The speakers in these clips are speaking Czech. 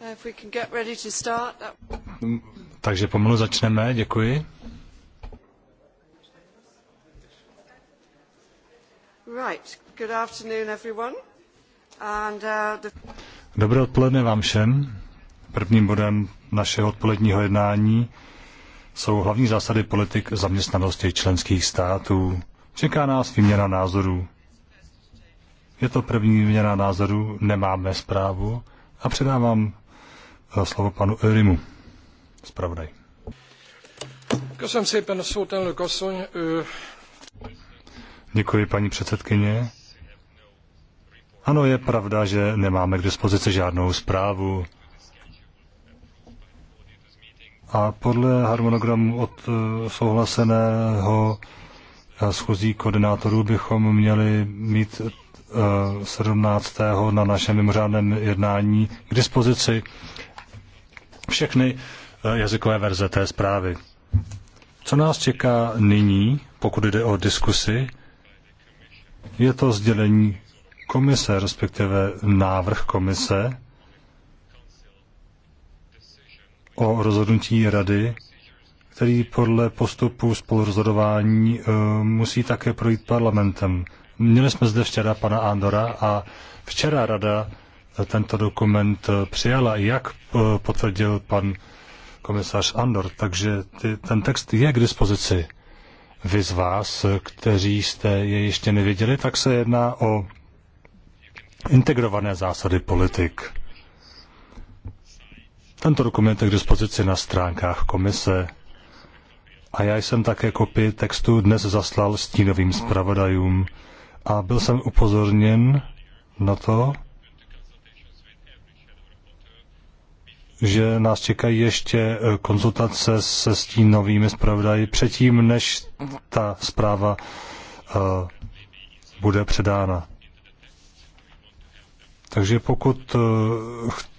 Uh, mm, takže pomalu začneme, děkuji. Uh, Dobré odpoledne vám všem. Prvním bodem našeho odpoledního jednání jsou hlavní zásady politik zaměstnanosti členských států. Čeká nás výměna názorů. Je to první výměna názorů, nemáme zprávu a předávám slovo panu Örimu. Spravodaj. Děkuji, paní předsedkyně. Ano, je pravda, že nemáme k dispozici žádnou zprávu. A podle harmonogramu od eh, souhlaseného eh, schozí koordinátorů bychom měli mít 17. Eh, na našem mimořádném jednání k dispozici všechny eh, jazykové verze té zprávy. Co nás čeká nyní, pokud jde o diskusy, je to sdělení komise, respektive návrh komise o rozhodnutí rady, který podle postupu spolurozhodování eh, musí také projít parlamentem. Měli jsme zde včera pana Andora a včera rada tento dokument eh, přijala, jak eh, potvrdil pan komisař Andor. Takže ty, ten text je k dispozici. Vy z vás, kteří jste je ještě nevěděli, tak se jedná o integrované zásady politik. Tento dokument je k dispozici na stránkách komise a já jsem také kopii textu dnes zaslal stínovým zpravodajům a byl jsem upozorněn na to, že nás čekají ještě eh, konzultace se stínovými zpravodaji předtím, než ta zpráva eh, bude předána. Takže pokud eh,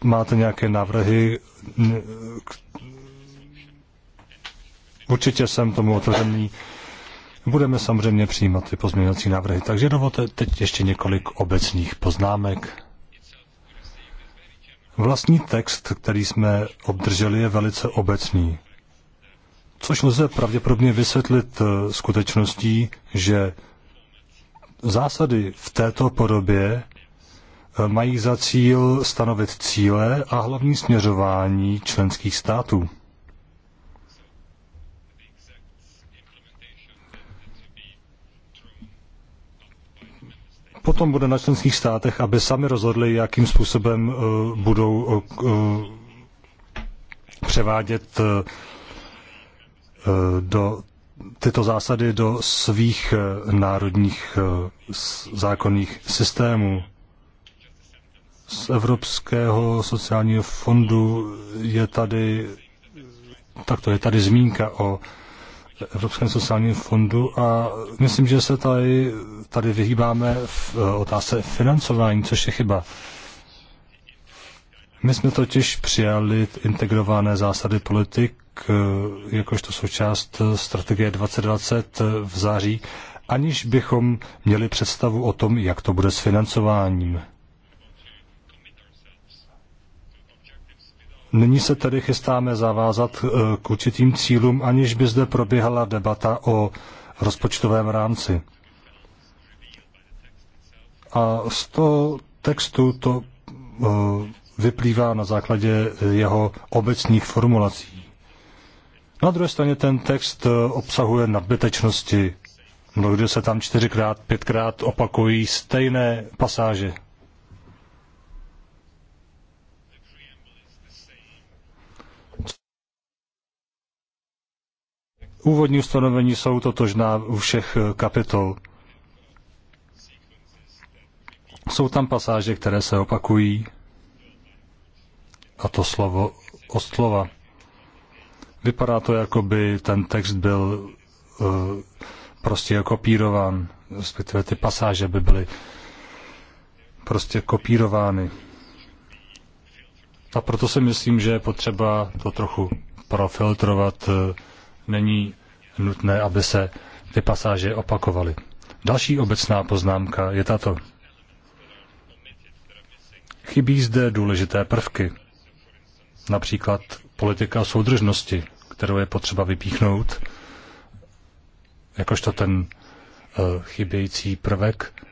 máte nějaké návrhy, určitě jsem tomu otevřený. Budeme samozřejmě přijímat ty pozměňovací návrhy. Takže dovolte teď ještě několik obecných poznámek. Vlastní text, který jsme obdrželi, je velice obecný, což lze pravděpodobně vysvětlit eh, skutečností, že zásady v této podobě eh, mají za cíl stanovit cíle a hlavní směřování členských států. Potom bude na členských státech, aby sami rozhodli, jakým způsobem eh, budou eh, převádět eh, do tyto zásady do svých národních zákonných systémů. Z Evropského sociálního fondu je tady, tak to je tady zmínka o Evropském sociálním fondu a myslím, že se tady, tady vyhýbáme v eh, otázce financování, což je chyba. My jsme totiž přijali integrované zásady politik eh, jakožto součást eh, strategie 2020 v září, aniž bychom měli představu o tom, jak to bude s financováním. Nyní se tedy chystáme zavázat eh, k určitým cílům, aniž by zde proběhala debata o rozpočtovém rámci. A z toho textu to eh, vyplývá na základě jeho obecných formulací. Na druhé straně ten text eh, obsahuje nadbytečnosti. Mnohdy se tam čtyřikrát, pětkrát opakují stejné pasáže. Úvodní ustanovení jsou totožná u všech eh, kapitol. Jsou tam pasáže, které se opakují, a to slovo o slova. Vypadá to, jako by ten text byl uh, prostě kopírován, respektive ty pasáže by byly prostě kopírovány. A proto si myslím, že je potřeba to trochu profiltrovat uh, není nutné, aby se ty pasáže opakovaly. Další obecná poznámka je tato. Chybí zde důležité prvky, například politika soudržnosti, kterou je potřeba vypíchnout, jakožto ten eh, chybějící prvek.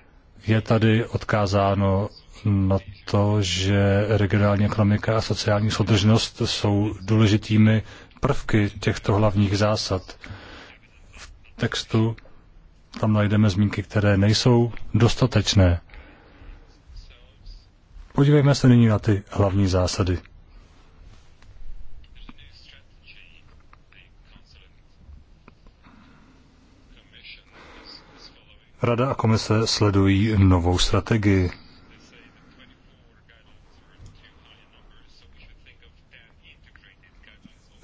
Je tady odkázáno na to, že regionální ekonomika a sociální soudržnost jsou důležitými prvky těchto hlavních zásad. V textu tam najdeme zmínky, které nejsou dostatečné. Podívejme se nyní na ty hlavní zásady. Rada a komise sledují novou strategii.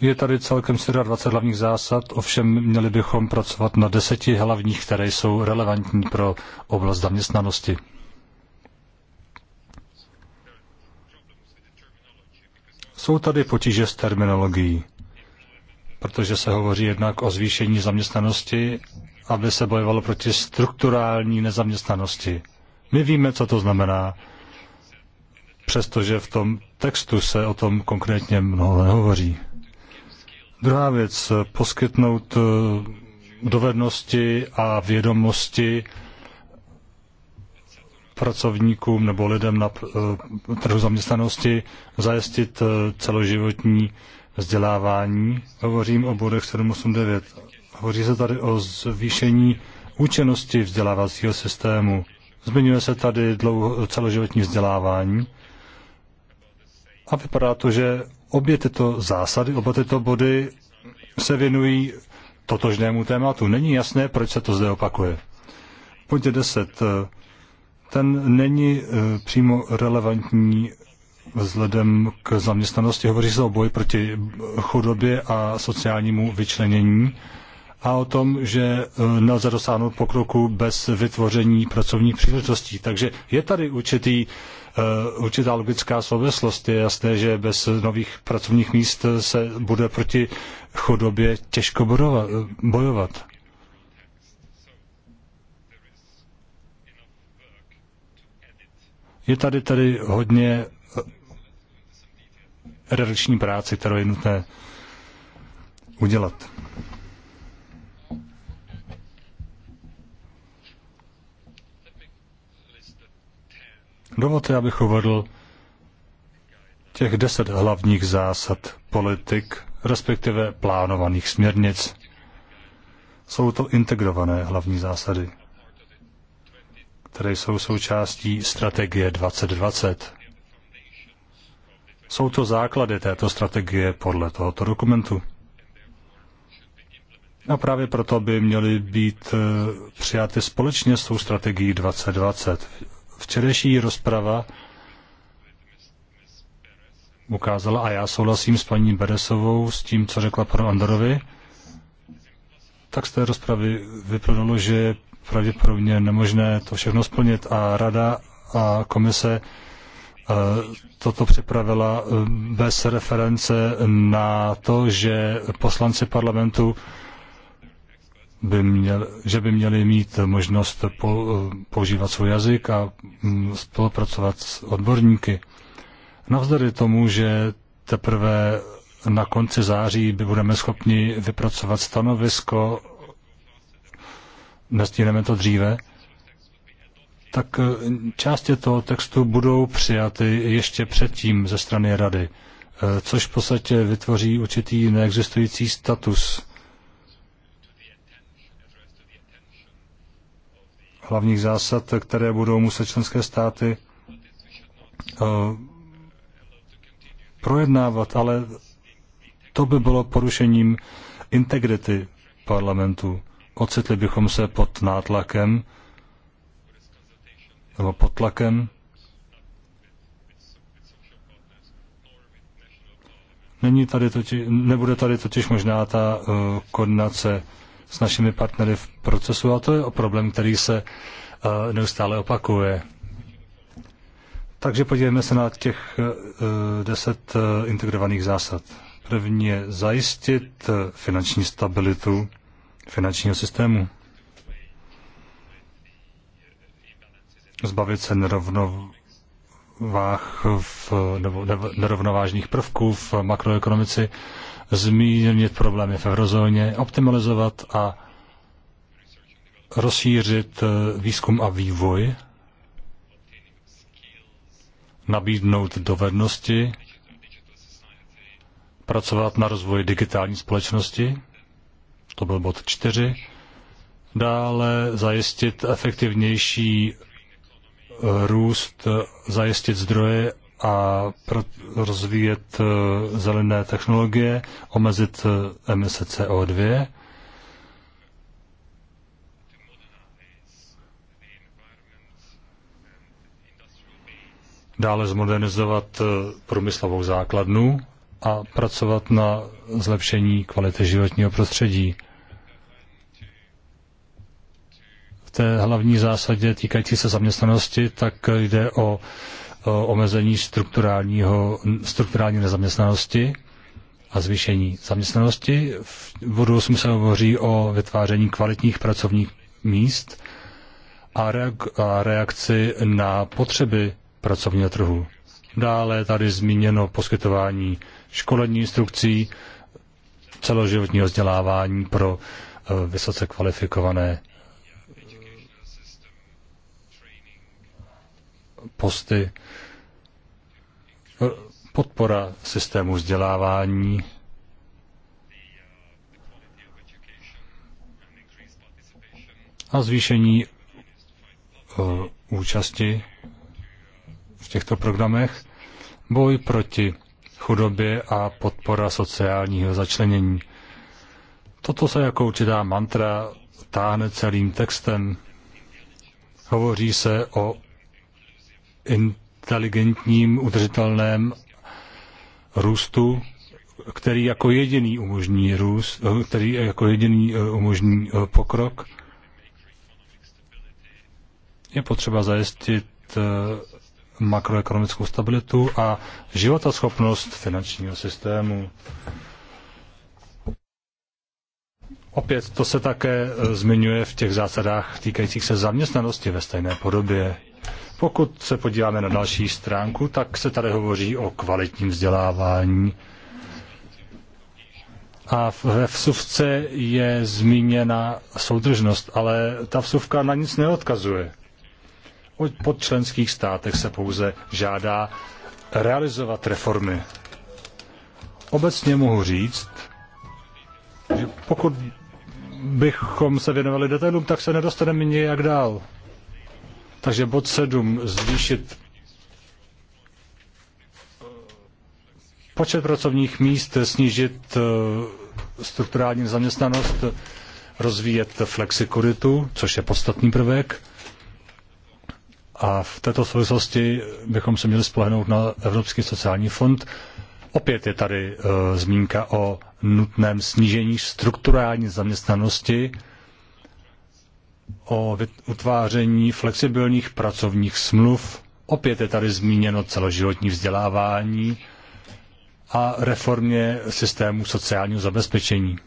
Je tady celkem 27 hlavních zásad, ovšem měli bychom pracovat na deseti hlavních, které jsou relevantní pro oblast zaměstnanosti. Jsou tady potíže s terminologií, protože se hovoří jednak o zvýšení zaměstnanosti, aby se bojovalo proti strukturální nezaměstnanosti. My víme, co to znamená, přestože v tom textu se o tom konkrétně mnoho nehovoří. Druhá věc, poskytnout eh, dovednosti a vědomosti pracovníkům nebo lidem na eh, trhu zaměstnanosti, zajistit eh, celoživotní vzdělávání. Hovořím o bodech 789. Hovoří se tady o zvýšení účinnosti vzdělávacího systému. Zmiňuje se tady dlouho, celoživotní vzdělávání. A vypadá to, že Obě tyto zásady, oba tyto body se věnují totožnému tématu. Není jasné, proč se to zde opakuje. Bod 10. Ten není eh, přímo relevantní vzhledem k zaměstnanosti. Hovoří se o boji proti chudobě a sociálnímu vyčlenění a o tom, že eh, nelze dosáhnout pokroku bez vytvoření pracovních příležitostí. Takže je tady určitý Eh, určitá logická souvislost. Je jasné, že bez nových pracovních míst se bude proti chudobě těžko bojovat. Je tady tady hodně eh, redakční práce, kterou je nutné udělat. Dovolte, abych uvedl těch deset hlavních zásad politik, respektive plánovaných směrnic. Jsou to integrované hlavní zásady, které jsou součástí strategie 2020. Jsou to základy této strategie podle tohoto dokumentu. A právě proto by měly být eh, přijaty společně s tou strategií 2020 včerejší rozprava ukázala, a já souhlasím s paní Beresovou, s tím, co řekla panu Andorovi, tak z té rozpravy vyplnulo, že je pravděpodobně nemožné to všechno splnit a rada a komise e, toto připravila e, bez reference na to, že poslanci parlamentu by měl, že by měli mít možnost používat svůj jazyk a mm, spolupracovat s odborníky. Navzdory tomu, že teprve na konci září by budeme schopni vypracovat stanovisko, nestíneme to dříve, tak e, části toho textu budou přijaty ještě předtím ze strany rady, e, což v podstatě vytvoří určitý neexistující status hlavních zásad, které budou muset členské státy eh, projednávat, ale to by bylo porušením integrity parlamentu. Ocitli bychom se pod nátlakem nebo pod tlakem. Není tady totiž, nebude tady totiž možná ta uh, koordinace s našimi partnery v procesu a to je problém, který se eh, neustále opakuje. Takže podívejme se na těch eh, deset eh, integrovaných zásad. První je zajistit finanční stabilitu finančního systému. Zbavit se nerovnováh v, nebo nerovnovážných prvků v makroekonomici, zmírnit problémy v eurozóně, optimalizovat a rozšířit eh, výzkum a vývoj, nabídnout dovednosti, pracovat na rozvoji digitální společnosti, to byl bod čtyři, dále zajistit efektivnější eh, růst, eh, zajistit zdroje a rozvíjet zelené technologie, omezit emise CO2, dále zmodernizovat eh, průmyslovou základnu a pracovat na zlepšení kvality životního prostředí. V té hlavní zásadě týkající se zaměstnanosti, tak jde o, omezení strukturálního, strukturální nezaměstnanosti a zvýšení zaměstnanosti. V bodu se hovoří o vytváření kvalitních pracovních míst a reakci na potřeby pracovního trhu. Dále tady zmíněno poskytování školení instrukcí, celoživotního vzdělávání pro eh, vysoce kvalifikované eh, posty, eh, podpora systému vzdělávání, a zvýšení účasti těchto programech, boj proti chudobě a podpora sociálního začlenění. Toto se jako určitá mantra táhne celým textem. Hovoří se o inteligentním, udržitelném růstu, který jako jediný umožní růst, který jako jediný eh, umožní eh, pokrok. Je potřeba zajistit eh, makroekonomickou stabilitu a životaschopnost finančního systému. Opět to se také eh, zmiňuje v těch zásadách týkajících se zaměstnanosti ve stejné podobě. Pokud se podíváme na další stránku, tak se tady hovoří o kvalitním vzdělávání. A ve vsuvce je zmíněna soudržnost, ale ta vsuvka na nic neodkazuje po členských státech se pouze žádá realizovat reformy. Obecně mohu říct, že pokud bychom se věnovali detailům, tak se nedostaneme nějak dál. Takže bod 7, zvýšit eh, počet pracovních míst, snížit eh, strukturální zaměstnanost, rozvíjet flexikuritu, což je podstatný prvek, a v této souvislosti bychom se měli spolehnout na Evropský sociální fond. Opět je tady e, zmínka o nutném snížení strukturální zaměstnanosti, o utváření flexibilních pracovních smluv. Opět je tady zmíněno celoživotní vzdělávání a reformě systému sociálního zabezpečení.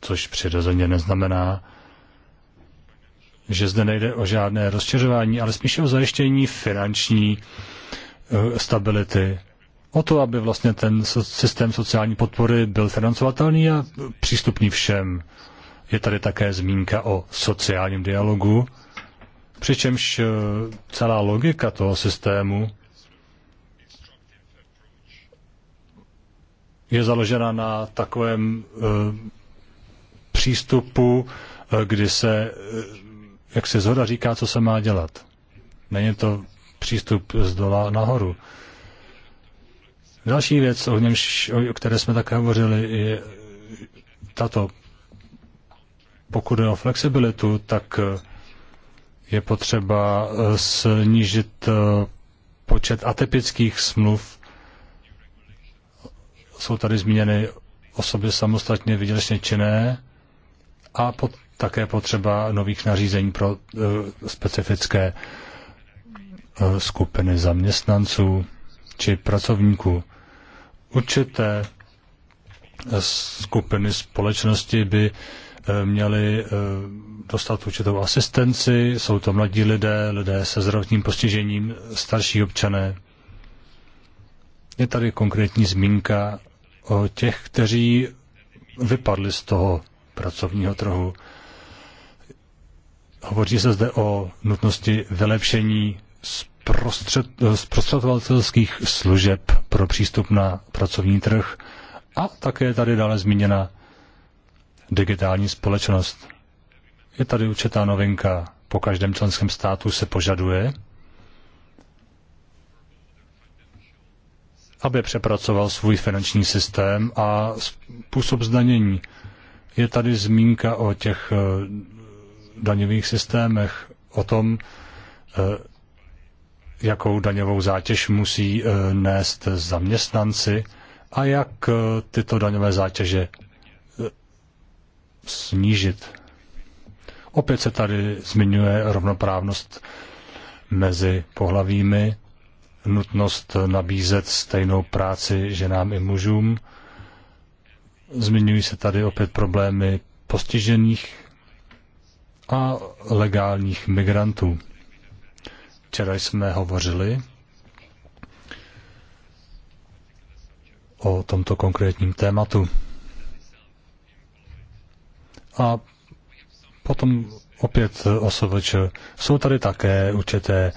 Což přirozeně neznamená, že zde nejde o žádné rozšiřování, ale spíše o zajištění finanční eh, stability. O to, aby vlastně ten systém sociální podpory byl financovatelný a přístupný všem. Je tady také zmínka o sociálním dialogu, přičemž eh, celá logika toho systému je založena na takovém eh, přístupu, kdy se jak se zhoda říká, co se má dělat. Není to přístup z dola nahoru. Další věc, o, němž, o které jsme také hovořili, je tato. Pokud je o flexibilitu, tak je potřeba snížit eh, počet atypických smluv. Jsou tady zmíněny osoby samostatně vydělečně činné a pod, také potřeba nových nařízení pro eh, specifické eh, skupiny zaměstnanců či pracovníků. Určité eh, skupiny společnosti by měli dostat určitou asistenci. Jsou to mladí lidé, lidé se zdravotním postižením, starší občané. Je tady konkrétní zmínka o těch, kteří vypadli z toho pracovního trhu. Hovoří se zde o nutnosti vylepšení zprostředovatelských služeb pro přístup na pracovní trh a také je tady dále zmíněna digitální společnost. Je tady určitá novinka. Po každém členském státu se požaduje, aby přepracoval svůj finanční systém a způsob zdanění. Je tady zmínka o těch eh, daňových systémech, o tom, e, jakou daňovou zátěž musí e, nést zaměstnanci a jak e, tyto daňové zátěže snížit. Opět se tady zmiňuje rovnoprávnost mezi pohlavími, nutnost nabízet stejnou práci ženám i mužům. Zmiňují se tady opět problémy postižených a legálních migrantů. Včera jsme hovořili o tomto konkrétním tématu. A potom opět OSVČ. Jsou tady také určité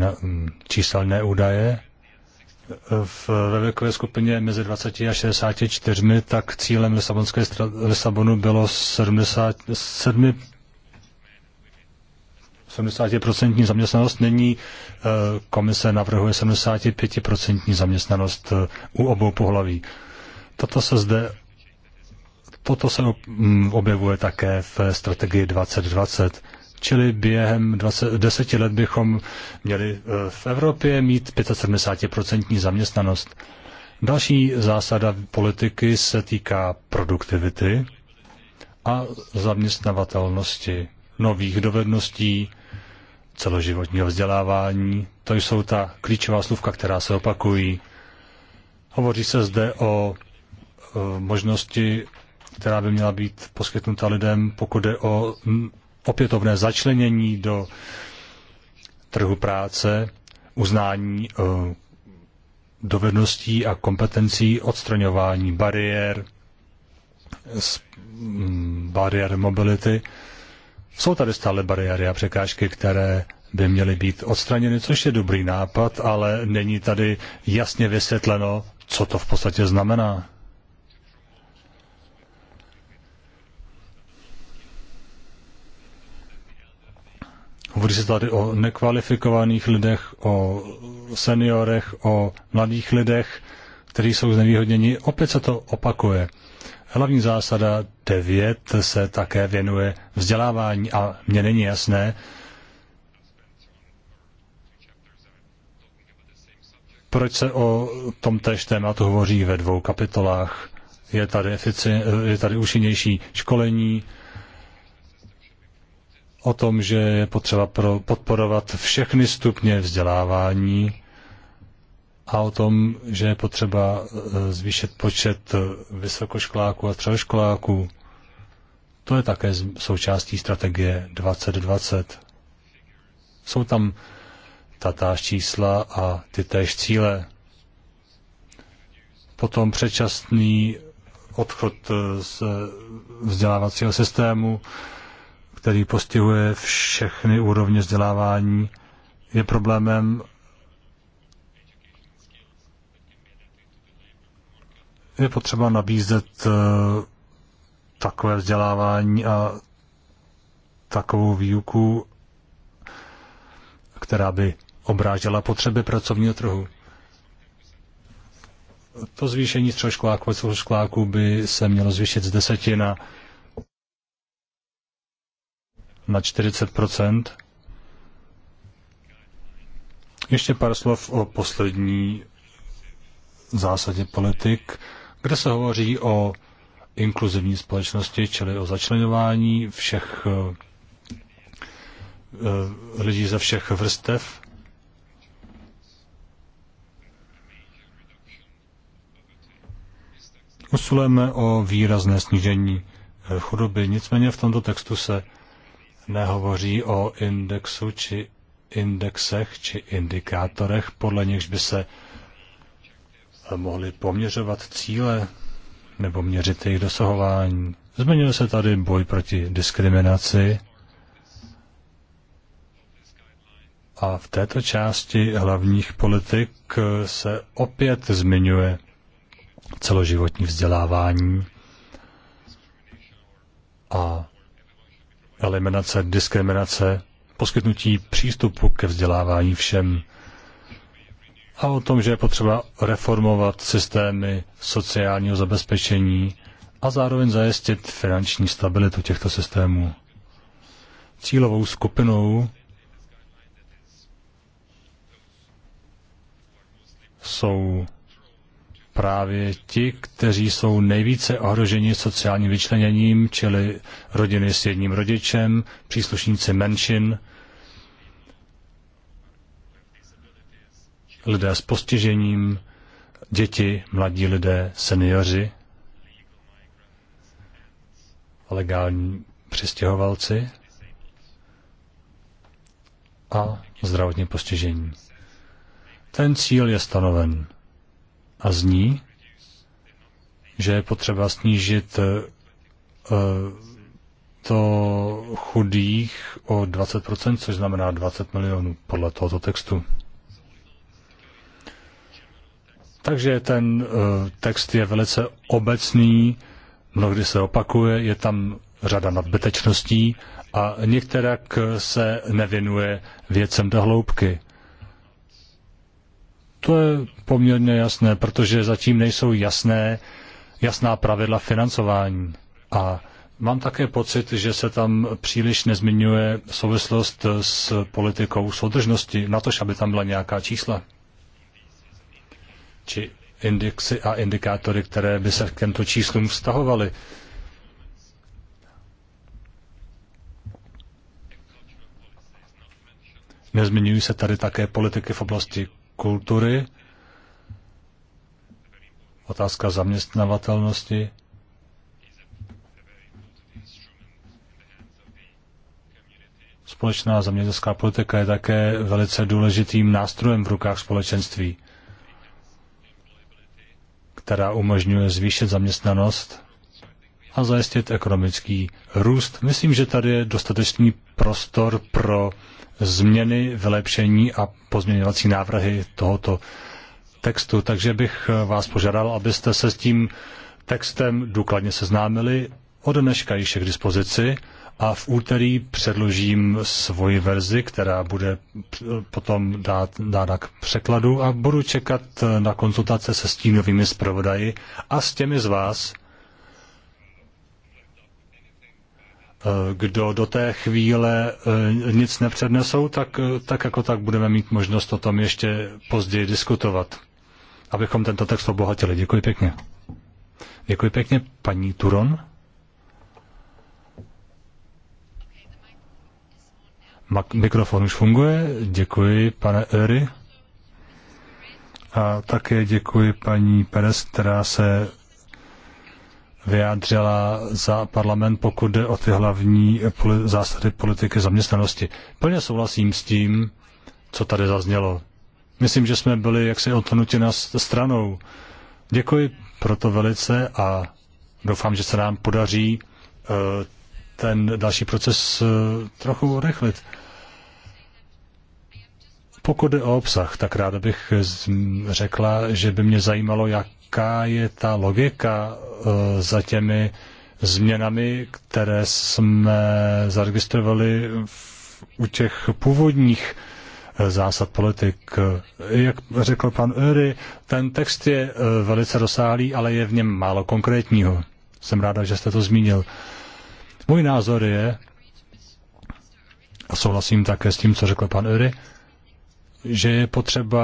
eh, mm, číselné údaje, v, ve věkové skupině mezi 20 a 64, tak cílem Lisabonské Lisabonu bylo 77 70% zaměstnanost není, eh, komise navrhuje 75% zaměstnanost eh, u obou pohlaví. Toto se zde toto se mm, objevuje také v strategii 2020. Čili během 20, 10 let bychom měli eh, v Evropě mít 75% zaměstnanost. Další zásada politiky se týká produktivity a zaměstnavatelnosti, nových dovedností, celoživotního vzdělávání. To jsou ta klíčová slovka, která se opakují. Hovoří se zde o eh, možnosti, která by měla být poskytnuta lidem, pokud je o opětovné začlenění do trhu práce, uznání eh, dovedností a kompetencí, odstraňování bariér, mm, bariér mobility. Jsou tady stále bariéry a překážky, které by měly být odstraněny, což je dobrý nápad, ale není tady jasně vysvětleno, co to v podstatě znamená. Hovoří se tady o nekvalifikovaných lidech, o seniorech, o mladých lidech, kteří jsou znevýhodněni. Opět se to opakuje. Hlavní zásada 9 se také věnuje vzdělávání a mně není jasné, proč se o tom též tématu hovoří ve dvou kapitolách. Je tady, efici, je tady účinnější školení, o tom, že je potřeba pro, podporovat všechny stupně vzdělávání a o tom, že je potřeba eh, zvýšit počet eh, vysokoškoláků a třeškoláků. To je také součástí strategie 2020. Jsou tam tatáž čísla a ty též cíle. Potom předčasný odchod eh, z vzdělávacího systému, který postihuje všechny úrovně vzdělávání, je problémem je potřeba nabízet eh, takové vzdělávání a takovou výuku, která by obrážela potřeby pracovního trhu. To zvýšení středoškoláků a středoškoláků by se mělo zvýšit z deseti na na 40 Ještě pár slov o poslední zásadě politik, kde se hovoří o inkluzivní společnosti, čili o začlenování všech eh, eh, lidí ze všech vrstev. Usilujeme o výrazné snížení eh, chudoby, nicméně v tomto textu se nehovoří o indexu či indexech či indikátorech, podle nichž by se mohly poměřovat cíle nebo měřit jejich dosahování. Zmenil se tady boj proti diskriminaci a v této části hlavních politik se opět zmiňuje celoživotní vzdělávání a eliminace diskriminace, poskytnutí přístupu ke vzdělávání všem a o tom, že je potřeba reformovat systémy sociálního zabezpečení a zároveň zajistit finanční stabilitu těchto systémů. Cílovou skupinou jsou právě ti, kteří jsou nejvíce ohroženi sociálním vyčleněním, čili rodiny s jedním rodičem, příslušníci menšin, lidé s postižením, děti, mladí lidé, seniori, legální přistěhovalci a zdravotně postižení. Ten cíl je stanoven a zní, že je potřeba snížit eh, to chudých o 20%, což znamená 20 milionů podle tohoto textu. Takže ten eh, text je velice obecný, mnohdy se opakuje, je tam řada nadbytečností a některak se nevěnuje věcem do hloubky. To je poměrně jasné, protože zatím nejsou jasné, jasná pravidla financování. A mám také pocit, že se tam příliš nezmiňuje souvislost s politikou soudržnosti, natož aby tam byla nějaká čísla. Či indexy a indikátory, které by se k těmto číslům vztahovaly. Nezmiňují se tady také politiky v oblasti kultury, otázka zaměstnavatelnosti, Společná zemědělská politika je také velice důležitým nástrojem v rukách společenství, která umožňuje zvýšit zaměstnanost a zajistit ekonomický růst. Myslím, že tady je dostatečný prostor pro změny, vylepšení a pozměňovací návrhy tohoto textu. Takže bych eh, vás požádal, abyste se s tím textem důkladně seznámili. Od dneška již je k dispozici a v úterý předložím svoji verzi, která bude eh, potom dát, dána k překladu a budu čekat eh, na konzultace se stínovými zpravodaji a s těmi z vás, Eh, kdo do té chvíle eh, nic nepřednesou, tak, eh, tak jako tak budeme mít možnost o tom ještě později diskutovat, abychom tento text obohatili. Děkuji pěkně. Děkuji pěkně, paní Turon. Mikrofon už funguje. Děkuji, pane Ery. A také děkuji paní Perez, která se vyjádřila za parlament, pokud jde o ty hlavní zásady politiky zaměstnanosti. Plně souhlasím s tím, co tady zaznělo. Myslím, že jsme byli jaksi odtonuti na stranou. Děkuji proto velice a doufám, že se nám podaří eh, ten další proces eh, trochu urychlit. Pokud jde o obsah, tak ráda bych eh, řekla, že by mě zajímalo, jak jaká je ta logika e, za těmi změnami, které jsme zaregistrovali v, u těch původních e, zásad politik. Jak řekl pan Öry, ten text je e, velice rozsáhlý, ale je v něm málo konkrétního. Jsem ráda, že jste to zmínil. Můj názor je, a souhlasím také s tím, co řekl pan Öry, že je potřeba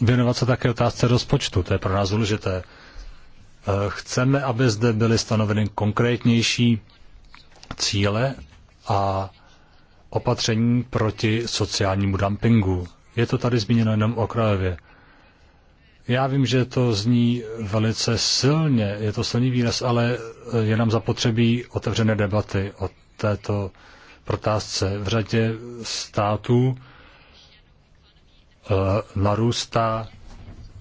věnovat se také otázce rozpočtu, to je pro nás důležité. Eh, chceme, aby zde byly stanoveny konkrétnější cíle a opatření proti sociálnímu dumpingu. Je to tady zmíněno jenom okrajově. Já vím, že to zní velice silně, je to silný výraz, ale je nám zapotřebí otevřené debaty o této protázce. V řadě států Eh, narůstá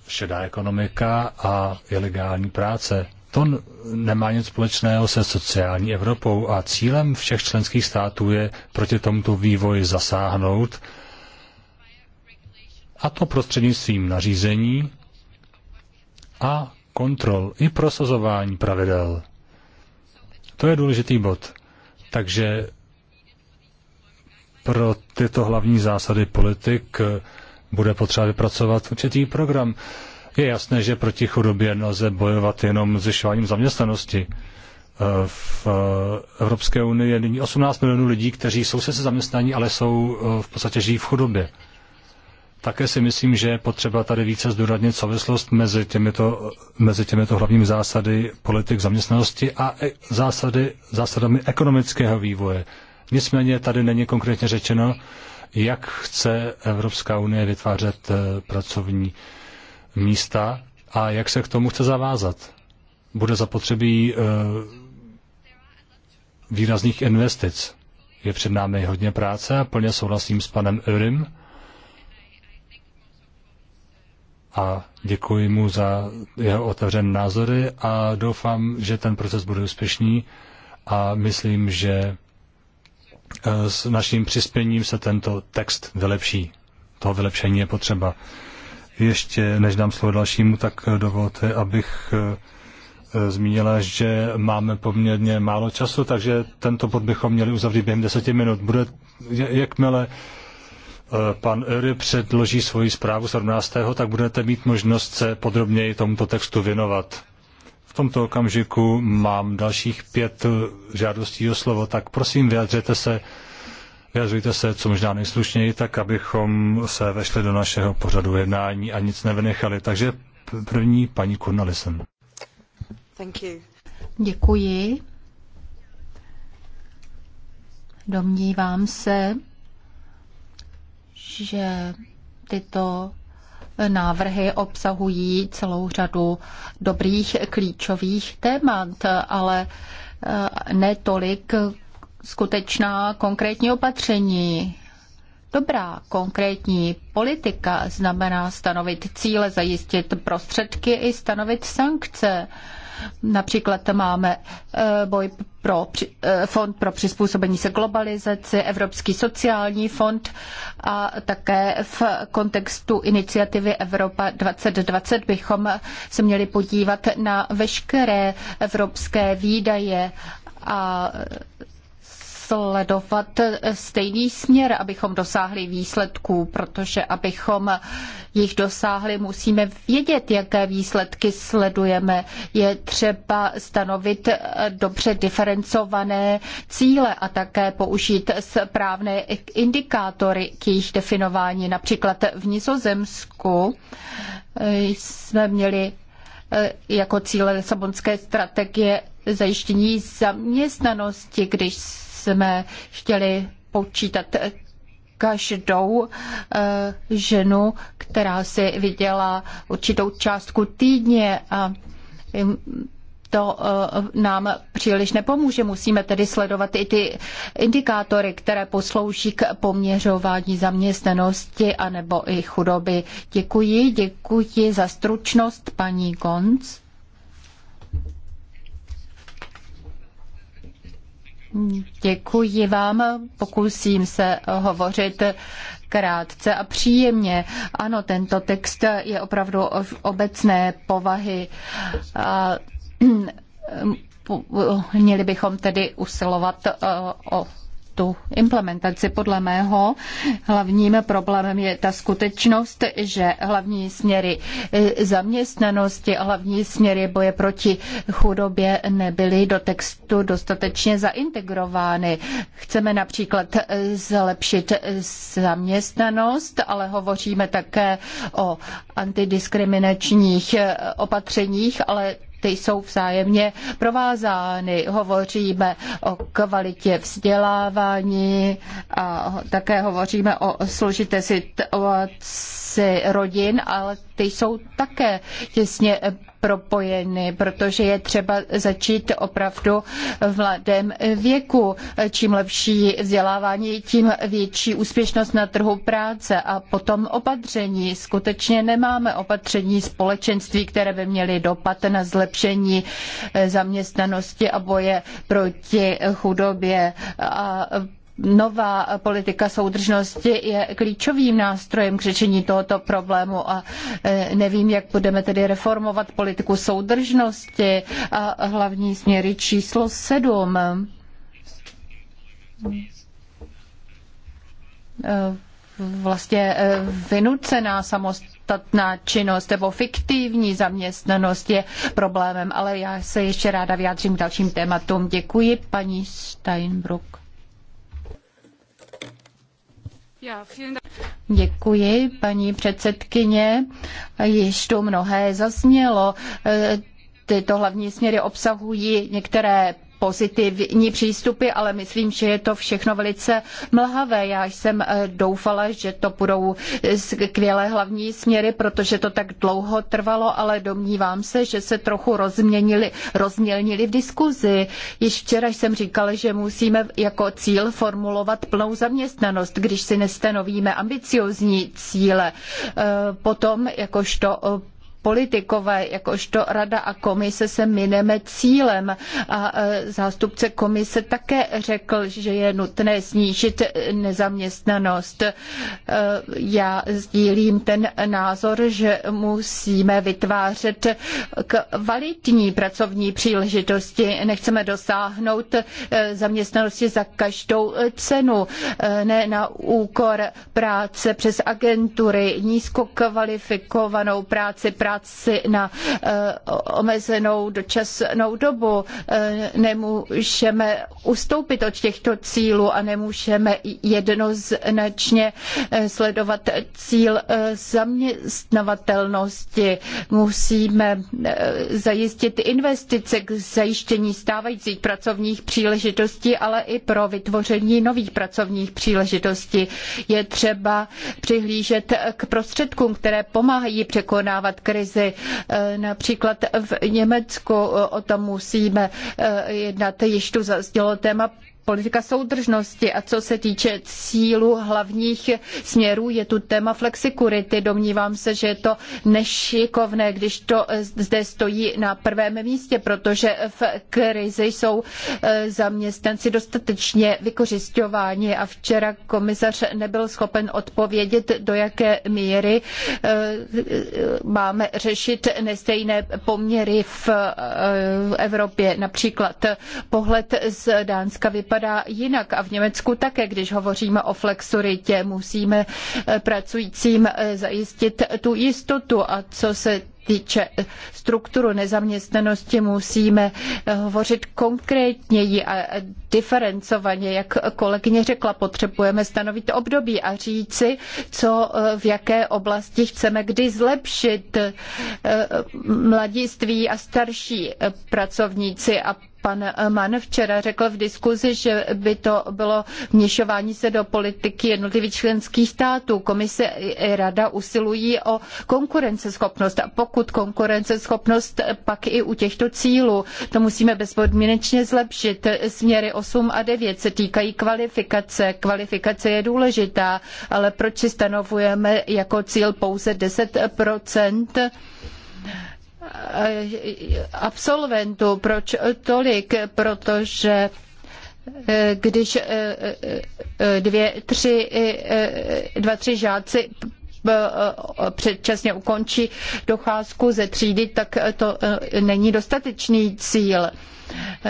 šedá ekonomika a ilegální práce. To nemá nic společného se sociální Evropou a cílem všech členských států je proti tomuto vývoji zasáhnout a to prostřednictvím nařízení a kontrol i prosazování pravidel. To je důležitý bod. Takže pro tyto hlavní zásady politik eh, bude potřeba vypracovat určitý program. Je jasné, že proti chudobě nelze bojovat jenom zvyšováním zaměstnanosti. Eh, v eh, Evropské unii je nyní 18 milionů lidí, kteří jsou se zaměstnaní, ale jsou eh, v podstatě žijí v chudobě. Také si myslím, že je potřeba tady více zdůraznit souvislost mezi těmito, mezi těmito hlavními zásady politik zaměstnanosti a e- zásady, zásadami ekonomického vývoje. Nicméně tady není konkrétně řečeno, jak chce Evropská unie vytvářet eh, pracovní místa a jak se k tomu chce zavázat. Bude zapotřebí eh, výrazných investic. Je před námi hodně práce a plně souhlasím s panem Örim a děkuji mu za jeho otevřené názory a doufám, že ten proces bude úspěšný a myslím, že Eh, s naším přispěním se tento text vylepší. Toho vylepšení je potřeba. Ještě než dám slovo dalšímu, tak eh, dovolte, abych eh, zmínila, že máme poměrně málo času, takže tento bod bychom měli uzavřít během deseti minut. Bude, jakmile pan Öry předloží svoji zprávu 17. tak budete mít možnost se podrobněji tomuto textu věnovat tomto okamžiku mám dalších pět žádostí o slovo, tak prosím vyjadřete se, vyjadřujte se co možná nejslušněji, tak abychom se vešli do našeho pořadu jednání a nic nevynechali. Takže první paní Kurnalisen. Děkuji. Domnívám se, že tyto návrhy obsahují celou řadu dobrých klíčových témat, ale eh, netolik skutečná konkrétní opatření. Dobrá konkrétní politika znamená stanovit cíle, zajistit prostředky i stanovit sankce. Například máme eh, boj pro, eh, fond pro přizpůsobení se globalizaci, Evropský sociální fond a také v kontextu iniciativy Evropa 2020 bychom se měli podívat na veškeré evropské výdaje a sledovat stejný směr, abychom dosáhli výsledků, protože abychom jich dosáhli, musíme vědět, jaké výsledky sledujeme. Je třeba stanovit dobře diferencované cíle a také použít správné indikátory k jejich definování. Například v Nizozemsku jsme měli eh, jako cíle Lisabonské strategie zajištění zaměstnanosti, když jsme chtěli počítat každou eh, ženu, která si viděla určitou částku týdně a to eh, nám příliš nepomůže. Musíme tedy sledovat i ty indikátory, které poslouží k poměřování zaměstnanosti anebo i chudoby. Děkuji, děkuji za stručnost paní Gonc. Děkuji vám, pokusím se hovořit krátce a příjemně. Ano, tento text je opravdu obecné povahy. A, měli bychom tedy usilovat eh, o tu implementaci. Podle mého hlavním problémem je ta skutečnost, že hlavní směry eh, zaměstnanosti a hlavní směry boje proti chudobě nebyly do textu dostatečně zaintegrovány. Chceme například eh, zlepšit eh, zaměstnanost, ale hovoříme také o antidiskriminačních opatřeních, ale ty jsou vzájemně provázány. Hovoříme o kvalitě vzdělávání a také hovoříme o složité situaci rámci rodin, ale ty jsou také těsně propojeny, protože je třeba začít opravdu v mladém věku. Čím lepší vzdělávání, tím větší úspěšnost na trhu práce a potom opatření. Skutečně nemáme opatření společenství, které by měly dopad na zlepšení zaměstnanosti a boje proti chudobě a nová politika soudržnosti je klíčovým nástrojem k řešení tohoto problému a e, nevím, jak budeme tedy reformovat politiku soudržnosti a hlavní směry číslo sedm, e, Vlastně e, vynucená samostatná samostatná činnost nebo fiktivní zaměstnanost je problémem, ale já se ještě ráda vyjádřím k dalším tématům. Děkuji, paní Steinbruck. Děkuji, paní předsedkyně. Již tu mnohé zaznělo. E, tyto hlavní směry obsahují některé pozitivní přístupy, ale myslím, že je to všechno velice mlhavé. Já jsem eh, doufala, že to budou skvělé hlavní směry, protože to tak dlouho trvalo, ale domnívám se, že se trochu rozměnili, rozmělnili v diskuzi. Již včera jsem říkala, že musíme jako cíl formulovat plnou zaměstnanost, když si nestanovíme ambiciozní cíle. Eh, potom, jakožto eh, politikové, jakožto rada a komise se mineme cílem. A e, zástupce komise také řekl, že je nutné snížit nezaměstnanost. E, já sdílím ten názor, že musíme vytvářet kvalitní pracovní příležitosti. Nechceme dosáhnout e, zaměstnanosti za každou cenu, ne na úkor práce přes agentury, nízkokvalifikovanou práci, práci práci na eh, omezenou dočasnou dobu. Eh, nemůžeme ustoupit od těchto cílů a nemůžeme jednoznačně eh, sledovat cíl zaměstnavatelnosti. Musíme zajistit investice k zajištění stávajících pracovních příležitostí, ale i pro vytvoření nových pracovních příležitostí. Je třeba přihlížet k prostředkům, které pomáhají překonávat krizi krizi. Eh, například v Německu eh, o tom musíme eh, jednat. Již tu zaznělo téma politika soudržnosti. A co se týče cílu hlavních směrů, je tu téma flexikurity. Domnívám se, že je to nešikovné, když to eh, zde stojí na prvém místě, protože v krizi jsou eh, zaměstnanci dostatečně vykořišťováni a včera komisař nebyl schopen odpovědět, do jaké míry eh, máme řešit nestejné poměry v Evropě. Například pohled z Dánska vypadá vypadá jinak a v Německu také, když hovoříme o flexuritě, musíme eh, pracujícím eh, zajistit tu jistotu a co se týče strukturu nezaměstnanosti, musíme eh, hovořit konkrétněji a diferencovaně. Jak kolegyně řekla, potřebujeme stanovit období a říci, co v jaké oblasti chceme kdy zlepšit mladiství a starší pracovníci a Pan Mann včera řekl v diskuzi, že by to bylo vněšování se do politiky jednotlivých členských států. Komise i rada usilují o konkurenceschopnost a pokud konkurenceschopnost, pak i u těchto cílů. To musíme bezpodmínečně zlepšit. Směry 8 a 9 se týkají kvalifikace. Kvalifikace je důležitá, ale proč si stanovujeme jako cíl pouze 10 absolventů. Proč tolik? Protože eh, když eh, eh, dvě, tři, dva, tři žáci předčasně ukončí docházku ze třídy, tak to není dostatečný cíl.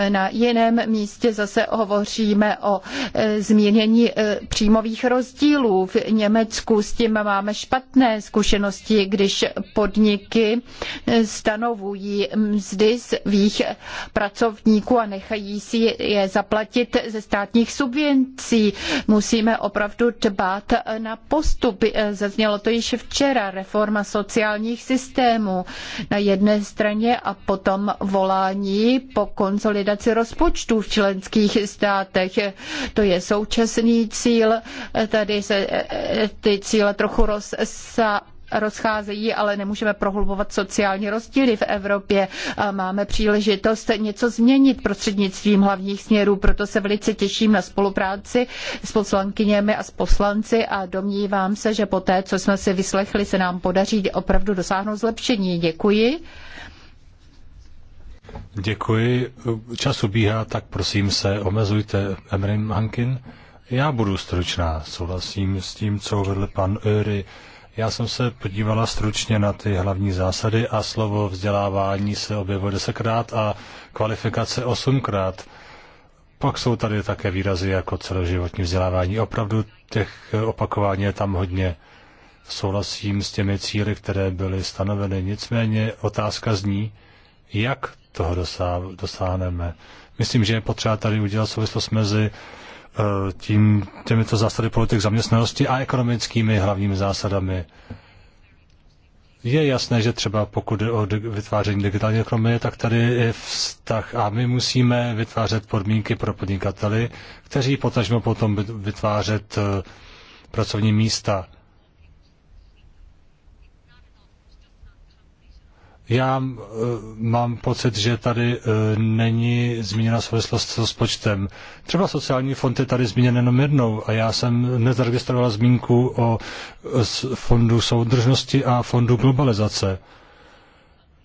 Na jiném místě zase hovoříme o e, zmírnění e, příjmových rozdílů. V Německu s tím máme špatné zkušenosti, když podniky e, stanovují mzdy svých pracovníků a nechají si je zaplatit ze státních subvencí. Musíme opravdu dbát na postup. Zaznělo to již včera, reforma sociálních systémů na jedné straně a potom volání po kon konsolidaci rozpočtů v členských státech. To je současný cíl, tady se ty cíle trochu rozsa rozcházejí, ale nemůžeme prohlubovat sociální rozdíly v Evropě. A máme příležitost něco změnit prostřednictvím hlavních směrů, proto se velice těším na spolupráci s poslankyněmi a s poslanci a domnívám se, že po té, co jsme si vyslechli, se nám podaří opravdu dosáhnout zlepšení. Děkuji. Děkuji. Čas ubíhá, tak prosím se, omezujte Emrim Hankin. Já budu stručná, souhlasím s tím, co uvedl pan Öry. Já jsem se podívala stručně na ty hlavní zásady a slovo vzdělávání se objevilo desetkrát a kvalifikace osmkrát. Pak jsou tady také výrazy jako celoživotní vzdělávání. Opravdu těch opakování je tam hodně. Souhlasím s těmi cíly, které byly stanoveny. Nicméně otázka zní, jak toho dosáhneme. Myslím, že je potřeba tady udělat souvislost mezi eh, tím, těmito zásady politik zaměstnanosti a ekonomickými hlavními zásadami. Je jasné, že třeba pokud je o vytváření digitální ekonomie, tak tady je vztah a my musíme vytvářet podmínky pro podnikateli, kteří potažmo potom vytvářet eh, pracovní místa. Já eh, mám pocit, že tady eh, není zmíněna souvislost s rozpočtem. Třeba sociální fond je tady zmíněn jenom jednou a já jsem nezaregistrovala zmínku o eh, fondu soudržnosti a fondu globalizace.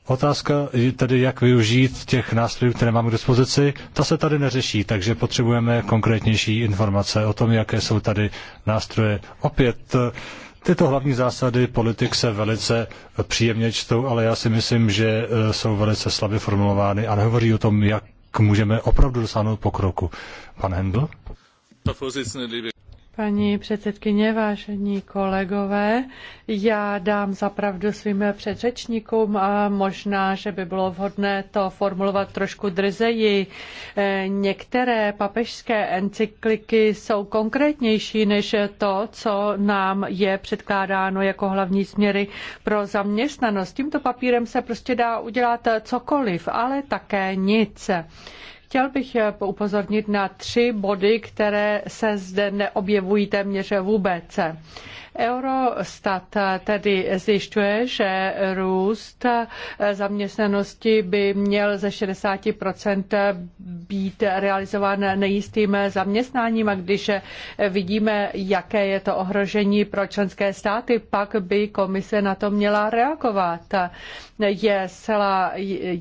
Otázka je tedy, jak využít těch nástrojů, které máme k dispozici. Ta se tady neřeší, takže potřebujeme konkrétnější informace o tom, jaké jsou tady nástroje. Opět Tyto hlavní zásady politik se velice příjemně čtou, ale já si myslím, že e, jsou velice slabě formulovány a nehovoří o tom, jak můžeme opravdu dosáhnout pokroku. Pan Hendl? Paní předsedkyně, vážení kolegové, já dám zapravdu svým předřečníkům a možná, že by bylo vhodné to formulovat trošku drzeji. Eh, některé papežské encykliky jsou konkrétnější než to, co nám je předkládáno jako hlavní směry pro zaměstnanost. Tímto papírem se prostě dá udělat cokoliv, ale také nic. Chtěl bych eh, upozornit na tři body, které se zde neobjevují téměř vůbec. Eurostat tedy zjišťuje, že růst zaměstnanosti by měl ze 60 být realizován nejistým zaměstnáním a když vidíme, jaké je to ohrožení pro členské státy, pak by komise na to měla reagovat. Je zcela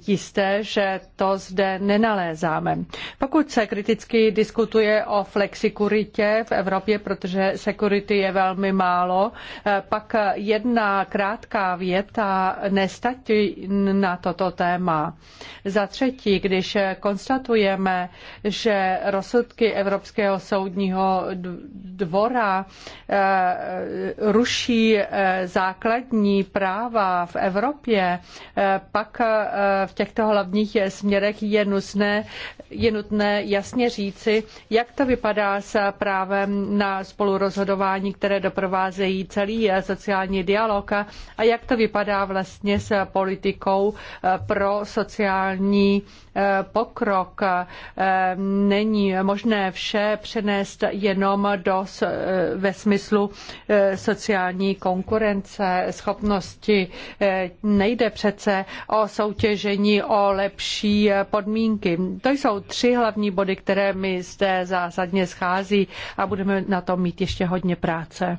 jisté, že to zde nenalézáme. Pokud se kriticky diskutuje o flexikuritě v Evropě, protože security je velmi málo, málo, eh, pak jedna krátká věta nestačí na toto téma. Za třetí, když konstatujeme, že rozsudky Evropského soudního dvora eh, ruší eh, základní práva v Evropě, pak v těchto hlavních směrech je, nutné, je nutné jasně říci, jak to vypadá s právem na spolurozhodování, které doprovází obcházejí celý eh, sociální dialog a jak to vypadá vlastně s politikou eh, pro sociální eh, pokrok. Není možné vše přenést jenom do, ve smyslu sociální konkurence, schopnosti. Nejde přece o soutěžení o lepší podmínky. To jsou tři hlavní body, které mi zde zásadně schází a budeme na tom mít ještě hodně práce.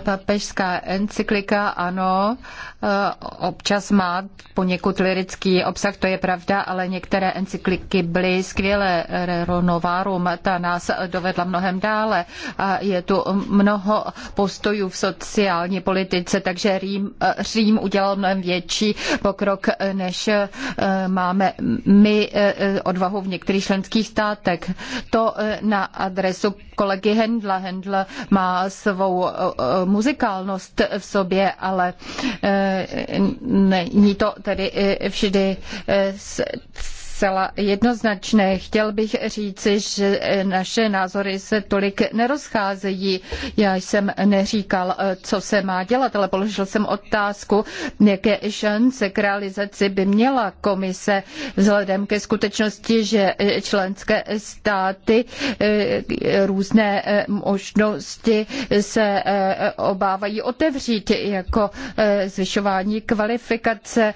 Papežská encyklika, ano, eh, občas má poněkud lirický obsah, to je pravda, ale některé encykliky byly skvělé. Rero ta nás dovedla mnohem dále. A je tu mnoho postojů v sociální politice, takže Rím, eh, Řím udělal mnohem větší pokrok, než eh, máme my odvahu v některých členských státech. To na adresu kolegy Hendla. Hendl má svou muzikálnost v sobě, ale eh, není to tedy eh, vždy eh, zcela jednoznačné. Chtěl bych říci, že naše názory se tolik nerozcházejí. Já jsem neříkal, eh, co se má dělat, ale položil jsem otázku, jaké šance k realizaci by měla komise vzhledem ke skutečnosti, že eh, členské státy eh, různé možnosti se obávají otevřít, jako zvyšování kvalifikace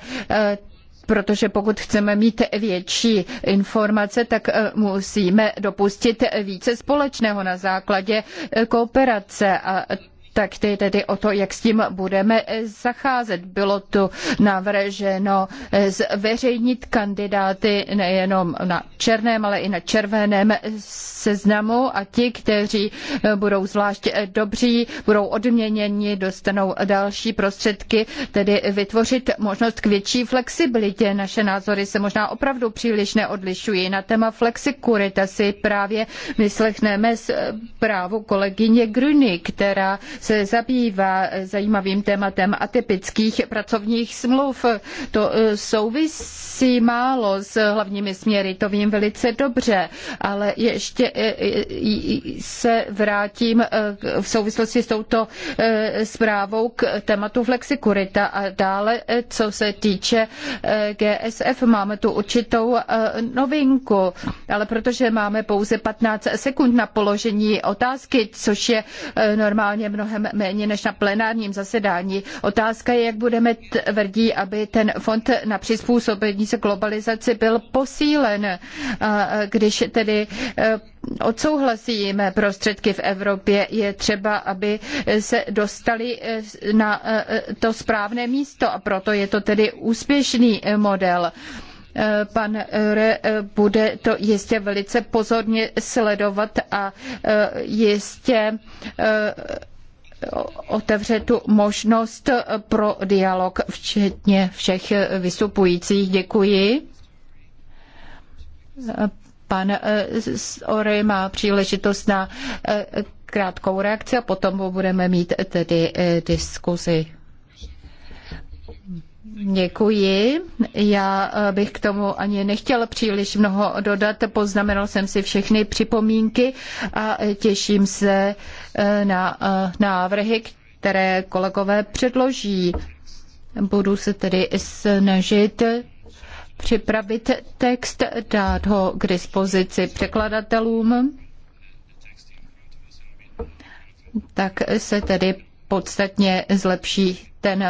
protože pokud chceme mít větší informace, tak eh, musíme dopustit více společného na základě eh, kooperace a kontakty tedy o to, jak s tím budeme eh, zacházet. Bylo tu navrženo eh, zveřejnit kandidáty nejenom na černém, ale i na červeném seznamu a ti, kteří eh, budou zvlášť dobří, budou odměněni, dostanou další prostředky, tedy vytvořit možnost k větší flexibilitě. Naše názory se možná opravdu příliš neodlišují. Na téma flexikurita si právě vyslechneme zprávu kolegyně Gruny, která se zabývá zajímavým tématem atypických pracovních smluv. To e, souvisí málo s hlavními směry, to vím velice dobře, ale ještě e, e, se vrátím v souvislosti s touto zprávou k tématu flexikurita a dále, co se týče GSF, máme tu určitou novinku, ale protože máme pouze 15 sekund na položení otázky, což je normálně mnoho mnohem méně než na plenárním zasedání. Otázka je, jak budeme tvrdí, aby ten fond na přizpůsobení se globalizaci byl posílen, když tedy e, odsouhlasíme prostředky v Evropě, je třeba, aby se dostali e, na e, to správné místo a proto je to tedy úspěšný model pan Re bude to jistě velice pozorně sledovat a jistě otevře tu možnost pro dialog, včetně všech vystupujících. Děkuji. Pan Ory má příležitost na krátkou reakci a potom budeme mít tedy diskuzi. Děkuji. Já eh, bych k tomu ani nechtěl příliš mnoho dodat. Poznamenal jsem si všechny připomínky a těším se eh, na eh, návrhy, které kolegové předloží. Budu se tedy snažit připravit text, dát ho k dispozici překladatelům. Tak se tedy podstatně zlepší ten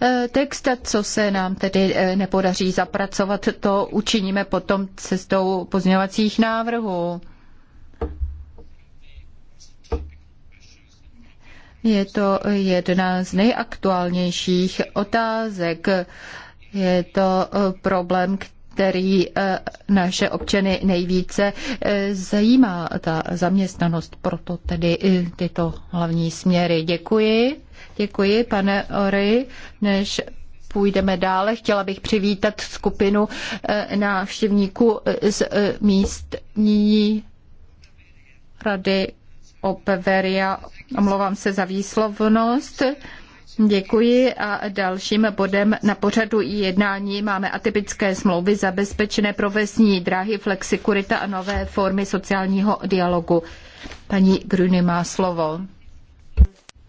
eh, text, co se nám tedy eh, nepodaří zapracovat, to učiníme potom cestou pozměňovacích návrhů. Je to jedna z nejaktuálnějších otázek. Je to eh, problém, který naše občany nejvíce zajímá, ta zaměstnanost. Proto tedy tyto hlavní směry. Děkuji. Děkuji, pane Ory. Než půjdeme dále, chtěla bych přivítat skupinu eh, návštěvníků eh, z eh, místní rady Opeveria. Omlouvám se za výslovnost. Děkuji a dalším bodem na pořadu i jednání máme atypické smlouvy zabezpečené profesní dráhy, flexikurita a nové formy sociálního dialogu. Paní Gruny má slovo.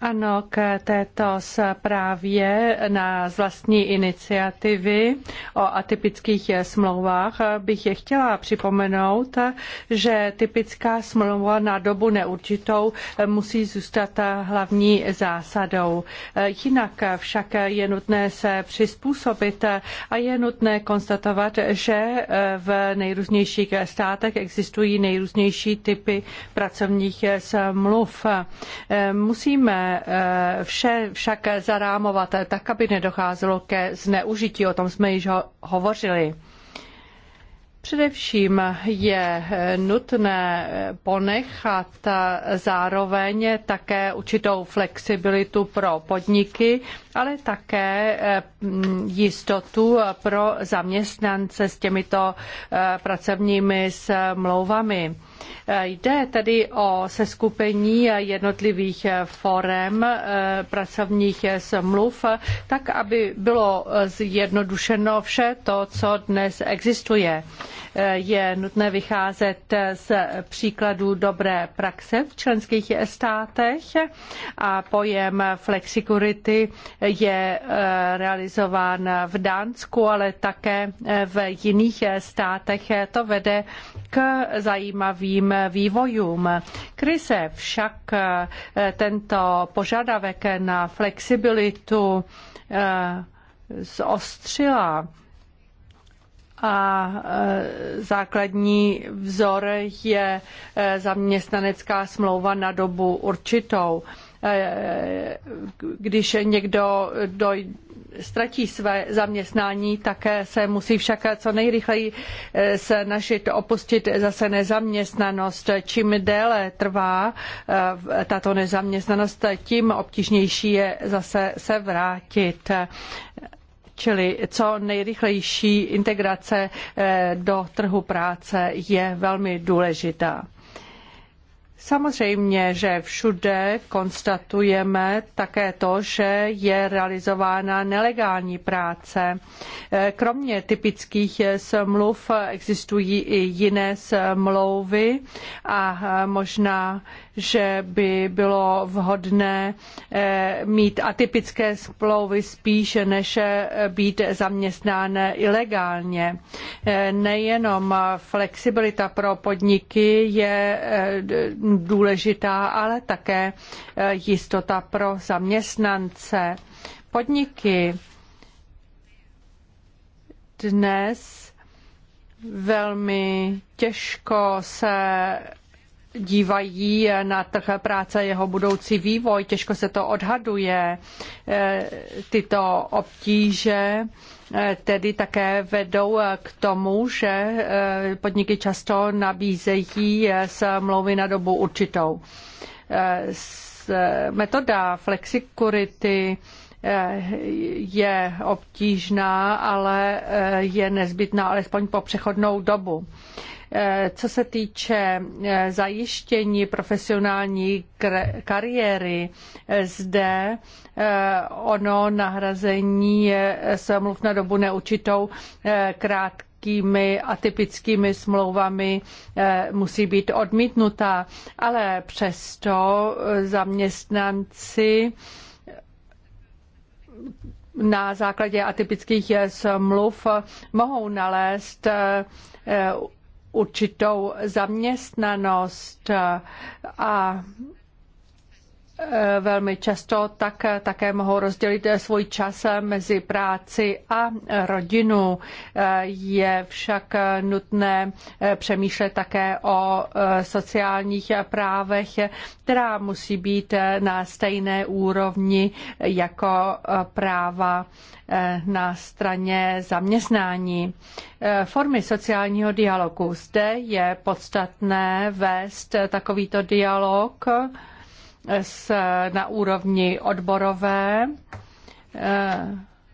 Ano, k této zprávě na z vlastní iniciativy o atypických smlouvách bych je chtěla připomenout, že typická smlouva na dobu neurčitou musí zůstat hlavní zásadou. Jinak však je nutné se přizpůsobit a je nutné konstatovat, že v nejrůznějších státech existují nejrůznější typy pracovních smluv. Musíme Eh, vše však zarámovat tak, aby nedocházelo ke zneužití. O tom jsme již hovořili. Především je nutné ponechat zároveň také určitou flexibilitu pro podniky, ale také eh, mm, jistotu pro zaměstnance s těmito eh, pracovními smlouvami. Eh, jde tedy o seskupení jednotlivých forem pracovních smluv, tak aby bylo zjednodušeno vše to, co dnes existuje. Je nutné vycházet z příkladů dobré praxe v členských státech a pojem flexicurity je eh, realizován v Dánsku, ale také eh, v jiných státech. To vede k zajímavým vývojům. Krize však eh, tento požadavek na flexibilitu zostřila a e, základní vzor je e, zaměstnanecká smlouva na dobu určitou. E, když někdo dojde ztratí své zaměstnání, také se musí však co nejrychleji se našit opustit zase nezaměstnanost. Čím déle trvá tato nezaměstnanost, tím obtížnější je zase se vrátit. Čili co nejrychlejší integrace eh, do trhu práce je velmi důležitá. Samozřejmě, že všude konstatujeme také to, že je realizována nelegální práce. Eh, kromě typických smluv existují i jiné smlouvy a eh, možná, že by bylo vhodné eh, mít atypické smlouvy spíše než být zaměstnán ilegálně. Nejenom flexibilita pro podniky je důležitá, ale také eh, jistota pro zaměstnance. Podniky dnes velmi těžko se dívají na trh práce, jeho budoucí vývoj, těžko se to odhaduje, eh, tyto obtíže tedy také vedou eh, k tomu, že eh, podniky často nabízejí eh, smlouvy na dobu určitou. Metoda flexikurity je obtížná, ale je nezbytná alespoň po přechodnou dobu. Eh, co se týče eh, zajištění profesionální kariéry, eh, zde ono nahrazení smluv na dobu neurčitou krátkou krátkými atypickými smlouvami musí být odmítnuta, ale přesto zaměstnanci na základě atypických smluv mohou nalézt určitou zaměstnanost a Eh, velmi často, tak eh, také mohou rozdělit eh, svůj čas mezi práci a rodinu. Je však nutné přemýšlet také o sociálních právech, která musí být na stejné úrovni jako práva na straně zaměstnání. Formy sociálního dialogu. Zde je podstatné vést takovýto dialog s, na úrovni odborové. Eh,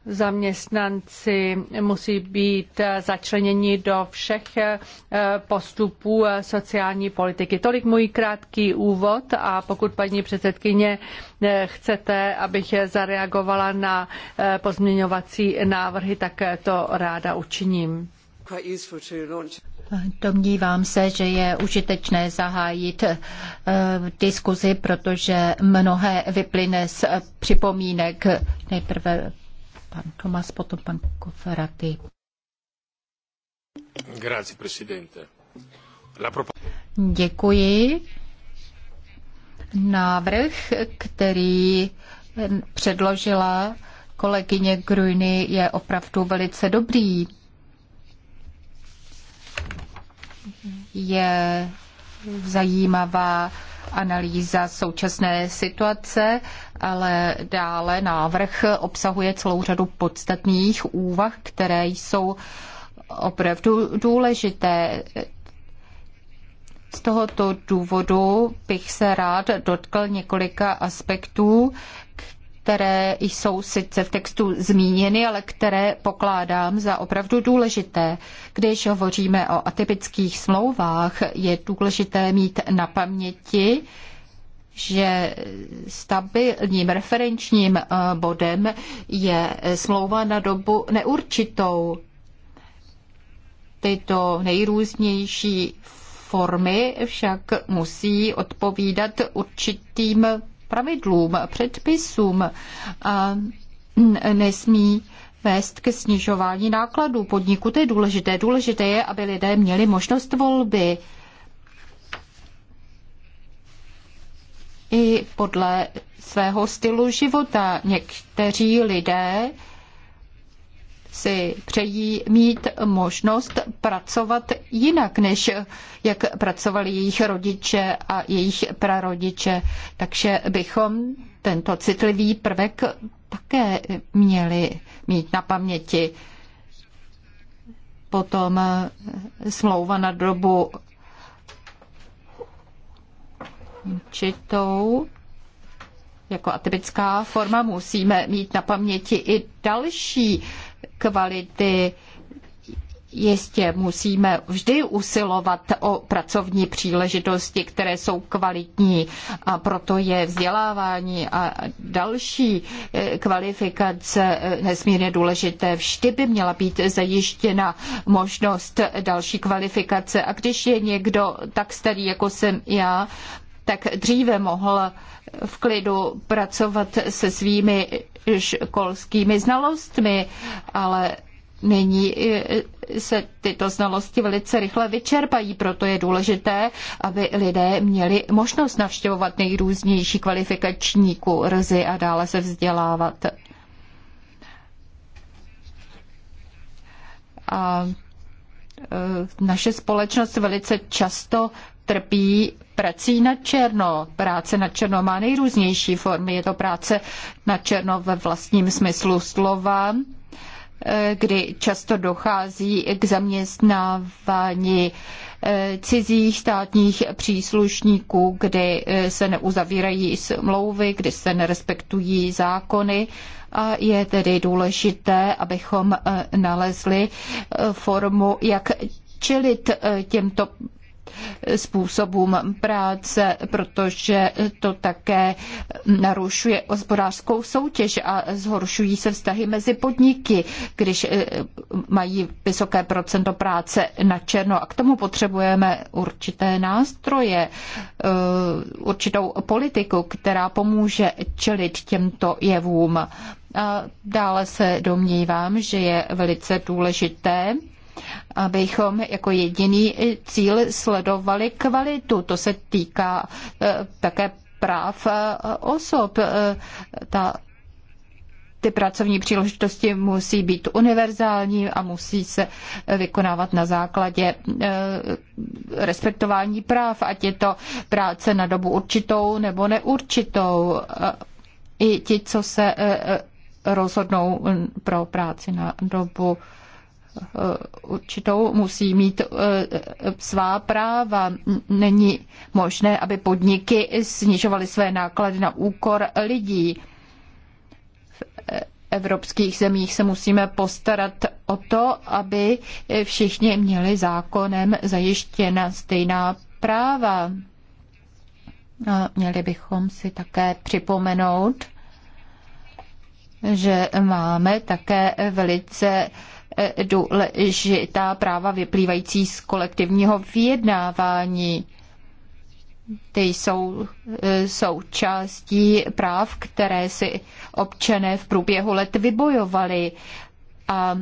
zaměstnanci musí být začleněni do všech eh, postupů eh, sociální politiky. Tolik můj krátký úvod a pokud paní předsedkyně chcete, abych zareagovala na pozměňovací návrhy, tak to ráda učiním. Domnívám se, že je užitečné zahájit eh, diskuzi, protože mnohé vyplyne z připomínek. Nejprve pan Tomas, potom pan Koferaty. Grazie, presidente. Děkuji. Návrh, který eh, předložila kolegyně Gruny, je opravdu velice dobrý je zajímavá analýza současné situace, ale dále návrh obsahuje celou řadu podstatných úvah, které jsou opravdu důležité. Z tohoto důvodu bych se rád dotkl několika aspektů, které jsou sice v textu zmíněny, ale které pokládám za opravdu důležité. Když hovoříme o atypických smlouvách, je důležité mít na paměti, že stabilním referenčním eh, bodem je smlouva na dobu neurčitou. Tyto nejrůznější formy však musí odpovídat určitým pravidlům, předpisům a nesmí vést ke snižování nákladů podniku. To je důležité. Důležité je, aby lidé měli možnost volby. I podle svého stylu života. Někteří lidé si přejí mít možnost pracovat jinak, než jak pracovali jejich rodiče a jejich prarodiče. Takže bychom tento citlivý prvek také měli mít na paměti. Potom smlouva na dobu určitou jako atypická forma musíme mít na paměti i další kvality. Jistě musíme vždy usilovat o pracovní příležitosti, které jsou kvalitní a proto je vzdělávání a další eh, kvalifikace eh, nesmírně důležité. Vždy by měla být zajištěna možnost další kvalifikace a když je někdo tak starý, jako jsem já, tak dříve mohl v klidu pracovat se svými školskými znalostmi, ale nyní se tyto znalosti velice rychle vyčerpají, proto je důležité, aby lidé měli možnost navštěvovat nejrůznější kvalifikační kurzy a dále se vzdělávat. A e, naše společnost velice často trpí prací na černo. Práce na černo má nejrůznější formy. Je to práce na černo ve vlastním smyslu slova, eh, kdy často dochází k zaměstnávání eh, cizích státních příslušníků, kdy eh, se neuzavírají smlouvy, kdy se nerespektují zákony a je tedy důležité, abychom nalezli formu, jak čelit těmto způsobům práce, protože to také narušuje hospodářskou soutěž a zhoršují se vztahy mezi podniky, když eh, mají vysoké procento práce na černo. A k tomu potřebujeme určité nástroje, eh, určitou politiku, která pomůže čelit těmto jevům. A dále se domnívám, že je velice důležité, abychom jako jediný cíl sledovali kvalitu. To se týká eh, také práv eh, osob. Eh, ta ty pracovní příležitosti musí být univerzální a musí se vykonávat na základě respektování práv, ať je to práce na dobu určitou nebo neurčitou. I ti, co se rozhodnou mm, pro práci na dobu Eh, určitou, musí mít eh, svá práva. Není možné, aby podniky snižovaly své náklady na úkor lidí. V eh, evropských zemích se musíme postarat o to, aby všichni měli zákonem zajištěna stejná práva. A měli bychom si také připomenout, že máme také velice Eh, důležitá práva vyplývající z kolektivního vyjednávání. Ty jsou eh, součástí práv, které si občané v průběhu let vybojovali a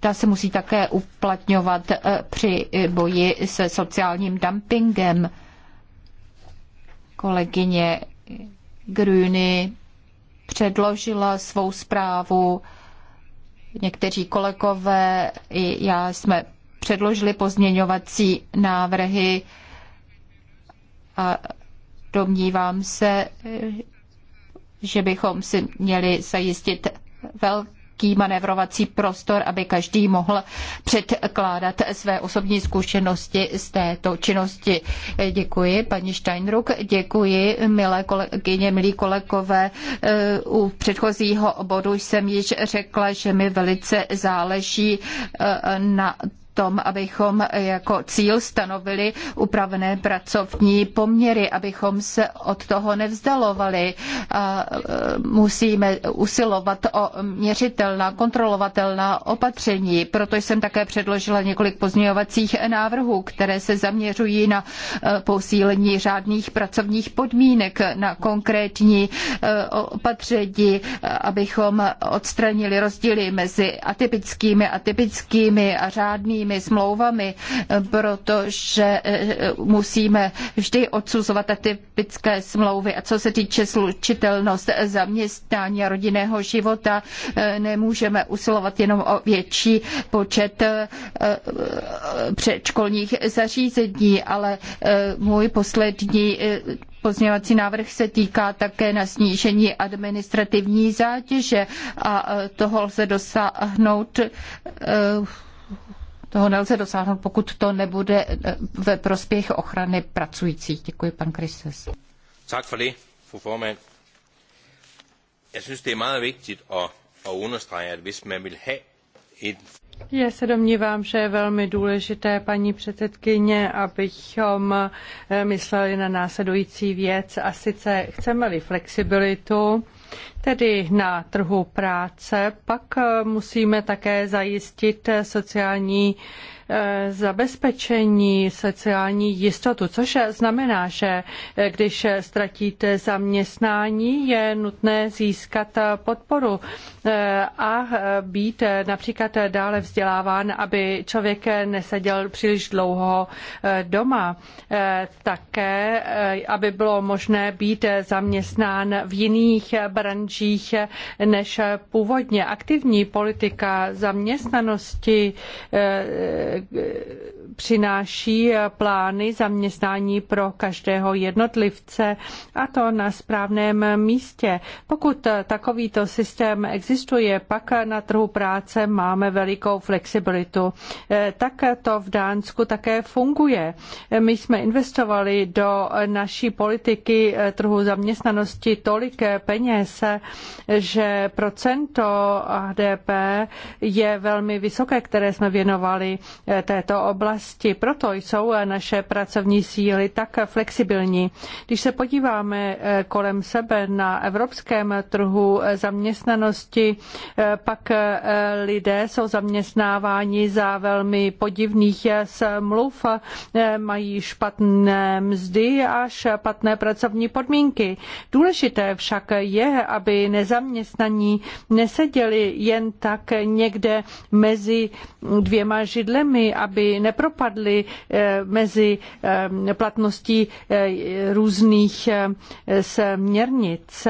ta se musí také uplatňovat eh, při boji se sociálním dumpingem. Kolegyně Gruny předložila svou zprávu Někteří kolegové i já jsme předložili pozměňovací návrhy a domnívám se, že bychom si měli zajistit velké velký manevrovací prostor, aby každý mohl předkládat své osobní zkušenosti z této činnosti. Děkuji, paní Steinruck, děkuji, milé kolegyně, milí kolegové. U předchozího bodu jsem již řekla, že mi velice záleží eh, na tom, abychom jako cíl stanovili upravené pracovní poměry, abychom se od toho nevzdalovali. A e, musíme usilovat o měřitelná, kontrolovatelná opatření. Proto jsem také předložila několik pozměňovacích návrhů, které se zaměřují na e, posílení řádných pracovních podmínek, na konkrétní e, opatření, abychom odstranili rozdíly mezi atypickými, atypickými a řádnými mezinárodními smlouvami, protože eh, musíme vždy odsuzovat atypické smlouvy. A co se týče slučitelnost zaměstnání a rodinného života, eh, nemůžeme usilovat jenom o větší počet eh, předškolních zařízení, ale můj poslední Pozměňovací návrh se týká také na snížení administrativní zátěže a toho lze dosáhnout toho nelze dosáhnout, pokud to nebude eh, ve prospěch ochrany pracujících. Děkuji, pan Krises. Tak for det, fru formand. Jeg synes, det er meget vigtigt at, at understrege, at hvis man vil have et já se domnívám, že je velmi důležité, paní předsedkyně, abychom eh, mysleli na následující věc. A sice chceme-li flexibilitu, Tedy na trhu práce pak eh, musíme také zajistit eh, sociální Eh, zabezpečení sociální jistotu, což znamená, že eh, když ztratíte zaměstnání, je nutné získat eh, podporu a být například dále vzděláván, aby člověk neseděl příliš dlouho doma. Také, aby bylo možné být zaměstnán v jiných branžích než původně. Aktivní politika zaměstnanosti přináší plány zaměstnání pro každého jednotlivce a to na správném místě. Pokud takovýto systém existuje, pak na trhu práce máme velikou flexibilitu. Tak to v Dánsku také funguje. My jsme investovali do naší politiky trhu zaměstnanosti tolik peněz, že procento HDP je velmi vysoké, které jsme věnovali této oblasti. Proto jsou naše pracovní síly tak flexibilní. Když se podíváme eh, kolem sebe na evropském trhu zaměstnanosti, eh, pak eh, lidé jsou zaměstnáváni za velmi podivných smluv, mají špatné mzdy a špatné pracovní podmínky. Důležité však je, aby nezaměstnaní neseděli jen tak někde mezi dvěma židlemi, firmy, aby nepropadly eh, mezi eh, platností eh, různých směrnic.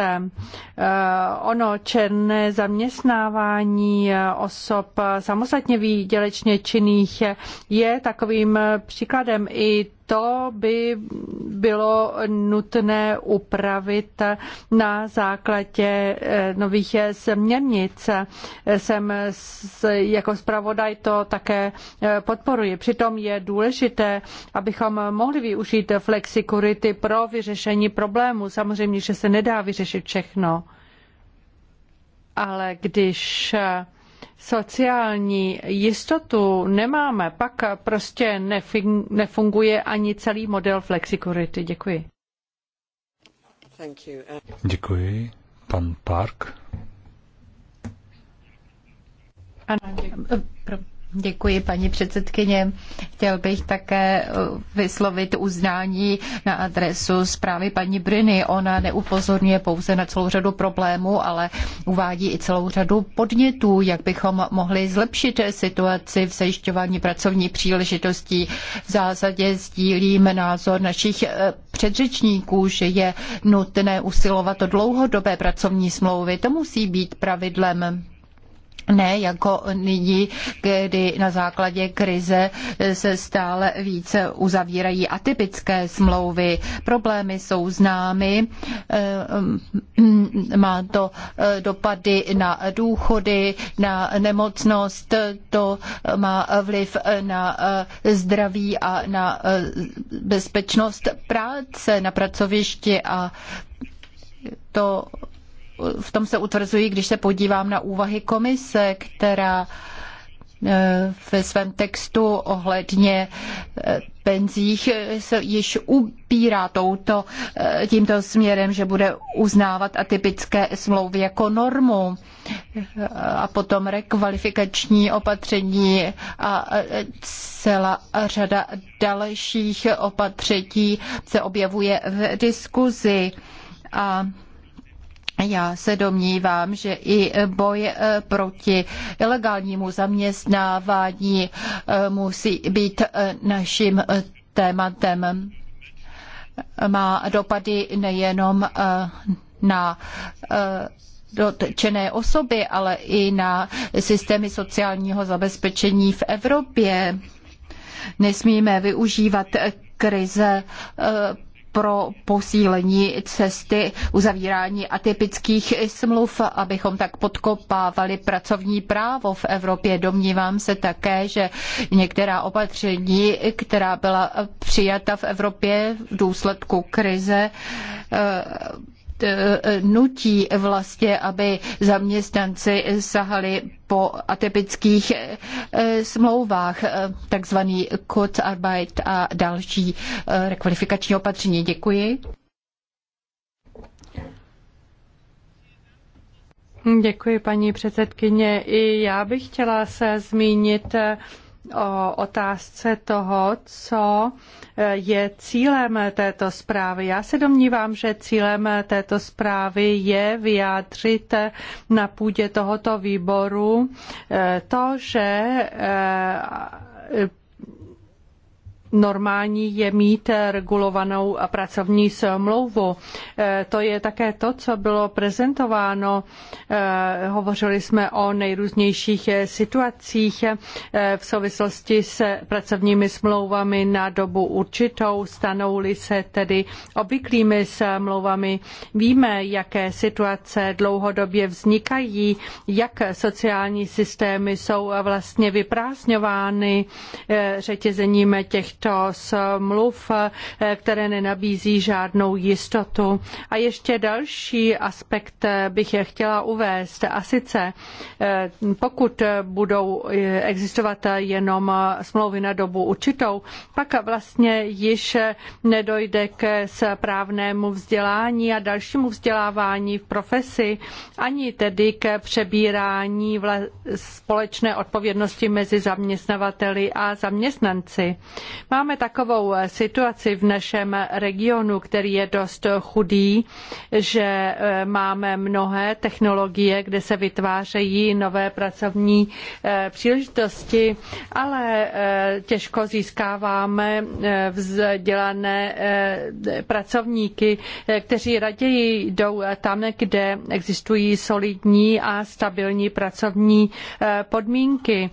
Ono černé zaměstnávání osob samostatně výdělečně činných je takovým příkladem i to by bylo nutné upravit na základě eh, nových směrnic. Jsem jako zpravodaj to také eh, podporuji. Přitom je důležité, abychom mohli využít flexikurity pro vyřešení problému. Samozřejmě, že se nedá vyřešit všechno. Ale když eh, sociální jistotu nemáme, pak prostě nefunguje ani celý model flexikurity. Děkuji. Děkuji. Pan Park. Ano, děkuji. Děkuji, paní předsedkyně. Chtěl bych také eh, vyslovit uznání na adresu zprávy paní Bryny. Ona neupozorňuje pouze na celou řadu problémů, ale uvádí i celou řadu podnětů, jak bychom mohli zlepšit situaci v zajišťování pracovní příležitostí. V zásadě sdílím názor našich eh, předřečníků, že je nutné usilovat o dlouhodobé pracovní smlouvy. To musí být pravidlem ne jako nyní, kdy na základě krize se stále více uzavírají atypické smlouvy. Problémy jsou známy, eh, mm, má to eh, dopady na důchody, na nemocnost, to má vliv na eh, zdraví a na bezpečnost práce na pracovišti a to v tom se utvrzuji, když se podívám na úvahy komise, která eh, ve svém textu ohledně eh, penzích eh, se již upírá touto, tímto směrem, že bude uznávat atypické smlouvy jako normu a potom rekvalifikační opatření a celá řada dalších opatření se objevuje v diskuzi a já se domnívám, že i boj eh, proti ilegálnímu zaměstnávání eh, musí být eh, naším tématem. Má dopady nejenom na dotčené osoby, ale i na systémy sociálního zabezpečení v Evropě. Nesmíme využívat krize pro posílení cesty uzavírání atypických smluv, abychom tak podkopávali pracovní právo v Evropě. Domnívám se také, že některá opatření, která byla přijata v Evropě v důsledku krize, Eh, nutí vlastně, aby zaměstnanci sahali po atypických eh, smlouvách, eh, takzvaný Kurzarbeit a další rekvalifikační opatření. Děkuji. Děkuji, paní předsedkyně. I já bych chtěla se zmínit o otázce toho, co e, je cílem této zprávy. Já se domnívám, že cílem této zprávy je vyjádřit na půdě tohoto výboru e, to, že e, normální je mít regulovanou pracovní smlouvu. Eh, to je také to, co bylo prezentováno. Eh, hovořili jsme o nejrůznějších situacích eh, v souvislosti s pracovními smlouvami na dobu určitou. Stanou-li se tedy obvyklými smlouvami, víme, jaké situace dlouhodobě vznikají, jak sociální systémy jsou vlastně vyprázdňovány řetězením těchto těchto smluv, eh, které nenabízí žádnou jistotu. A ještě další aspekt eh, bych je chtěla uvést. A sice, eh, pokud budou existovat jenom smlouvy na dobu určitou, pak vlastně již nedojde k správnému vzdělání a dalšímu vzdělávání v profesi, ani tedy k přebírání společné odpovědnosti mezi zaměstnavateli a zaměstnanci. Máme takovou eh, situaci v našem regionu, který je dost chudý, že eh, máme mnohé technologie, kde se vytvářejí nové pracovní eh, příležitosti, ale těžko získáváme vzdělané pracovníky, kteří raději jdou tam, kde existují solidní a stabilní pracovní podmínky.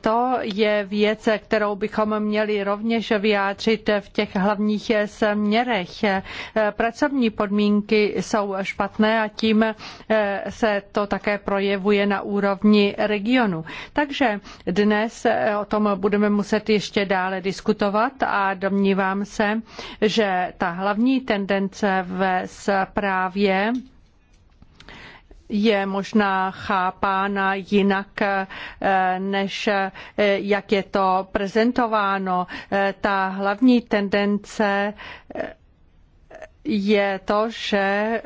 To je věc, kterou bychom měli rovně rovněž vyjádřit v těch hlavních směrech. Pracovní podmínky jsou špatné a tím eh, se to také projevuje na úrovni regionu. Takže dnes eh, o tom budeme muset ještě dále diskutovat a domnívám se, že ta hlavní tendence ve zprávě je možná chápána jinak, eh, než eh, jak je to prezentováno. Eh, ta hlavní tendence je to, že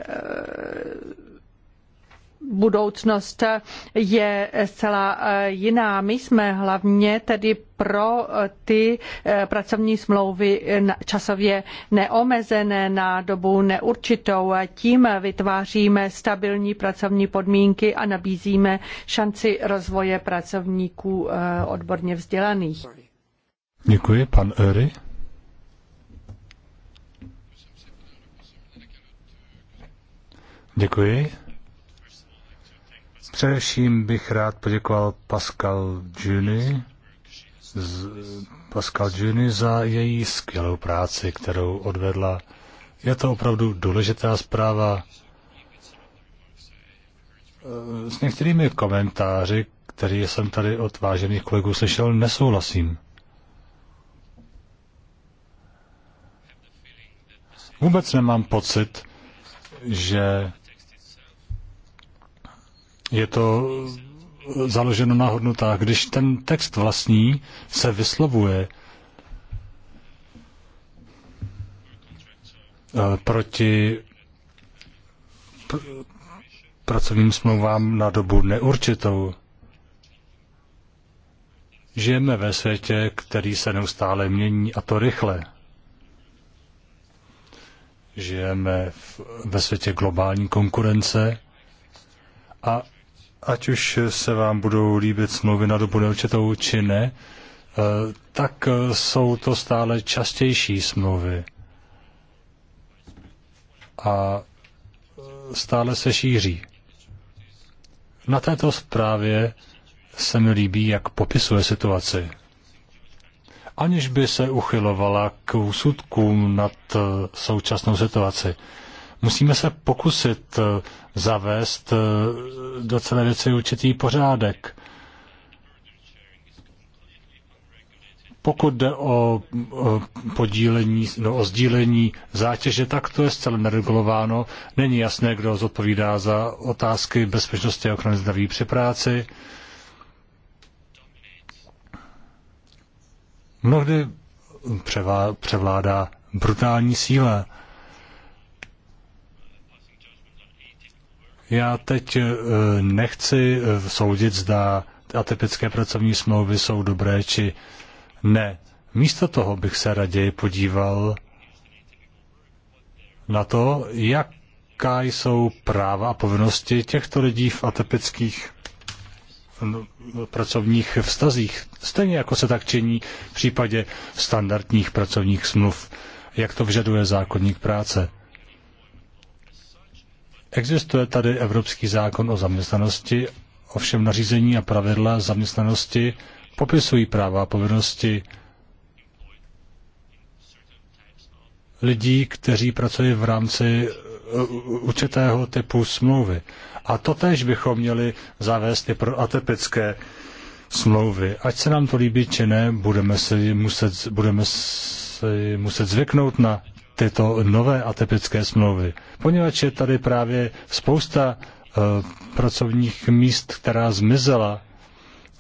budoucnost je zcela eh, jiná. My jsme hlavně tedy pro eh, ty eh, pracovní smlouvy časově neomezené na dobu neurčitou. Tím vytváříme stabilní pracovní podmínky a nabízíme šanci rozvoje pracovníků odborně vzdělaných. Děkuji, pan Öry. Děkuji. Především bych rád poděkoval Pascal Juny, z, Pascal Juny za její skvělou práci, kterou odvedla. Je to opravdu důležitá zpráva. S některými komentáři, které jsem tady od vážených kolegů slyšel, nesouhlasím. Vůbec nemám pocit, že je to založeno na hodnotách. Když ten text vlastní se vyslovuje eh, proti pr- pracovním smlouvám na dobu neurčitou, Žijeme ve světě, který se neustále mění a to rychle. Žijeme v, ve světě globální konkurence a ať už se vám budou líbit smlouvy na dobu neurčitou či ne, eh, tak eh, jsou to stále častější smlouvy. A eh, stále se šíří. Na této zprávě se mi líbí, jak popisuje situaci. Aniž by se uchylovala k úsudkům nad současnou situaci. Musíme se pokusit eh, zavést eh, do celé věci určitý pořádek. Pokud jde o podílení, no, o sdílení zátěže, tak to je zcela neregulováno. Není jasné, kdo zodpovídá za otázky bezpečnosti a ochrany zdraví při práci. Mnohdy převládá brutální síla. Já teď eh, nechci eh, soudit, zda atypické pracovní smlouvy jsou dobré či ne. Místo toho bych se raději podíval na to, jaká jsou práva a povinnosti těchto lidí v atypických no, no, pracovních vztazích, stejně jako se tak činí v případě standardních pracovních smluv, jak to vyžaduje zákonník práce. Existuje tady Evropský zákon o zaměstnanosti, ovšem nařízení a pravidla zaměstnanosti popisují práva a povinnosti lidí, kteří pracují v rámci uh, určitého typu smlouvy. A totéž bychom měli zavést i pro atypické smlouvy. Ať se nám to líbí či ne, budeme si muset, budeme si muset zvyknout na tyto nové atypické smlouvy, poněvadž je tady právě spousta eh, pracovních míst, která zmizela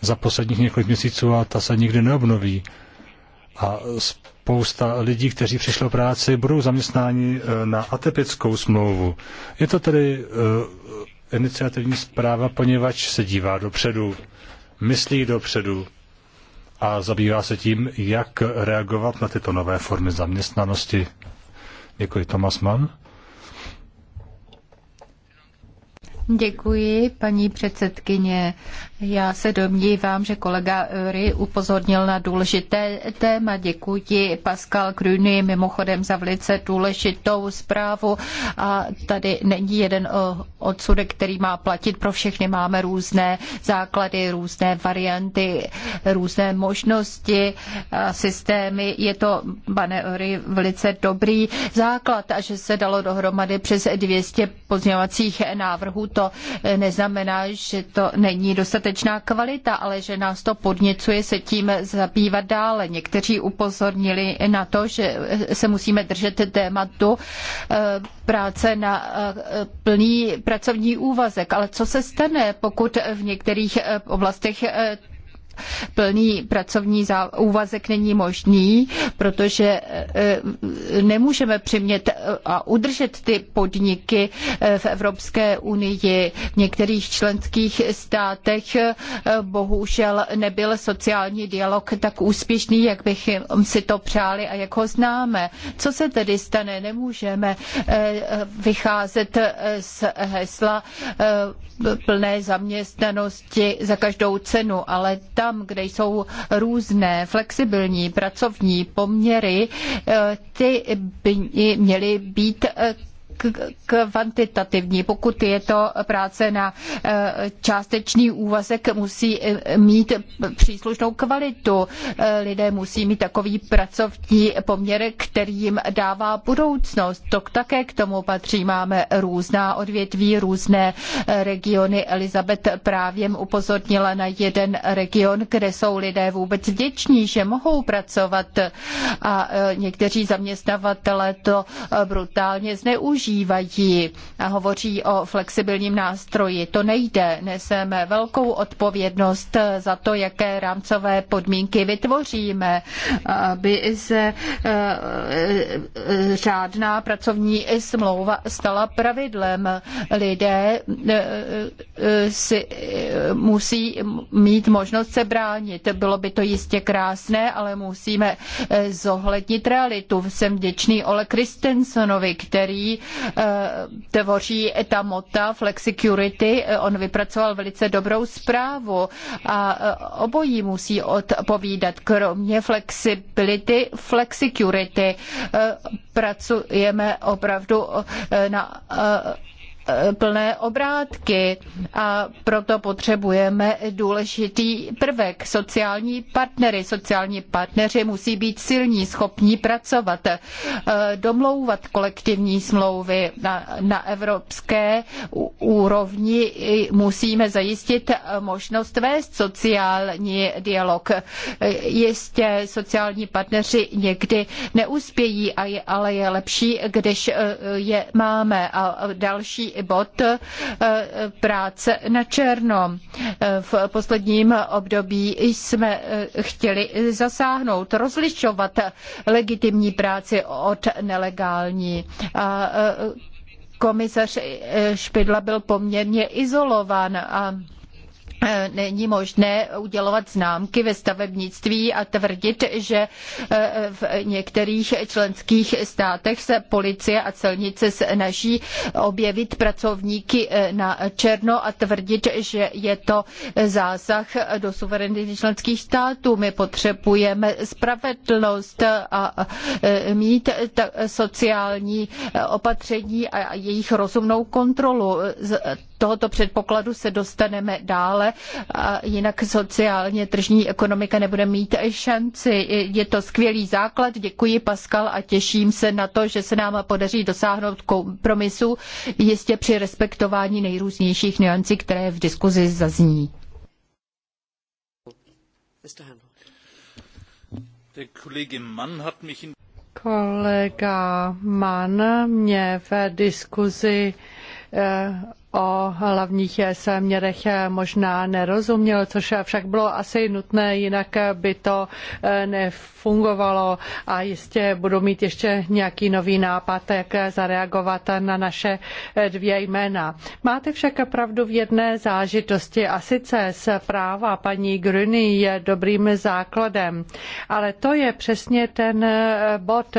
za posledních několik měsíců a ta se nikdy neobnoví. A spousta lidí, kteří přišli o práci, budou zaměstnáni eh, na atypickou smlouvu. Je to tedy eh, iniciativní zpráva, poněvadž se dívá dopředu, myslí dopředu a zabývá se tím, jak reagovat na tyto nové formy zaměstnanosti. Děkuji, Thomas Mann. Děkuji, paní předsedkyně. Já se domnívám, že kolega Ry upozornil na důležité téma. Děkuji Pascal Kruny, mimochodem za velice důležitou zprávu. A tady není jeden odsudek, který má platit pro všechny. Máme různé základy, různé varianty, různé možnosti, systémy. Je to, pane Ry, velice dobrý základ a že se dalo dohromady přes 200 pozměňovacích návrhů to neznamená, že to není dostatečná kvalita, ale že nás to podněcuje se tím zabývat dále. Někteří upozornili na to, že se musíme držet tématu eh, práce na eh, plný pracovní úvazek. Ale co se stane, pokud v některých eh, oblastech plný pracovní úvazek není možný, protože e, nemůžeme přimět e, a udržet ty podniky e, v Evropské unii. V některých členských státech bohužel nebyl sociální dialog tak úspěšný, jak bychom si to přáli a jak ho známe. Co se tedy stane? Nemůžeme vycházet z hesla plné zaměstnanosti za každou cenu, ale ta tam, kde jsou různé flexibilní pracovní poměry, eh, ty by měly být eh, kvantitativní. Pokud je to práce na eh, částečný úvazek, musí eh, mít příslušnou kvalitu. Eh, lidé musí mít takový pracovní poměr, který jim dává budoucnost. To také k tomu patří. Máme různá odvětví, různé regiony. Elizabeth právě upozornila na jeden region, kde jsou lidé vůbec vděční, že mohou pracovat a někteří zaměstnavatele to brutálně zneužívají využívají a hovoří o flexibilním nástroji. To nejde. Neseme velkou odpovědnost za to, jaké rámcové podmínky vytvoříme, aby se eh, eh, řádná pracovní smlouva stala pravidlem. Lidé eh, si musí mít možnost se bránit. Bylo by to jistě krásné, ale musíme zohlednit realitu. Jsem vděčný Ole Christensenovi, který Eh, tvoří mota Flexicurity. Eh, on vypracoval velice dobrou zprávu a eh, obojí musí odpovídat. Kromě flexibility, flexicurity pracujeme opravdu na Eh, plné obrátky a proto potřebujeme důležitý prvek. Sociální partnery. Sociální partneři musí být silní, schopní pracovat, eh, domlouvat kolektivní smlouvy na, na evropské úrovni. Musíme zajistit eh, možnost vést sociální dialog. Jistě sociální partneři někdy neuspějí, ale je lepší, když je máme. A další i bod eh, práce na černo. Eh, v posledním období jsme eh, chtěli zasáhnout, rozlišovat legitimní práci od nelegální. A komisař Špidla byl poměrně izolován a Eh, není možné udělovat známky ve stavebnictví a tvrdit, že eh, v některých členských státech se policie a celnice snaží objevit pracovníky eh, na černo a tvrdit, že je to zásah do suverenity členských států. My potřebujeme spravedlnost a mít sociální opatření a jejich rozumnou kontrolu tohoto předpokladu se dostaneme dále, a jinak sociálně tržní ekonomika nebude mít šanci. Je to skvělý základ, děkuji Pascal a těším se na to, že se nám podaří dosáhnout kompromisu, jistě při respektování nejrůznějších nuancí, které v diskuzi zazní. Kolega Mann mě v diskuzi eh, o hlavních směrech možná nerozuměl, což však bylo asi nutné, jinak by to eh, nefungovalo a jistě budu mít ještě nějaký nový nápad, jak zareagovat na naše eh, dvě jména. Máte však pravdu v jedné zážitosti a sice zpráva paní Gruny je dobrým základem, ale to je přesně ten eh, bod,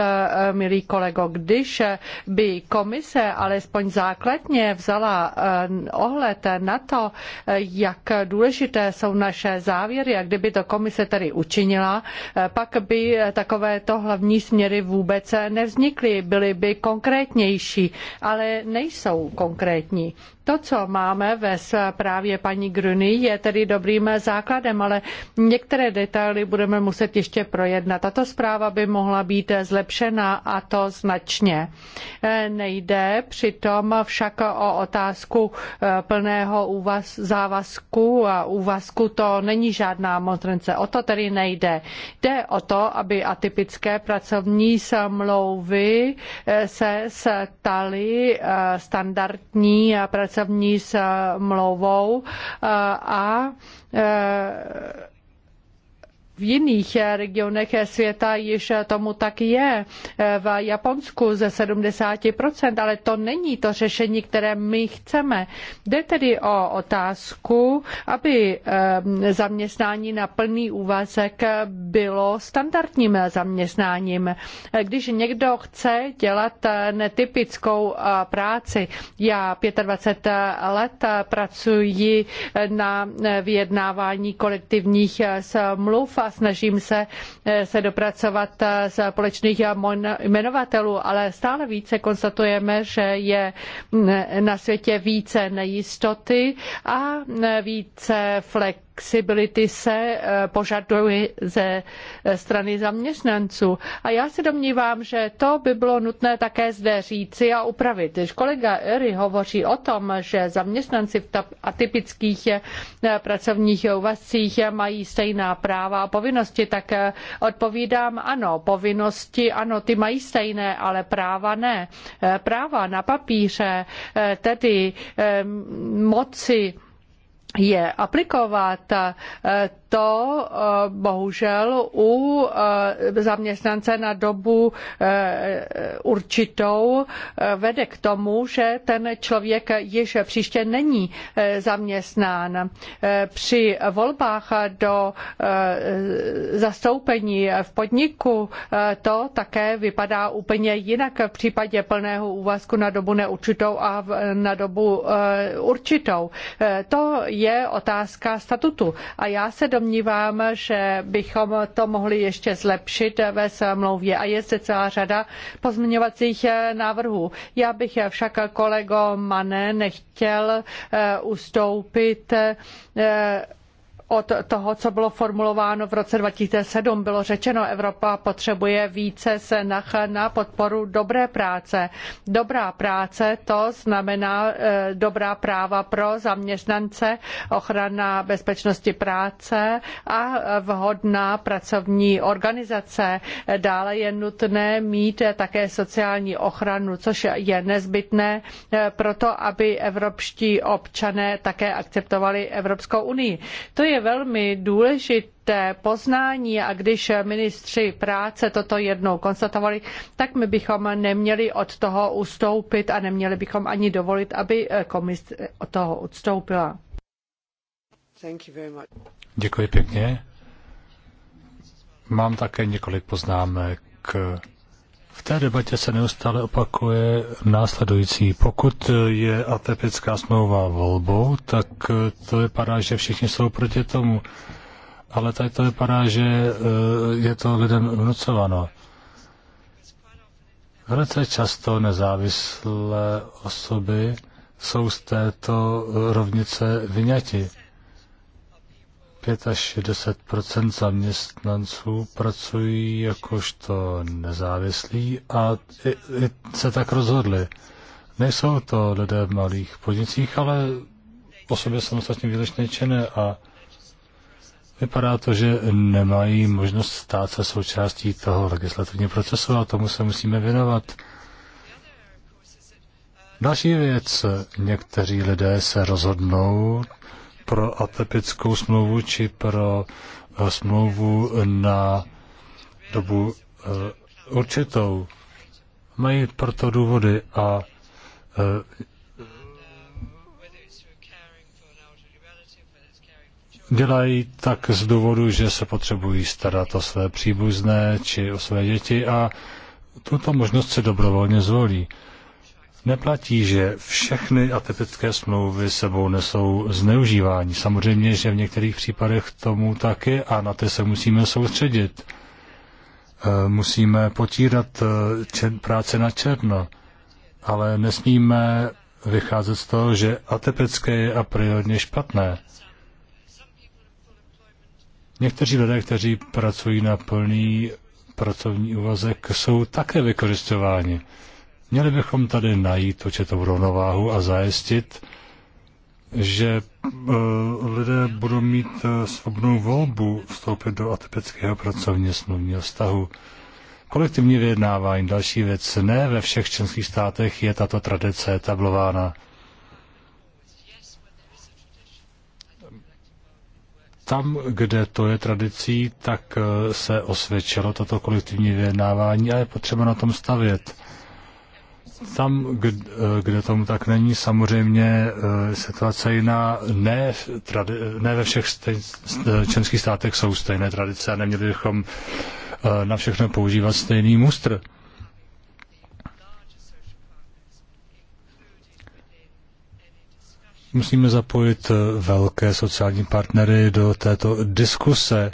milý kolego, když by komise alespoň základně vzala Eh, ohled na to, eh, jak důležité jsou naše závěry a kdyby to komise tedy učinila, eh, pak by takovéto hlavní směry vůbec nevznikly, byly by konkrétnější, ale nejsou konkrétní. To, co máme ve zprávě paní Gruny, je tedy dobrým základem, ale některé detaily budeme muset ještě projednat. Tato zpráva by mohla být zlepšena a to značně. E, nejde přitom však o otázku e, plného závazku a úvazku to není žádná motrence. O to tedy nejde. Jde o to, aby atypické pracovní smlouvy e, se staly standardní pracovní pracovní smlouvou eh, a eh, v jiných eh, regionech eh, světa již eh, tomu tak je. V Japonsku ze 70%, ale to není to řešení, které my chceme. Jde tedy o otázku, aby zaměstnání na plný úvazek bylo standardním zaměstnáním. Když někdo chce dělat netypickou práci, já 25 let pracuji na vyjednávání kolektivních smluv a snažím se eh, se dopracovat eh, společných jmenovatelů, ale stále více konstatujeme, že je mm, na světě více nejistoty a eh, více flek flexibility se eh, požaduje ze eh, strany zaměstnanců. A já se domnívám, že to by bylo nutné také zde říci a upravit. Když kolega Ery hovoří o tom, že zaměstnanci v atypických eh, pracovních úvazcích mají stejná práva a povinnosti, tak odpovídám ano, povinnosti ano, ty mají stejné, ale práva ne. Práva na papíře, tedy moci je aplikovat eh, to eh, bohužel u eh, zaměstnance na dobu eh, určitou vede k tomu, že ten člověk již příště není zaměstnán. Při volbách do zastoupení v podniku to také vypadá úplně jinak v případě plného úvazku na dobu neurčitou a na dobu určitou. To je otázka statutu. A já se domnívám, domnívám, že bychom to mohli ještě zlepšit ve smlouvě a je zde celá řada pozměňovacích eh, návrhů. Já bych však kolego Mané nechtěl eh, ustoupit eh, od toho, co bylo formulováno v roce 2007. Bylo řečeno, Evropa potřebuje více senach na podporu dobré práce. Dobrá práce to znamená e, dobrá práva pro zaměstnance, ochrana bezpečnosti práce a vhodná pracovní organizace. Dále je nutné mít také sociální ochranu, což je nezbytné e, proto, aby evropští občané také akceptovali Evropskou unii. To je velmi důležité poznání a když ministři práce toto jednou konstatovali, tak my bychom neměli od toho ustoupit a neměli bychom ani dovolit, aby komise od toho odstoupila. Děkuji pěkně. Mám také několik poznámek k v té debatě se neustále opakuje následující. Pokud je atepická smlouva volbou, tak to vypadá, že všichni jsou proti tomu. Ale tady to vypadá, že eh, je to lidem vnucováno. Velice často nezávislé osoby jsou z této rovnice vyňati. 65 zaměstnanců pracují jakožto nezávislí a i, i se tak rozhodli. Nejsou to lidé v malých podnicích, ale osoby samostatně výlečné činy a vypadá to, že nemají možnost stát se součástí toho legislativního procesu a tomu se musíme věnovat. Další věc, někteří lidé se rozhodnou pro atypickou smlouvu či pro eh, smlouvu na dobu eh, určitou. Mají proto důvody a eh, dělají tak z důvodu, že se potřebují starat o své příbuzné či o své děti a tuto možnost se dobrovolně zvolí. Neplatí, že všechny atypické smlouvy sebou nesou zneužívání. Samozřejmě, že v některých případech tomu taky a na ty se musíme soustředit. Eh, musíme potírat eh, práce na černo, ale nesmíme vycházet z toho, že atypické je a priorně špatné. Někteří lidé, kteří pracují na plný pracovní úvazek, jsou také vykořišťováni. Měli bychom tady najít určitou rovnováhu a zajistit, že e, lidé budou mít e, svobodnou volbu vstoupit do atypického pracovně smluvního vztahu. Kolektivní vyjednávání, další věc, ne ve všech členských státech je tato tradice tablována. Tam, kde to je tradicí, tak e, se osvědčilo toto kolektivní vyjednávání a je potřeba na tom stavět. Tam, eh, kde tomu tak není, samozřejmě eh, situace jiná. Ne, tradi- ne ve všech členských státech jsou stejné tradice a neměli bychom eh, na všechno používat stejný mustr. Musíme zapojit velké sociální partnery do této diskuse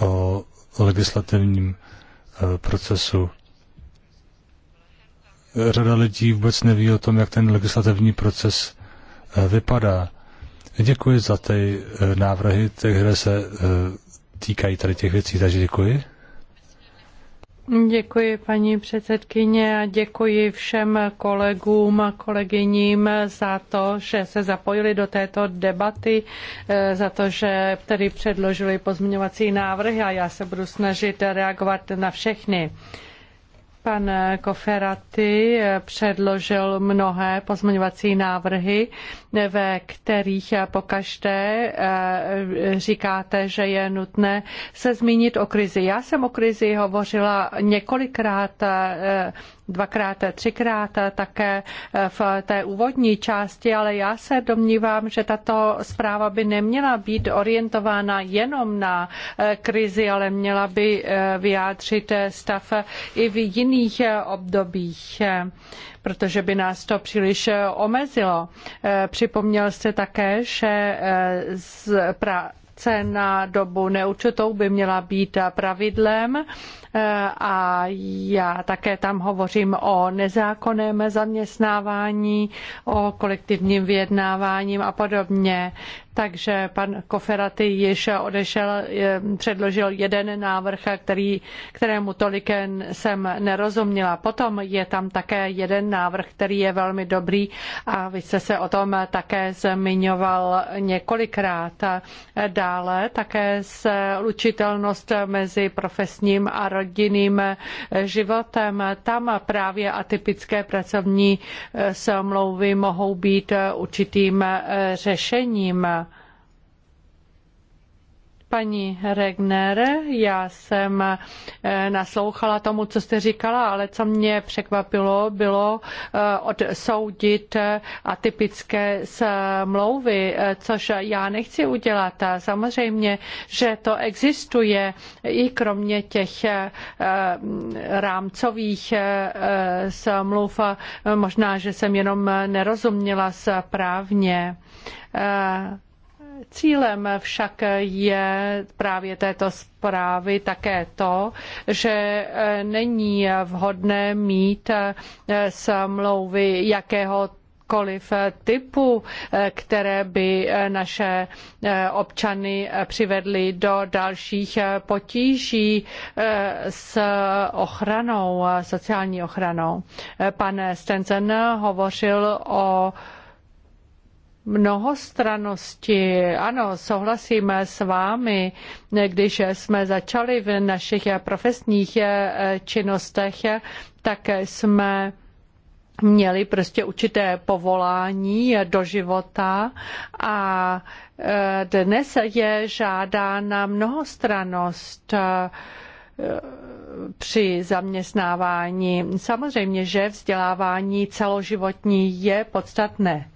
o legislativním procesu řada lidí vůbec neví o tom, jak ten legislativní proces eh, vypadá. Děkuji za ty eh, návrhy, které se eh, týkají tady těch věcí, takže děkuji. Děkuji paní předsedkyně a děkuji všem kolegům a kolegyním za to, že se zapojili do této debaty, za to, že tedy předložili pozměňovací návrhy a já se budu snažit reagovat na všechny. Pan Koferaty předložil mnohé pozměňovací návrhy, ve kterých pokaždé eh, říkáte, že je nutné se zmínit o krizi. Já jsem o krizi hovořila několikrát eh, dvakrát, třikrát také v té úvodní části, ale já se domnívám, že tato zpráva by neměla být orientována jenom na eh, krizi, ale měla by eh, vyjádřit stav i v jiných eh, obdobích protože by nás to příliš omezilo. Připomněl jste také, že z na dobu neurčitou by měla být pravidlem Eh, a já také tam hovořím o nezákonném zaměstnávání, o kolektivním vyjednávání a podobně takže pan Koferaty již odešel, předložil jeden návrh, který, kterému tolik jsem nerozuměla. Potom je tam také jeden návrh, který je velmi dobrý a vy jste se o tom také zmiňoval několikrát. Dále také lučitelnost mezi profesním a rodinným životem. Tam právě atypické pracovní smlouvy mohou být určitým řešením paní Regner, já jsem eh, naslouchala tomu, co jste říkala, ale co mě překvapilo, bylo eh, odsoudit eh, atypické smlouvy, což já nechci udělat. Samozřejmě, že to existuje i kromě těch rámcových smluv. Možná, že jsem jenom nerozuměla správně. Cílem však je právě této zprávy také to, že eh, není vhodné mít eh, smlouvy jakého jakéhokoliv eh, typu, které by naše občany přivedly do dalších potíží s ochranou, sociální ochranou. Pan Stenzen hovořil o mnohostranosti. Ano, souhlasím s vámi. Když jsme začali v našich profesních eh, činnostech, tak jsme měli prostě určité povolání do života a eh, dnes je žádána mnohostranost eh, při zaměstnávání. Samozřejmě, že vzdělávání celoživotní je podstatné.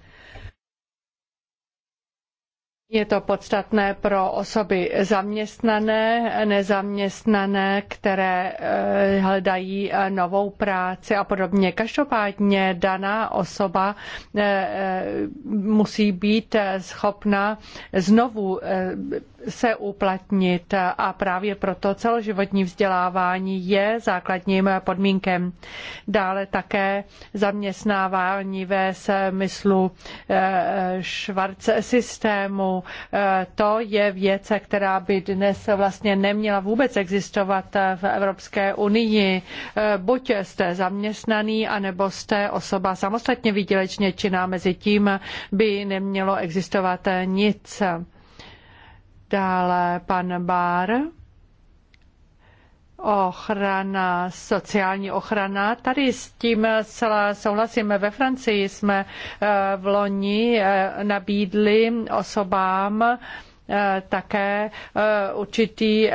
Je to podstatné pro osoby zaměstnané, nezaměstnané, které eh, hledají eh, novou práci a podobně. Každopádně daná osoba eh, musí být schopna znovu se uplatnit a právě proto celoživotní vzdělávání je základním podmínkem. Dále také zaměstnávání ve smyslu eh, švarce systému. Eh, to je věc, která by dnes vlastně neměla vůbec existovat v Evropské unii. Eh, buď jste zaměstnaný, anebo jste osoba samostatně výdělečně činná, mezi tím by nemělo existovat nic. Dále pan Bár. Ochrana, sociální ochrana. Tady s tím celá souhlasíme. Ve Francii jsme eh, v loni eh, nabídli osobám eh, také určitý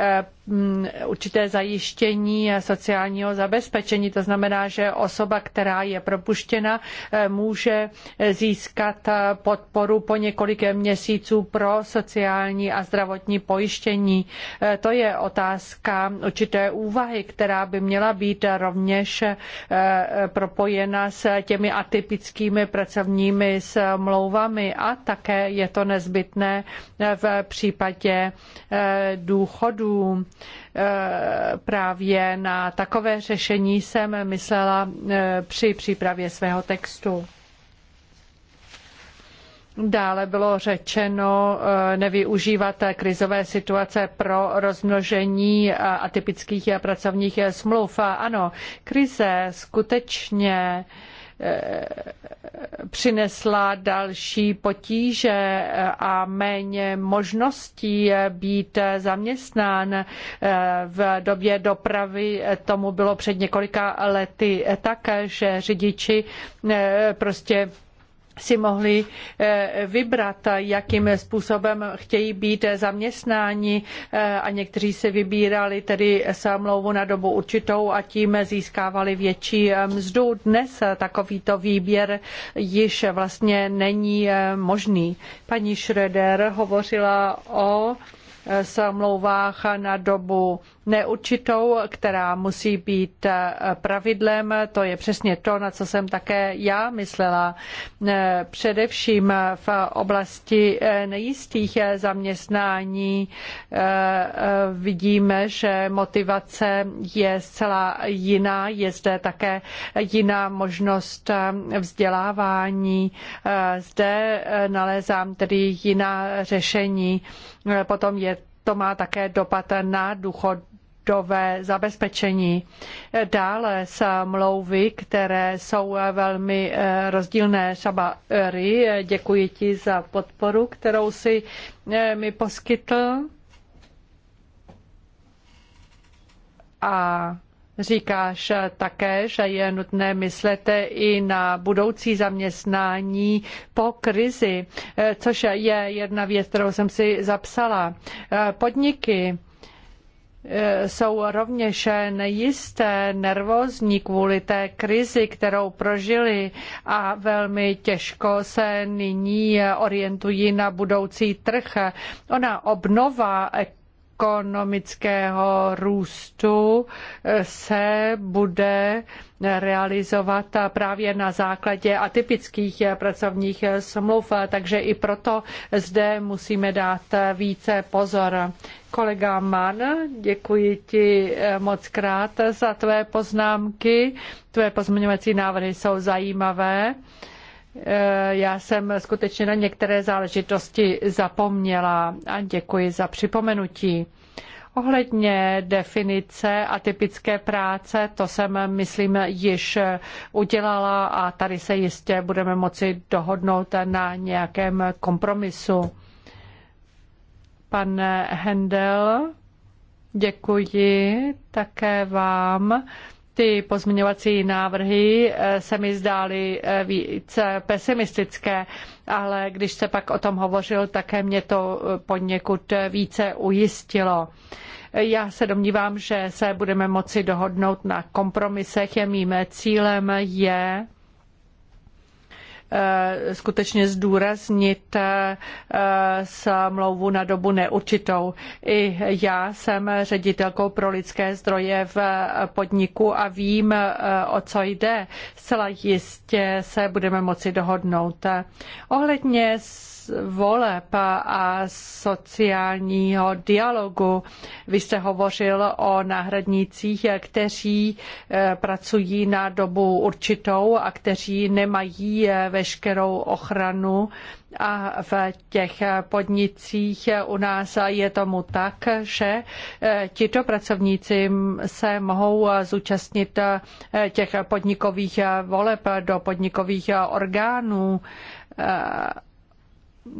Mm, určité zajištění sociálního zabezpečení. To znamená, že osoba, která je propuštěna, eh, může získat eh, podporu po několik měsíců pro sociální a zdravotní pojištění. Eh, to je otázka určité úvahy, která by měla být rovněž propojena s těmi atypickými pracovními smlouvami a také je to nezbytné v případě důchodů Eh, právě na takové řešení jsem myslela eh, při přípravě svého textu. Dále bylo řečeno eh, nevyužívat krizové situace pro rozmnožení atypických pracovních smluv. Ano, krize skutečně Eh, přinesla další potíže a méně možností být zaměstnán. Eh, v době dopravy tomu bylo před několika lety tak, že řidiči eh, prostě si mohli eh, vybrat, jakým způsobem chtějí být zaměstnáni eh, a někteří si vybírali tedy smlouvu na dobu určitou a tím získávali větší eh, mzdu. Dnes takovýto výběr již vlastně není možný. Paní Schröder hovořila o smlouvách na dobu neurčitou, která musí být eh, pravidlem. To je přesně to, na co jsem také já myslela. Eh, především v oblasti eh, nejistých zaměstnání vidíme, že motivace je zcela jiná. Je zde také jiná možnost vzdělávání. Zde nalézám tedy jiná řešení. Potom je to má také dopad na důchod, dlouhodobé zabezpečení. Dále smlouvy, které jsou velmi eh, rozdílné. Třeba Ry, eh, děkuji ti za podporu, kterou si eh, mi poskytl. A Říkáš také, že je nutné myslet i na budoucí zaměstnání po krizi, což je jedna věc, kterou jsem si zapsala. Podniky jsou rovněž nejisté, nervózní kvůli té krizi, kterou prožili a velmi těžko se nyní orientují na budoucí trh. Ona obnova ekonomického růstu eh, se bude realizovat eh, právě na základě atypických eh, pracovních smluv, takže i proto zde musíme dát více pozor. Kolega Mann, děkuji ti moc krát za tvé poznámky. Tvé pozměňovací návrhy jsou zajímavé. Eh, já jsem skutečně na některé záležitosti zapomněla a děkuji za připomenutí. Ohledně definice a typické práce, to jsem, myslím, již udělala a tady se jistě budeme moci dohodnout na nějakém kompromisu. Pan Hendel, děkuji také vám ty pozměňovací návrhy eh, se mi zdály eh, více pesimistické, ale když se pak o tom hovořil, také mě to eh, poněkud více ujistilo. Já se domnívám, že se budeme moci dohodnout na kompromisech. Mým cílem je Eh, skutečně zdůraznit eh, smlouvu na dobu neurčitou. I já jsem ředitelkou pro lidské zdroje v podniku a vím, eh, o co jde. Zcela jistě se budeme moci dohodnout. Ohledně voleb a sociálního dialogu. Vy jste hovořil o náhradnících, kteří pracují na dobu určitou a kteří nemají ve veškerou ochranu a v těch podnicích u nás je tomu tak, že eh, tito pracovníci se mohou zúčastnit eh, těch podnikových voleb do podnikových orgánů eh,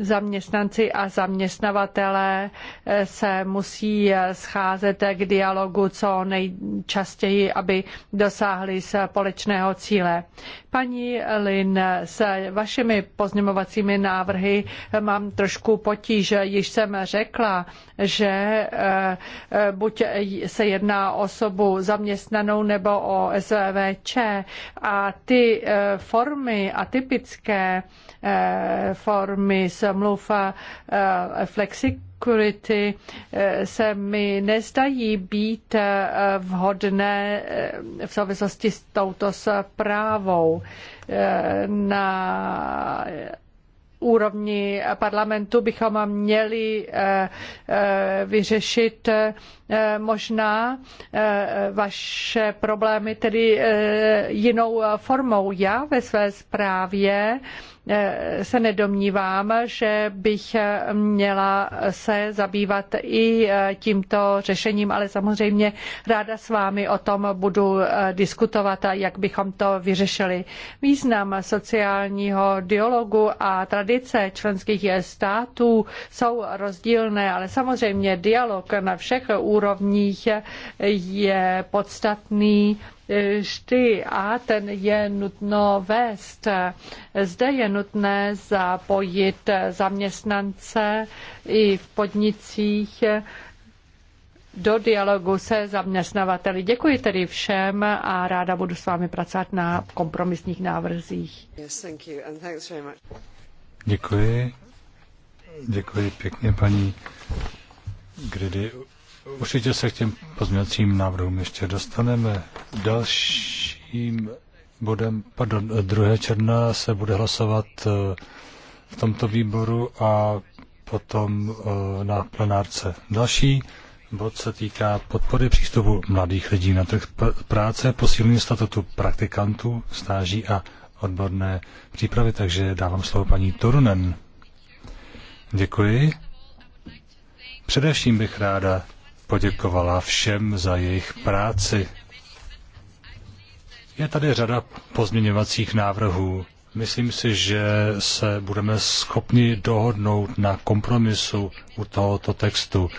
zaměstnanci a zaměstnavatelé eh, se musí eh, scházet eh, k dialogu co nejčastěji, aby dosáhli společného cíle. Paní Lin, s vašimi pozměňovacími návrhy mám trošku potíž. Již jsem řekla, že buď se jedná o osobu zaměstnanou nebo o SVČ a ty formy, atypické formy se flexik eh, flexikurity, eh, se mi nezdají být eh, vhodné v souvislosti s touto zprávou. Na úrovni parlamentu bychom měli vyřešit možná vaše problémy tedy jinou formou. Já ve své zprávě Eh, se nedomnívám, že bych měla se zabývat i eh, tímto řešením, ale samozřejmě ráda s vámi o tom budu eh, diskutovat a jak bychom to vyřešili. Význam sociálního dialogu a tradice členských států jsou rozdílné, ale samozřejmě dialog na všech úrovních je podstatný vždy a ten je nutno vést. Zde je nutné zapojit zaměstnance i v podnicích do dialogu se zaměstnavateli. Děkuji tedy všem a ráda budu s vámi pracovat na kompromisních návrzích. Děkuji. Děkuji pěkně paní Gridy Určitě se k těm pozměňovacím návrhům ještě dostaneme. Dalším bodem, pardon, 2. června se bude hlasovat eh, v tomto výboru a potom eh, na plenárce. Další bod se týká podpory přístupu mladých lidí na trh práce, posílení statutu praktikantů, stáží a odborné přípravy, takže dávám slovo paní Torunen. Děkuji. Především bych ráda poděkovala všem za jejich práci. Je tady řada pozměňovacích návrhů. Myslím si, že se budeme schopni dohodnout na kompromisu u tohoto textu.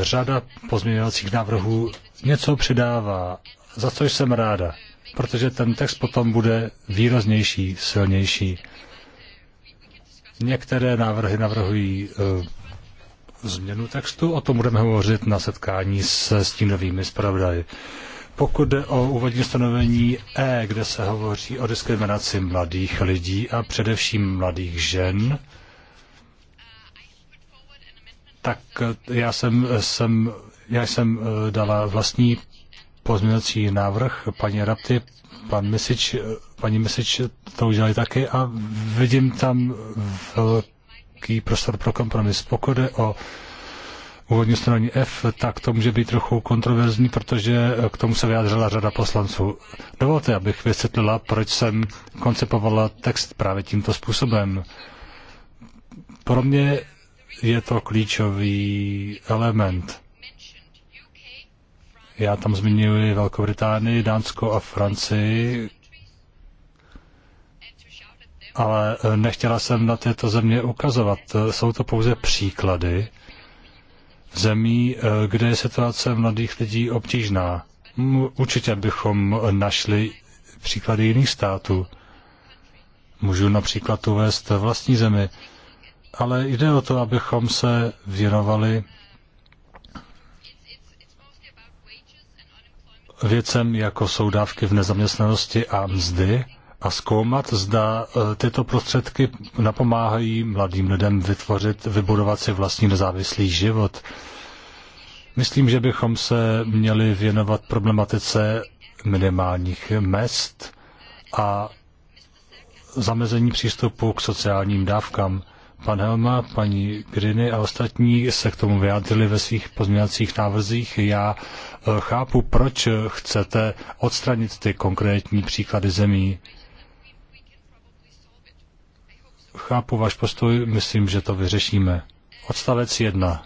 E, řada pozměňovacích návrhů něco přidává, za což jsem ráda, protože ten text potom bude výraznější, silnější. Některé návrhy navrhují e, změnu textu, o tom budeme hovořit na setkání se stínovými zpravodaji. Pokud jde o úvodní stanovení E, kde se hovoří o diskriminaci mladých lidí a především mladých žen, tak já jsem, jsem, já jsem eh, dala vlastní pozměňovací návrh paní Rapty, pan Misič, eh, paní Misič to udělali taky a vidím tam velké velký prostor pro kompromis. Pokud jde o úvodní straně F, tak to může být trochu kontroverzní, protože k tomu se vyjádřila řada poslanců. Dovolte, abych vysvětlila, proč jsem koncipovala text právě tímto způsobem. Pro mě je to klíčový element. Já tam zmiňuji Velkou Británii, Dánsko a Francii, ale eh, nechtěla jsem na této země ukazovat. Eh, jsou to pouze příklady zemí, eh, kde je situace mladých lidí obtížná. Určitě bychom našli příklady jiných států. Můžu například uvést vlastní zemi, ale jde o to, abychom se věnovali věcem, jako jsou dávky v nezaměstnanosti a mzdy, a zkoumat, zda e, tyto prostředky napomáhají mladým lidem vytvořit, vybudovat si vlastní nezávislý život. Myslím, že bychom se měli věnovat problematice minimálních mest a zamezení přístupu k sociálním dávkám. Pan Helma, paní Griny a ostatní se k tomu vyjádřili ve svých pozměňovacích návrzích. Já e, chápu, proč chcete odstranit ty konkrétní příklady zemí chápu váš postoj, myslím, že to vyřešíme. Odstavec 1.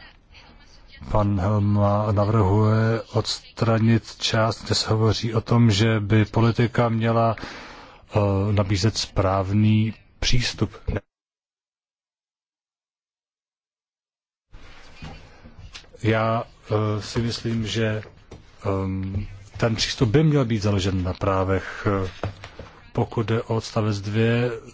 Pan Helma navrhuje odstranit část, kde se hovoří o tom, že by politika měla uh, nabízet správný přístup. Já uh, si myslím, že um, ten přístup by měl být založen na právech uh, pokud jde o odstavec 2,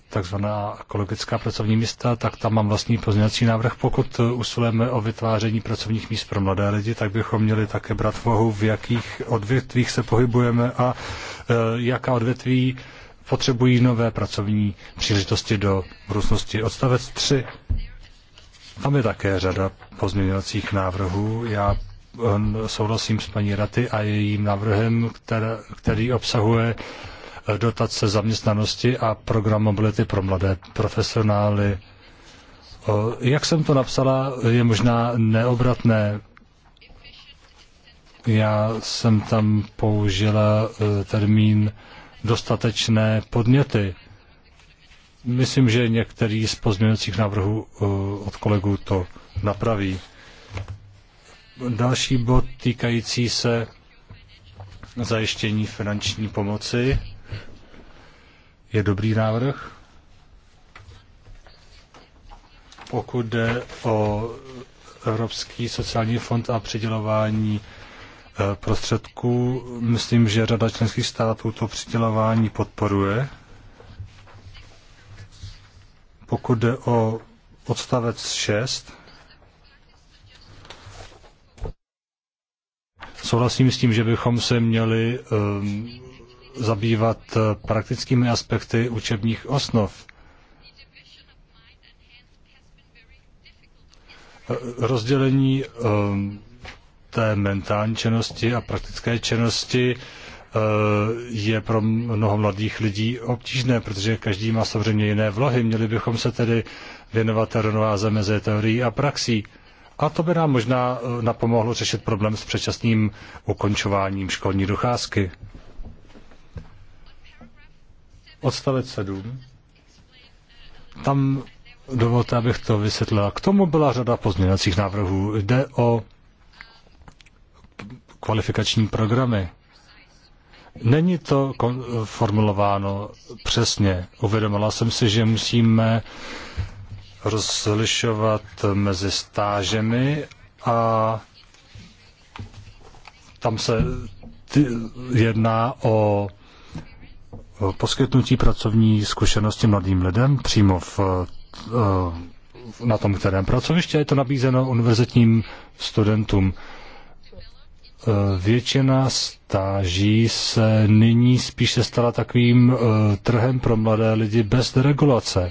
takzvaná ekologická pracovní místa, tak tam mám vlastní pozměňovací návrh. Pokud usilujeme o vytváření pracovních míst pro mladé lidi, tak bychom měli také brát v úvahu, v jakých odvětvích se pohybujeme a e, jaká odvětví potřebují nové pracovní příležitosti do budoucnosti. Odstavec 3. Tam je také řada pozměňovacích návrhů. Já e, souhlasím s paní Raty a jejím návrhem, který obsahuje uh, dotace zaměstnanosti a program mobility pro mladé profesionály. Jak jsem to napsala, je možná neobratné. Já jsem tam použila e, termín dostatečné podněty. Myslím, že některý z pozměňovacích návrhů e, od kolegů to napraví. Další bod týkající se zajištění finanční pomoci je dobrý návrh. Pokud jde o Evropský sociální fond a přidělování eh, prostředků, myslím, že řada členských států to přidělování podporuje. Pokud jde o odstavec 6, souhlasím s tím, že bychom se měli um, zabývat eh, praktickými aspekty učebních osnov. Eh, rozdělení eh, té mentální činnosti a praktické činnosti je pro mnoho mladých lidí obtížné, protože každý má samozřejmě jiné vlohy. Měli bychom se tedy věnovat rovnováze mezi teorií a praxí. A to by nám možná napomohlo řešit problém s předčasným ukončováním školní docházky odstavec 7. Tam dovolte, abych to vysvětlila. K tomu byla řada pozměňovacích návrhů. Jde o kvalifikační programy. Není to formulováno přesně. Uvědomila jsem si, že musíme rozlišovat mezi stážemi a tam se jedná o poskytnutí pracovní zkušenosti mladým lidem přímo v, eh, na tom kterém pracoviště je to nabízeno univerzitním studentům. Eh, většina stáží se nyní spíše stala takovým eh, trhem pro mladé lidi bez deregulace.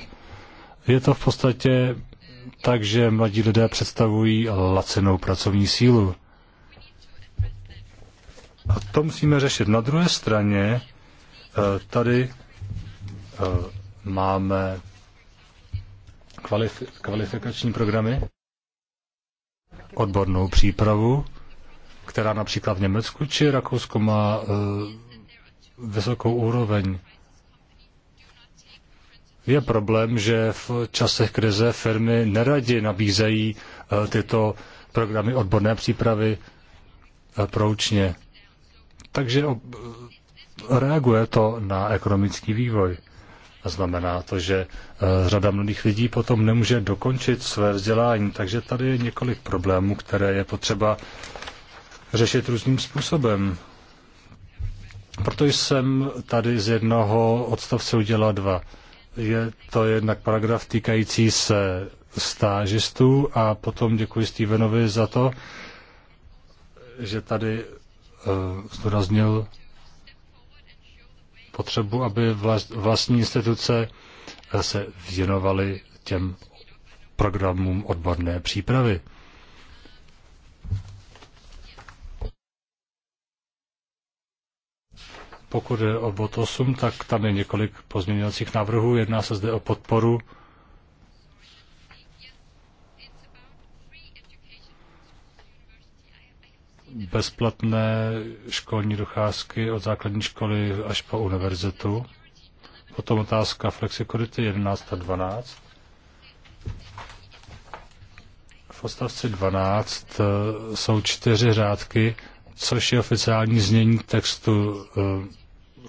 Je to v podstatě tak, že mladí lidé představují lacinou pracovní sílu. A to musíme řešit. Na druhé straně Eh, tady eh, máme kvalifikační programy, odbornou přípravu, která například v Německu či Rakousku má eh, vysokou úroveň. Je problém, že v časech krize firmy neradi nabízejí tyto programy odborné přípravy proučně. Takže reaguje to na ekonomický vývoj. A znamená to, že eh, řada mladých lidí potom nemůže dokončit své vzdělání, takže tady je několik problémů, které je potřeba řešit různým způsobem. Proto jsem tady z jednoho odstavce udělal dva. Je to jednak paragraf týkající se stážistů a potom děkuji Stevenovi za to, že tady eh, zdůraznil potřebu, aby vlastní instituce se věnovaly těm programům odborné přípravy. Pokud je o bod 8, tak tam je několik pozměňovacích návrhů. Jedná se zde o podporu bezplatné školní docházky od základní školy až po univerzitu. Potom otázka flexikurity 11 a 12. V odstavci 12 eh, jsou čtyři řádky, což je oficiální znění textu eh,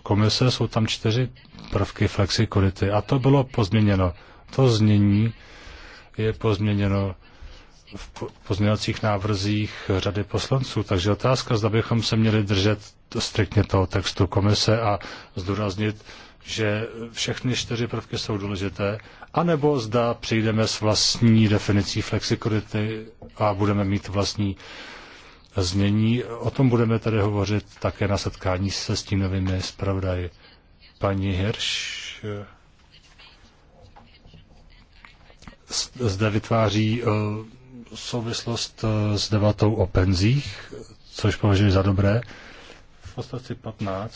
komise. Jsou tam čtyři prvky flexikurity a to bylo pozměněno. To znění je pozměněno v pozměňovacích návrzích řady poslanců. Takže otázka, zda bychom se měli držet striktně toho textu komise a zdůraznit, že všechny čtyři prvky jsou důležité, anebo zda přijdeme s vlastní definicí flexikurity a budeme mít vlastní znění. O tom budeme tady hovořit také na setkání se stínovými zpravodaji. Paní Hirš eh, zde vytváří eh, souvislost eh, s debatou o penzích, což považuji za dobré. V odstavci 15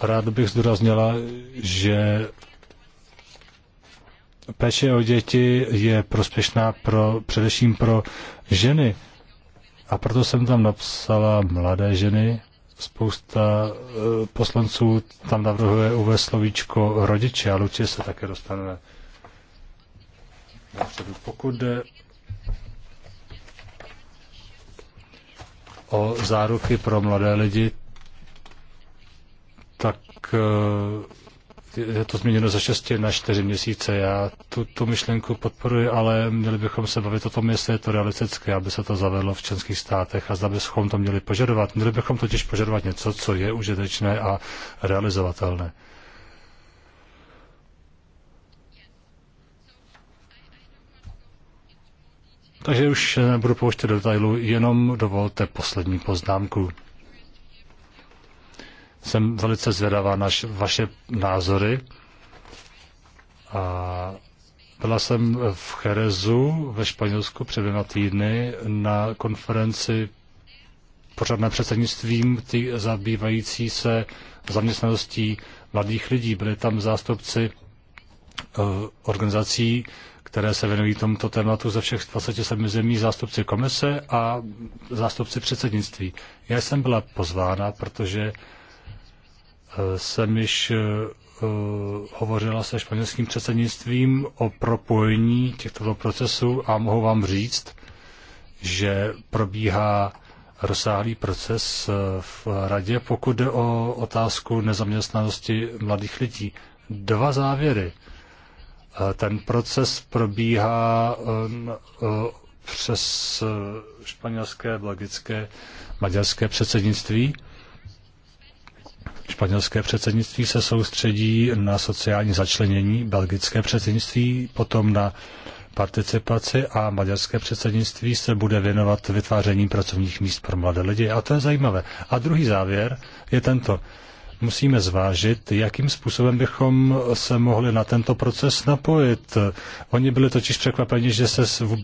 rád bych zdůraznila, že péče o děti je prospěšná pro, především pro ženy. A proto jsem tam napsala mladé ženy. Spousta eh, poslanců tam navrhuje uvést slovíčko rodiče a určitě se také dostaneme dopředu. Pokud jde o záruky pro mladé lidi, tak eh, je to změněno ze 6 na 4 měsíce. Já tu, tu myšlenku podporuji, ale měli bychom se bavit o tom, jestli je to realistické, aby se to zavedlo v členských státech a zda bychom to měli požadovat. Měli bychom totiž požadovat něco, co je užitečné a realizovatelné. Takže už nebudu pouštět do detailu, jenom dovolte poslední poznámku. Jsem velice zvědavá na vaše názory. A byla jsem v Cherezu ve Španělsku před dvěma týdny na konferenci pořádné předsednictvím ty zabývající se zaměstnaností mladých lidí. Byli tam zástupci eh, organizací které se věnují tomuto tématu ze všech 27 zemí zástupci komise a zástupci předsednictví. Já jsem byla pozvána, protože eh, jsem již eh, hovořila se španělským předsednictvím o propojení těchto dvou procesů a mohu vám říct, že probíhá rozsáhlý proces eh, v radě, pokud jde o otázku nezaměstnanosti mladých lidí. Dva závěry – ten proces probíhá um, uh, přes uh, španělské, belgické, maďarské předsednictví. Španělské předsednictví se soustředí na sociální začlenění, belgické předsednictví potom na participaci a maďarské předsednictví se bude věnovat vytváření pracovních míst pro mladé lidi. A to je zajímavé. A druhý závěr je tento musíme zvážit, jakým způsobem bychom se mohli na tento proces napojit. Oni byli totiž překvapeni, že se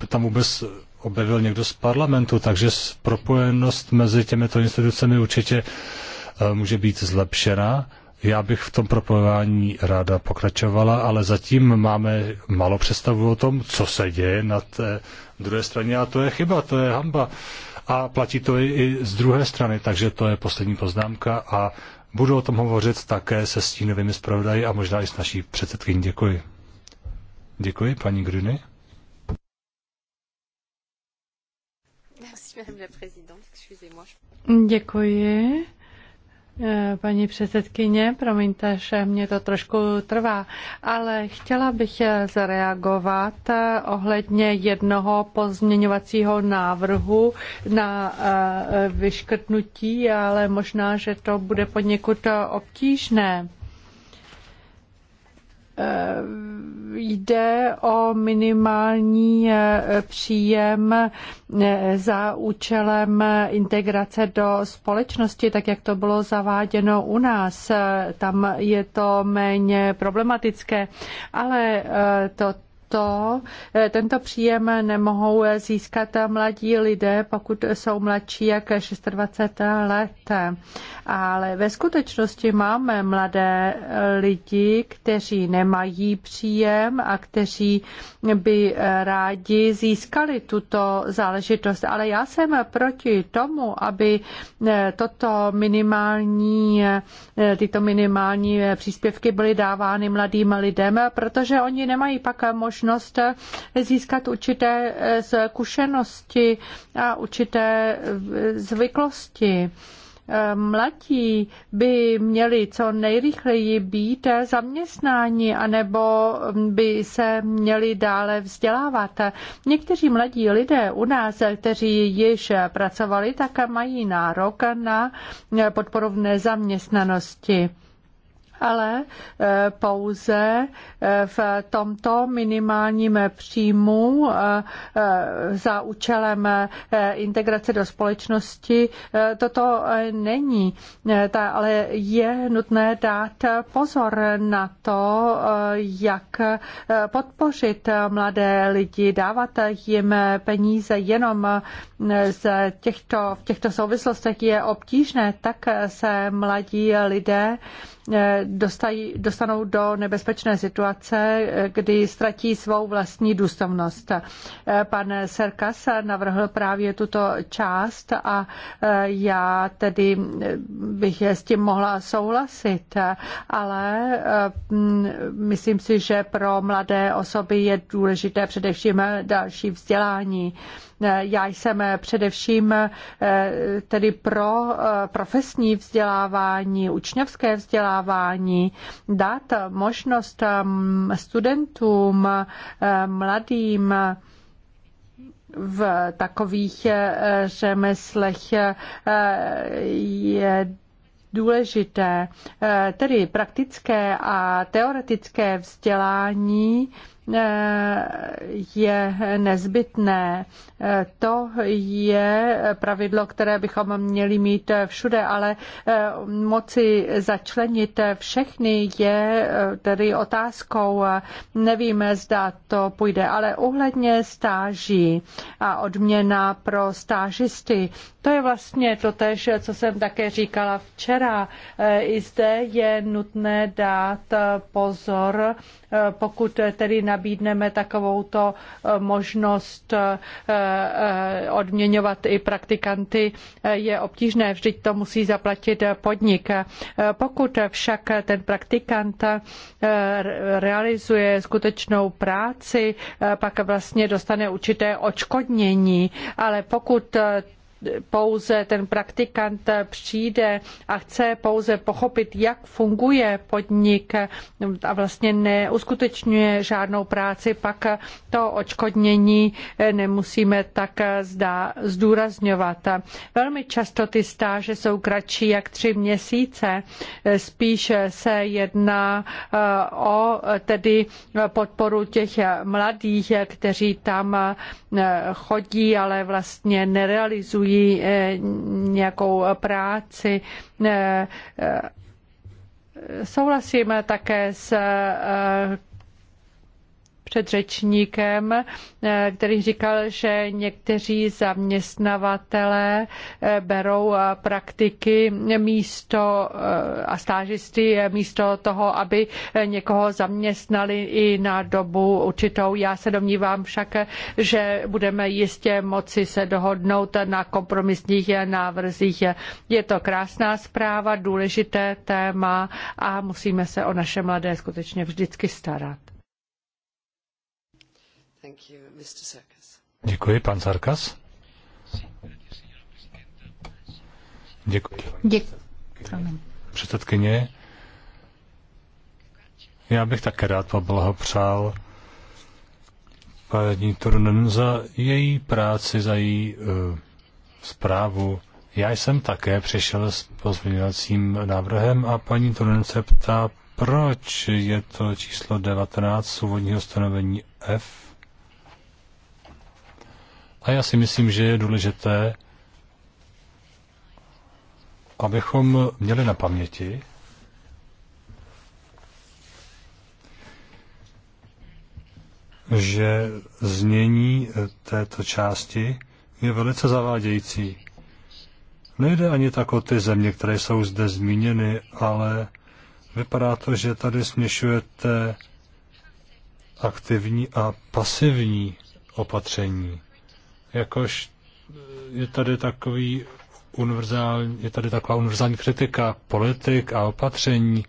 tam vůbec objevil někdo z parlamentu, takže propojenost mezi těmito institucemi určitě eh, může být zlepšena. Já bych v tom propojování ráda pokračovala, ale zatím máme malo představu o tom, co se děje na té druhé straně a to je chyba, to je hamba. A platí to i, i z druhé strany, takže to je poslední poznámka a Budu o tom hovořit také se stínovými zpravodaji a možná i s naší předsedkyní. Děkuji. Děkuji, paní Gruny. Děkuji. Eh, paní předsedkyně, promiňte, že mě to trošku trvá, ale chtěla bych zareagovat eh, ohledně jednoho pozměňovacího návrhu na eh, vyškrtnutí, ale možná, že to bude poněkud obtížné. Jde o minimální eh, příjem eh, za účelem eh, integrace do společnosti, tak jak to bylo zaváděno u nás. Tam je to méně problematické, ale to to eh, tento příjem nemohou získat mladí lidé, pokud jsou mladší jak 26 let. Ale ve skutečnosti máme mladé eh, lidi, kteří nemají příjem a kteří by eh, rádi získali tuto záležitost. Ale já jsem proti tomu, aby toto minimální, tyto minimální příspěvky byly dávány mladým lidem, protože oni nemají pak možnost možnost získat určité eh, zkušenosti a určité eh, zvyklosti eh, mladí by měli co nejrychleji být zaměstnáni, anebo by se měli dále vzdělávat. Někteří mladí lidé u nás, kteří již pracovali, tak mají nárok na podporu v nezaměstnanosti ale eh, pouze eh, v tomto minimálním příjmu eh, za účelem integrace do společnosti toto není, ale je nutné dát pozor na to, jak podpořit mladé lidi, dávat jim peníze jenom z těchto, v těchto souvislostech je obtížné, tak se mladí lidé Eh, dostají, dostanou do nebezpečné situace, eh, kdy ztratí svou vlastní důstojnost. Eh, pan Serkas navrhl právě tuto část a já tedy bych s tím mohla souhlasit, ale mm, myslím si, že pro mladé osoby je důležité především další vzdělání. Eh, já jsem eh, především eh, tedy pro profesní vzdělávání, učňovské vzdělávání, dát možnost ehm, studentům, mladým, v takových řemeslech je důležité, tedy praktické a teoretické vzdělání je nezbytné. To je pravidlo, které bychom měli mít všude, ale eh, moci začlenit všechny je eh, tedy otázkou. Nevíme, zda to půjde, ale uhledně stáží a odměna pro stážisty. To je vlastně to tež, co jsem také říkala včera. Eh, I zde je nutné dát pozor, pokud tedy na nabídneme takovouto eh, možnost eh, eh, odměňovat i praktikanty, je obtížné, vždyť to musí zaplatit podnik. Pokud však ten praktikant realizuje skutečnou práci, pak vlastně dostane určité očkodnění, ale pokud pouze ten praktikant přijde a chce pouze pochopit, jak funguje podnik a vlastně neuskutečňuje žádnou práci, pak to očkodnění nemusíme tak zdá, zdůrazňovat. Velmi často ty stáže jsou kratší jak tři měsíce, spíš se jedná eh, o tedy podporu těch mladých, kteří tam eh, chodí, ale vlastně nerealizují vykonávají eh, nějakou práci. Eh, eh, souhlasím také s předřečníkem, eh, který říkal, že někteří zaměstnavatelé eh, berou eh, praktiky místo a stážisty místo toho, aby někoho zaměstnali i na dobu určitou. Já se domnívám však, že budeme jistě moci se dohodnout na kompromisních návrzích. Je to krásná zpráva, důležité téma a musíme se o naše mladé skutečně vždycky starat. Děkuji, pan Sarkas. Děkuji. Děkuji. Předsedkyně, já bych také rád poblahopřál paní Turunen za její práci, za její uh, zprávu. Já jsem také přišel s pozměňovacím návrhem a paní Turunen se ptá, proč je to číslo 19 úvodního stanovení F a já si myslím, že je důležité, abychom měli na paměti, že znění této části je velice zavádějící. Nejde ani tak o ty země, které jsou zde zmíněny, ale vypadá to, že tady směšujete aktivní a pasivní opatření jakož je tady takový univerzální, je tady taková univerzální kritika politik a opatření.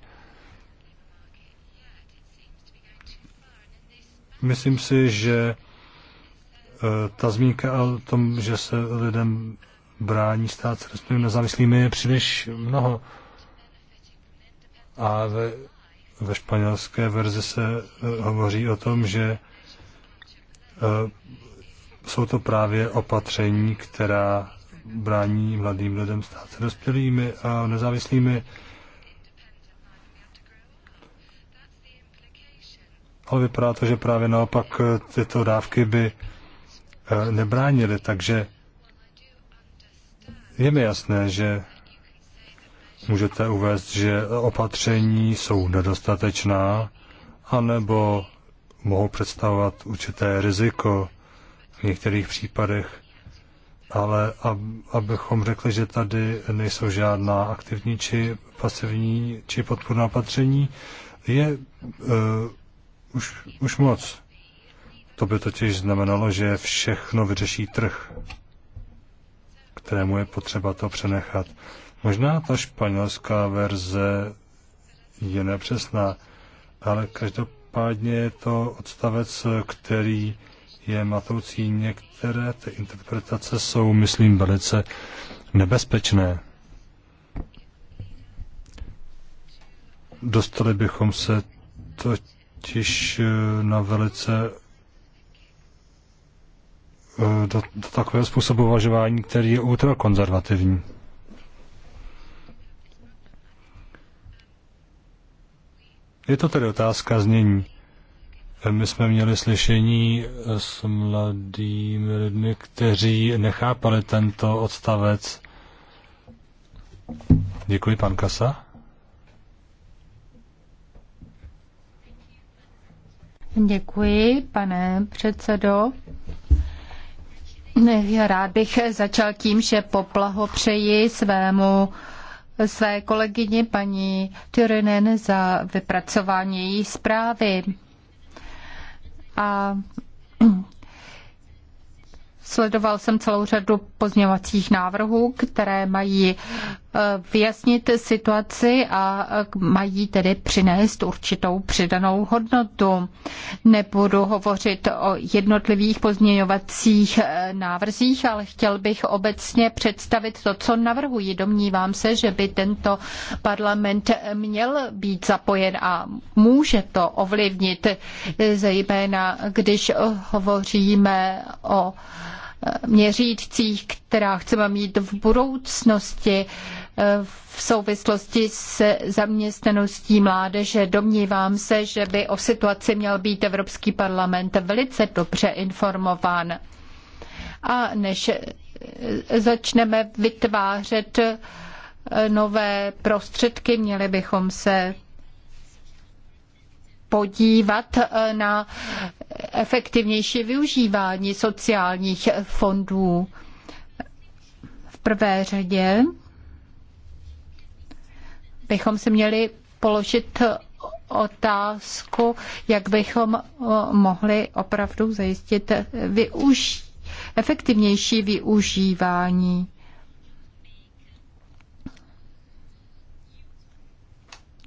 Myslím si, že eh, ta zmínka o tom, že se lidem brání stát se respektive nezávislými, je příliš mnoho. A ve, ve španělské verzi se eh, hovoří o tom, že eh, jsou to právě opatření, která brání mladým lidem stát se dospělými a nezávislými. Ale vypadá to, že právě naopak tyto dávky by eh, nebránily, takže je mi jasné, že můžete uvést, že opatření jsou nedostatečná, anebo mohou představovat určité riziko v některých případech, ale ab, abychom řekli, že tady nejsou žádná aktivní či pasivní či podpůrná opatření, je uh, už, už moc. To by totiž znamenalo, že všechno vyřeší trh, kterému je potřeba to přenechat. Možná ta španělská verze je nepřesná, ale každopádně je to odstavec, který je matoucí. Některé ty interpretace jsou, myslím, velice nebezpečné. Dostali bychom se totiž eh, na velice eh, do, do takového způsobu uvažování, který je ultrakonzervativní. Je to tedy otázka znění. My jsme měli slyšení eh, s mladými lidmi, kteří nechápali tento odstavec. Děkuji, pan Kasa. Děkuji, pane předsedo. Rád bych začal tím, že poblahopřeji svému své kolegyni paní Tyrinen za vypracování její zprávy a Sledoval jsem celou řadu pozměňovacích návrhů, které mají Eh, vyjasnit situaci a eh, mají tedy přinést určitou přidanou hodnotu. Nebudu hovořit o jednotlivých pozměňovacích eh, návrzích, ale chtěl bych obecně představit to, co navrhuji. Domnívám se, že by tento parlament měl být zapojen a může to ovlivnit, zejména když hovoříme o měřících, která chceme mít v budoucnosti v souvislosti se zaměstnaností mládeže. Domnívám se, že by o situaci měl být Evropský parlament velice dobře informován. A než začneme vytvářet nové prostředky, měli bychom se podívat na efektivnější využívání sociálních fondů. V prvé řadě bychom si měli položit otázku, jak bychom eh, mohli opravdu zajistit využ- efektivnější využívání.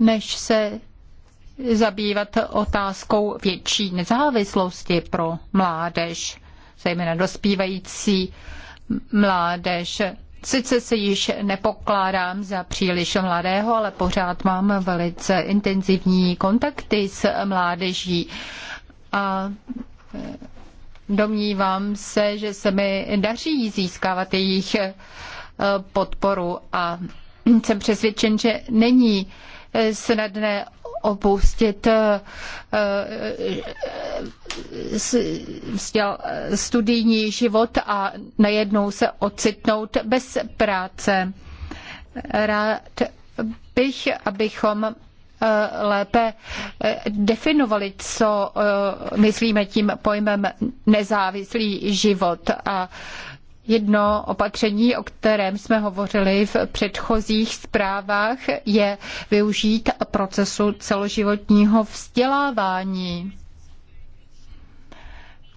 než se zabývat otázkou větší nezávislosti pro mládež, zejména dospívající mládež. Sice se již nepokládám za příliš mladého, ale pořád mám velice intenzivní kontakty s mládeží. A eh, domnívám se, že se mi daří získávat jejich eh, podporu a jsem přesvědčen, že není eh, snadné opustit eh, eh, studijní život a najednou se ocitnout bez práce. Rád bych, abychom eh, lépe definovali, co myslíme tím pojmem nezávislý život a Jedno opatření, o kterém jsme hovořili v předchozích zprávách, je využít procesu celoživotního vzdělávání.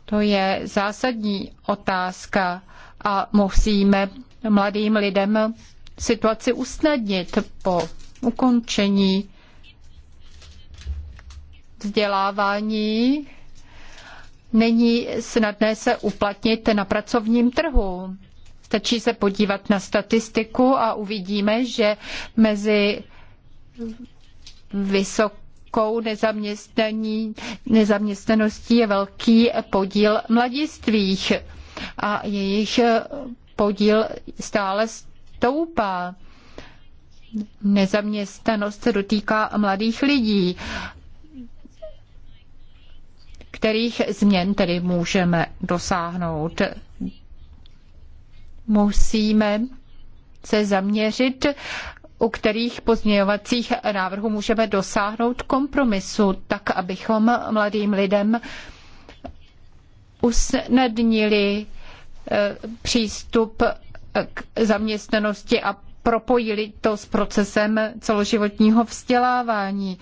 To je zásadní otázka a musíme mladým lidem situaci usnadnit po ukončení vzdělávání není snadné se uplatnit na pracovním trhu. Stačí se podívat na statistiku a uvidíme, že mezi vysokou nezaměstnaní, nezaměstnaností je velký podíl mladistvých a jejich podíl stále stoupá. Nezaměstnanost se dotýká mladých lidí kterých změn tedy můžeme dosáhnout. Musíme se zaměřit, u kterých pozměňovacích návrhů můžeme dosáhnout kompromisu, tak abychom mladým lidem usnadnili eh, přístup k zaměstnanosti a propojili to s procesem celoživotního vzdělávání.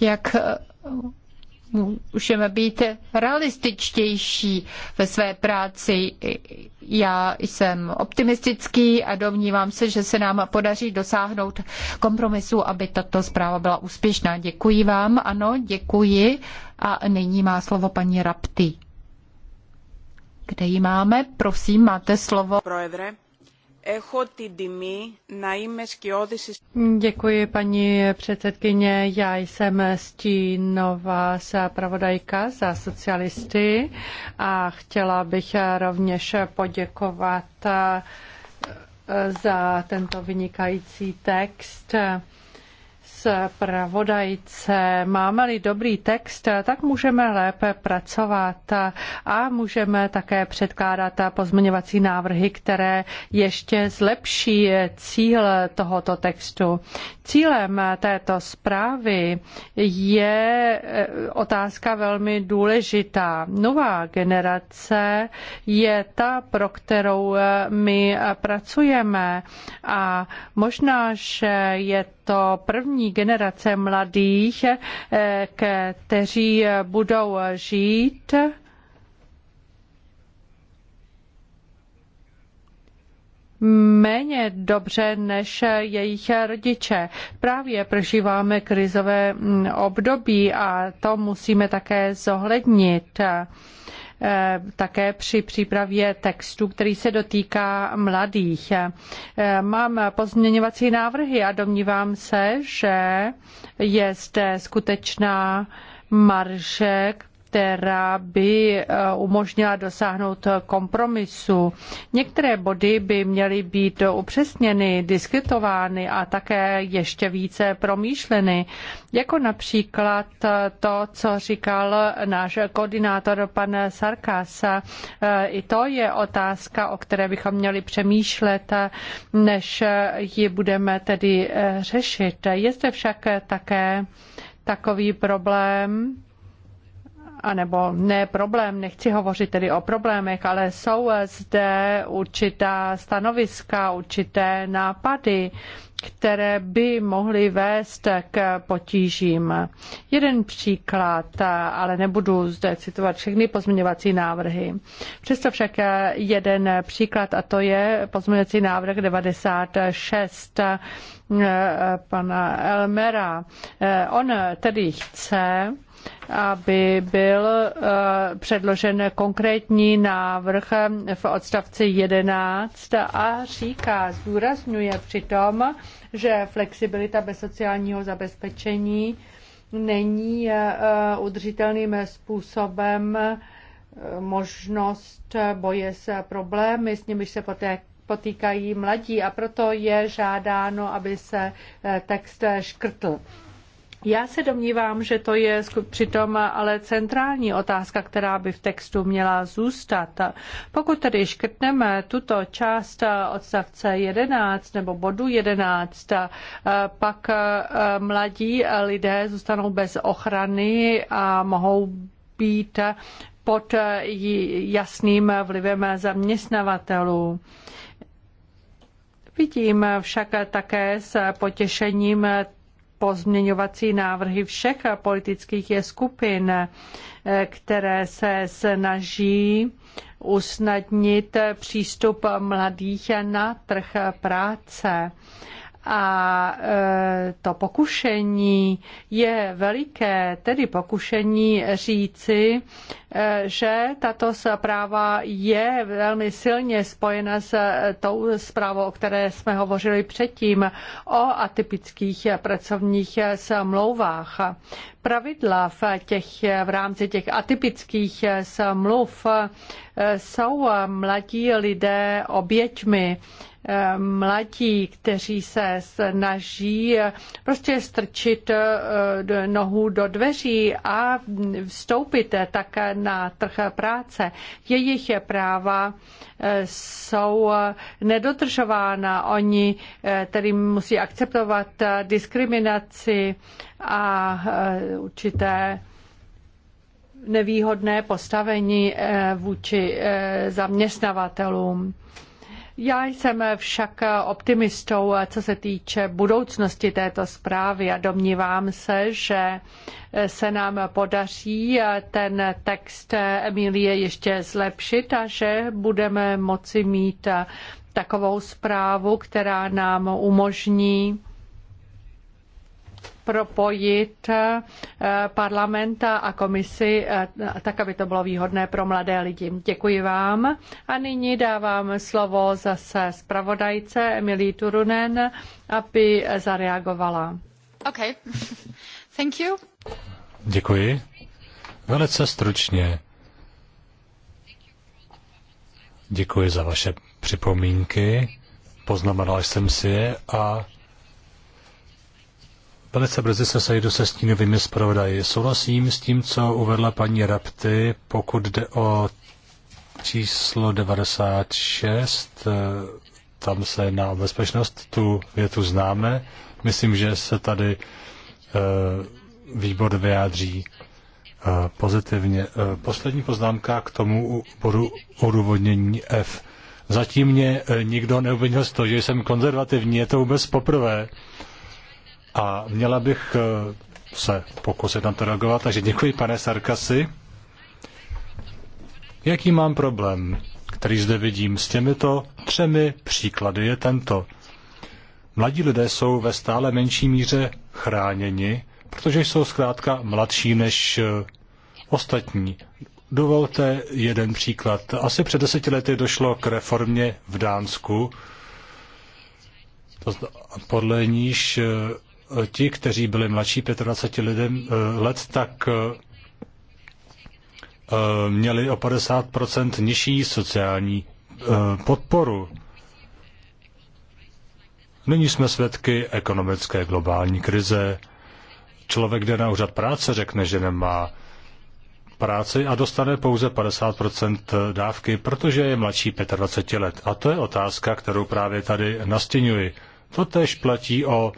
Jak můžeme být realističtější ve své práci. Já jsem optimistický a domnívám se, že se nám podaří dosáhnout kompromisu, aby tato zpráva byla úspěšná. Děkuji vám, ano, děkuji. A nyní má slovo paní Rapty. Kde ji máme? Prosím, máte slovo. Projedre. Děkuji, paní předsedkyně. Já jsem Stínová zpravodajka za socialisty a chtěla bych rovněž poděkovat eh, za tento vynikající text zpravodajce. Máme-li dobrý text, tak můžeme lépe pracovat a můžeme také předkládat pozměňovací návrhy, které ještě zlepší cíl tohoto textu. Cílem této zprávy je eh, otázka velmi důležitá. Nová generace je ta, pro kterou eh, my pracujeme a možná, že je to první generace mladých, eh, kteří eh, budou žít méně dobře než jejich rodiče. Právě prožíváme krizové mm, období a to musíme také zohlednit. Eh, také při přípravě textu, který se dotýká mladých. Eh, mám pozměňovací návrhy a domnívám se, že je zde skutečná marže která by eh, umožnila dosáhnout kompromisu. Některé body by měly být upřesněny, diskutovány a také ještě více promýšleny, jako například to, co říkal náš koordinátor pan Sarkas. Eh, I to je otázka, o které bychom měli přemýšlet, než ji budeme tedy eh, řešit. Je zde však také takový problém, anebo ne problém, nechci hovořit tedy o problémech, ale jsou zde určitá stanoviska, určité nápady, které by mohly vést k potížím. Jeden příklad, ale nebudu zde citovat všechny pozměňovací návrhy. Přesto však jeden příklad, a to je pozměňovací návrh 96 eh, pana Elmera. Eh, on tedy chce, aby byl eh, předložen konkrétní návrh v odstavci 11 a říká, zdůrazňuje přitom, že flexibilita bez sociálního zabezpečení není eh, udržitelným způsobem eh, možnost boje s problémy, s nimiž se poté potýkají mladí a proto je žádáno, aby se text škrtl. Já se domnívám, že to je přitom ale centrální otázka, která by v textu měla zůstat. Pokud tedy škrtneme tuto část odstavce 11 nebo bodu 11, eh, pak eh, mladí lidé zůstanou bez ochrany a mohou být pod jasným vlivem zaměstnavatelů. Vidím však také s potěšením pozměňovací návrhy všech politických skupin, eh, které se snaží usnadnit přístup mladých na trh práce a e, to pokušení je veliké, tedy pokušení říci, e, že tato zpráva je velmi silně spojena s tou zprávou, o které jsme hovořili předtím, o atypických pracovních smlouvách. Pravidla v, těch, v rámci těch atypických smluv e, jsou mladí lidé oběťmi mladí, kteří se snaží eh, prostě strčit eh, nohu do dveří a vstoupit eh, také na trh práce. Jejich práva jsou nedodržována. Oni tedy musí akceptovat diskriminaci a určité nevýhodné postavení vůči zaměstnavatelům. Já jsem však optimistou, co se týče budoucnosti této zprávy a domnívám se, že se nám podaří ten text Emilie ještě zlepšit a že budeme moci mít takovou zprávu, která nám umožní propojit eh, parlament a komisi eh, tak, aby to bylo výhodné pro mladé lidi. Děkuji vám. A nyní dávám slovo zase zpravodajce Emilii Turunen, aby zareagovala. Thank you. Děkuji. Velice stručně. Děkuji za vaše připomínky, poznamenal jsem si je a Velice brzy se sejdu se stínovými zpravodaji. Souhlasím s tím, co uvedla paní Rapty, pokud jde o číslo 96, eh, tam se jedná o bezpečnost, tu větu známe. Myslím, že se tady eh, výbor vyjádří eh, pozitivně. Poslední poznámka k tomu bodu odůvodnění F. Zatím mě nikdo neobvinil z toho, že jsem konzervativní, je to vůbec poprvé. A měla bych eh, se pokusit na to reagovat, takže děkuji, pane Sarkasy. Jaký mám problém, který zde vidím s těmito třemi příklady, je tento. Mladí lidé jsou ve stále menší míře chráněni, protože jsou zkrátka mladší než eh, ostatní. Dovolte jeden příklad. Asi před deseti lety došlo k reformě v Dánsku, podle níž eh, ti, kteří byli mladší 25 lidem, eh, let, tak eh, měli o 50 nižší sociální eh, podporu. Nyní jsme svědky ekonomické globální krize. Člověk jde na úřad práce, řekne, že nemá práci a dostane pouze 50 dávky, protože je mladší 25 let. A to je otázka, kterou právě tady nastěňuji. To tež platí o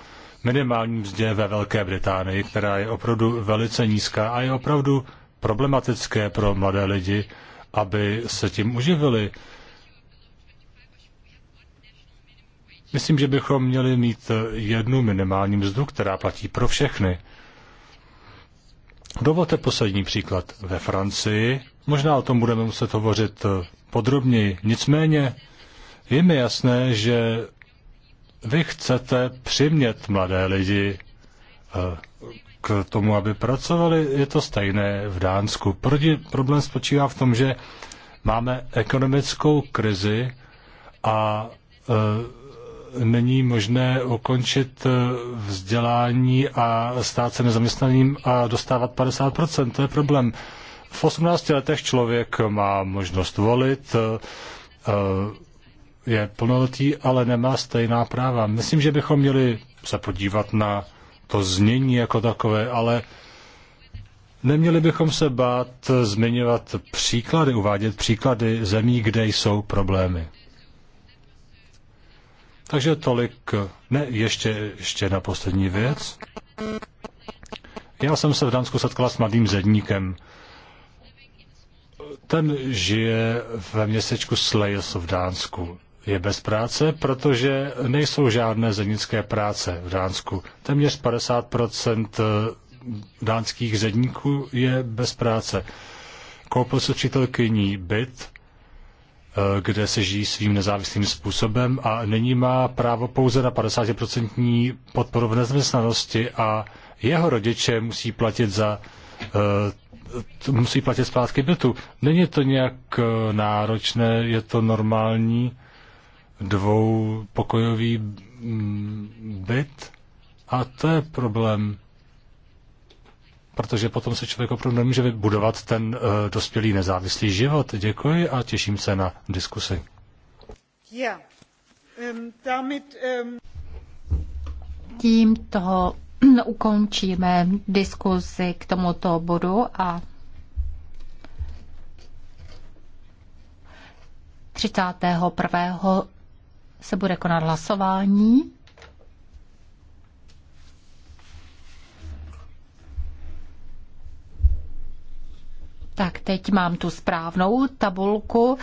minimální mzdě ve Velké Británii, která je opravdu velice nízká a je opravdu problematické pro mladé lidi, aby se tím uživili. Myslím, že bychom měli mít jednu minimální mzdu, která platí pro všechny. Dovolte poslední příklad ve Francii. Možná o tom budeme muset hovořit podrobněji. Nicméně je mi jasné, že vy chcete přimět mladé lidi eh, k tomu, aby pracovali. Je to stejné v Dánsku. Proti, problém spočívá v tom, že máme ekonomickou krizi a eh, není možné ukončit eh, vzdělání a stát se nezaměstnaným a dostávat 50%. To je problém. V 18 letech člověk má možnost volit, je plnoletý, ale nemá stejná práva. Myslím, že bychom měli se podívat na to znění jako takové, ale neměli bychom se bát zmiňovat příklady, uvádět příklady zemí, kde jsou problémy. Takže tolik, ne, ještě, ještě na poslední věc. Já jsem se v Dánsku setkala s mladým zedníkem. Ten žije ve městečku Slejes v Dánsku je bez práce, protože nejsou žádné zednické práce v Dánsku. Téměř 50 eh, dánských zedníků je bez práce. Koupil se učitelkyní byt, eh, kde se žijí svým nezávislým způsobem a nyní má právo pouze na 50% podporu v nezaměstnanosti a jeho rodiče musí platit za eh, musí platit splátky bytu. Není to nějak náročné, je to normální dvou pokojový mm, byt a to je problém, protože potom se člověk opravdu nemůže vybudovat ten uh, dospělý nezávislý život. Děkuji a těším se na diskusi. Yeah. Um, damit, um... Ehm, Tímto ukončíme diskusi k tomuto bodu a 31 se bude konat hlasování. Tak teď mám tu správnou tabulku.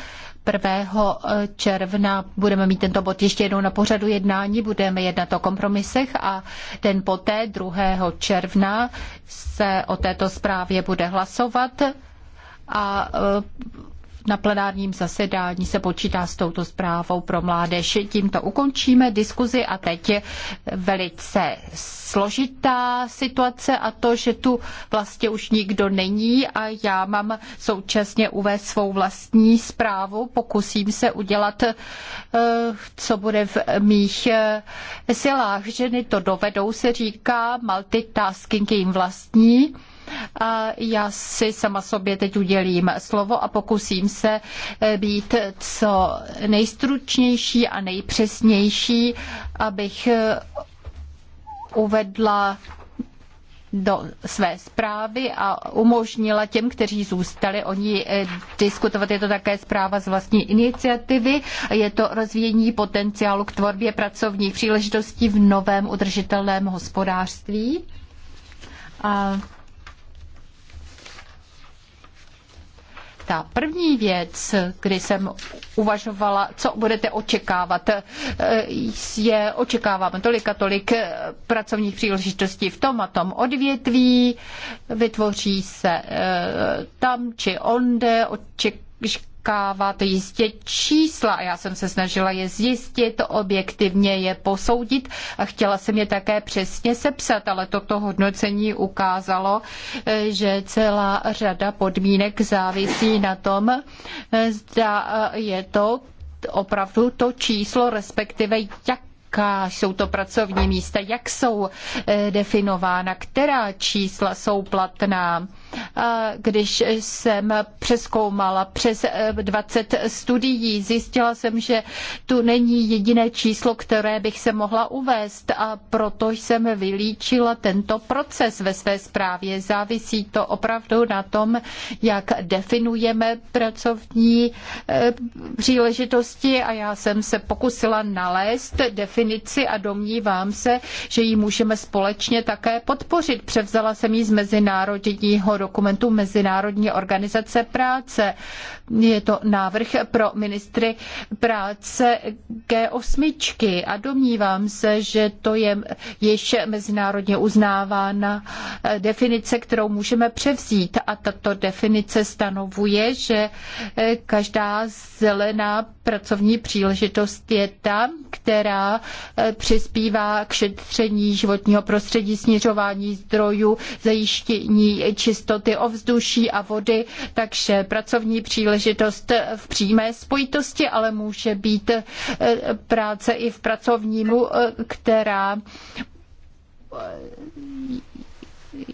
1. Eh, června budeme mít tento bod ještě jednou na pořadu jednání, budeme jednat o kompromisech a den poté 2. června se o této zprávě bude hlasovat a eh, na plenárním zasedání se počítá s touto zprávou pro mládež. Tímto ukončíme diskuzi a teď je velice složitá situace a to, že tu vlastně už nikdo není a já mám současně uvést svou vlastní zprávu. Pokusím se udělat, eh, co bude v mých eh, silách. Ženy to dovedou, se říká, multitasking jim vlastní já si sama sobě teď udělím slovo a pokusím se eh, být co nejstručnější a nejpřesnější, abych eh, uvedla do své zprávy a umožnila těm, kteří zůstali, oni eh, diskutovat. Je to také zpráva z vlastní iniciativy, je to rozvíjení potenciálu k tvorbě pracovních příležitostí v novém udržitelném hospodářství. A Ta první věc, kdy jsem uvažovala, co budete očekávat, eh, je očekávám tolik a tolik eh, pracovních příležitostí v tom a tom odvětví, vytvoří se eh, tam či onde, očekávám očekávat jistě čísla. Já jsem se snažila je zjistit, objektivně je posoudit a chtěla jsem je také přesně sepsat, ale toto hodnocení ukázalo, že celá řada podmínek závisí na tom, zda je to opravdu to číslo, respektive jak jaká jsou to pracovní místa, jak jsou definována, která čísla jsou platná. Když jsem přeskoumala přes 20 eh, studií, zjistila jsem, že tu není jediné číslo, které bych se mohla uvést a proto jsem vylíčila tento proces ve své zprávě. Závisí to opravdu na tom, jak definujeme pracovní eh, příležitosti a já jsem se pokusila nalézt definici a domnívám se, že ji můžeme společně také podpořit. Převzala jsem ji z Mezinárodního dokumentu Mezinárodní organizace práce. Je to návrh pro ministry práce G8 a domnívám se, že to je již mezinárodně uznávána definice, kterou můžeme převzít a tato definice stanovuje, že každá zelená pracovní příležitost je ta, která přispívá k šetření životního prostředí, snižování zdrojů, zajištění čisté čistoty ovzduší a vody, takže pracovní příležitost v přímé spojitosti, ale může být eh, práce i v pracovnímu, eh, která eh,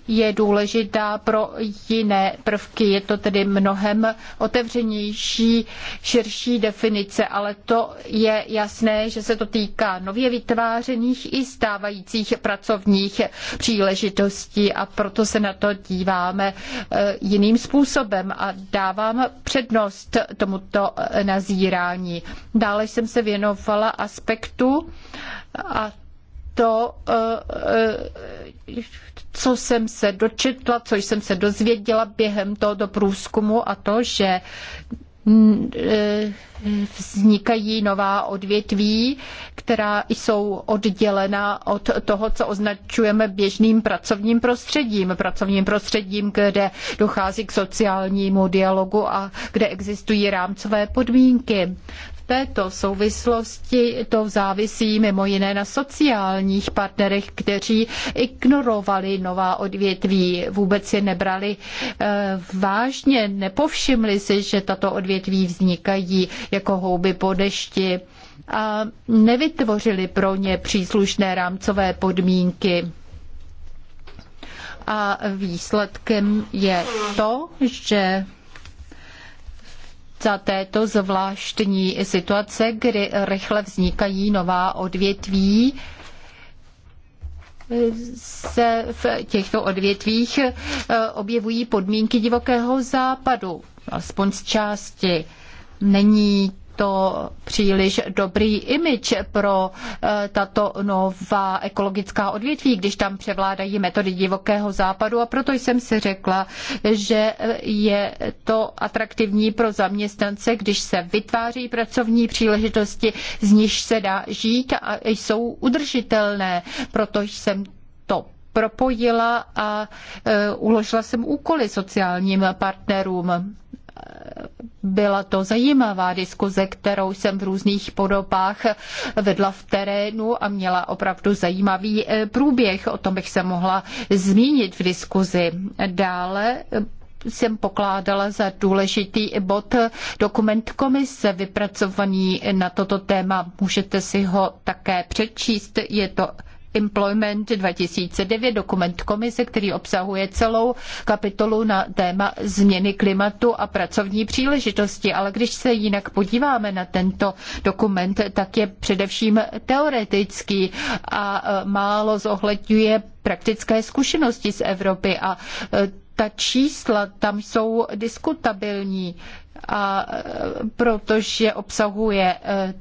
je důležitá pro jiné prvky. Je to tedy mnohem otevřenější, širší definice, ale to je jasné, že se to týká nově vytvářených i stávajících pracovních příležitostí a proto se na to díváme eh, jiným způsobem a dávám přednost tomuto eh, nazírání. Dále jsem se věnovala aspektu a to eh, co jsem se dočetla, co jsem se dozvěděla během tohoto průzkumu a to, že mm, e, vznikají nová odvětví, která jsou oddělena od toho, co označujeme běžným pracovním prostředím. Pracovním prostředím, kde dochází k sociálnímu dialogu a kde existují rámcové podmínky této souvislosti to závisí mimo jiné na sociálních partnerech, kteří ignorovali nová odvětví, vůbec je nebrali eh, vážně, nepovšimli si, že tato odvětví vznikají jako houby po dešti a nevytvořili pro ně příslušné rámcové podmínky. A výsledkem je to, že za této zvláštní situace, kdy rychle vznikají nová odvětví, se v těchto odvětvích eh, objevují podmínky divokého západu, alespoň z části. Není to příliš dobrý imič pro eh, tato nová ekologická odvětví, když tam převládají metody divokého západu a proto jsem si řekla, že eh, je to atraktivní pro zaměstnance, když se vytváří pracovní příležitosti, z nichž se dá žít a jsou udržitelné. Proto jsem to propojila a eh, uložila jsem úkoly sociálním partnerům byla to zajímavá diskuze, kterou jsem v různých podobách vedla v terénu a měla opravdu zajímavý eh, průběh. O tom bych se mohla zmínit v diskuzi. Dále eh, jsem pokládala za důležitý bod dokument komise vypracovaný na toto téma. Můžete si ho také přečíst. Je to Employment 2009, dokument komise, který obsahuje celou kapitolu na téma změny klimatu a pracovní příležitosti. Ale když se jinak podíváme na tento dokument, tak je především teoretický a e, málo zohledňuje praktické zkušenosti z Evropy a e, ta čísla tam jsou diskutabilní, a e, protože obsahuje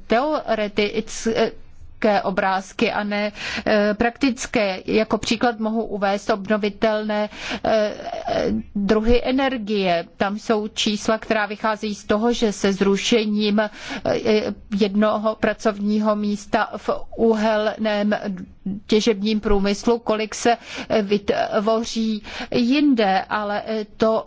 teoretické velké obrázky a ne eh, praktické. Jako příklad mohu uvést obnovitelné eh, druhy energie. Tam jsou čísla, která vycházejí z toho, že se zrušením eh, jednoho pracovního místa v uhelném těžebním průmyslu, kolik se vytvoří jinde, ale to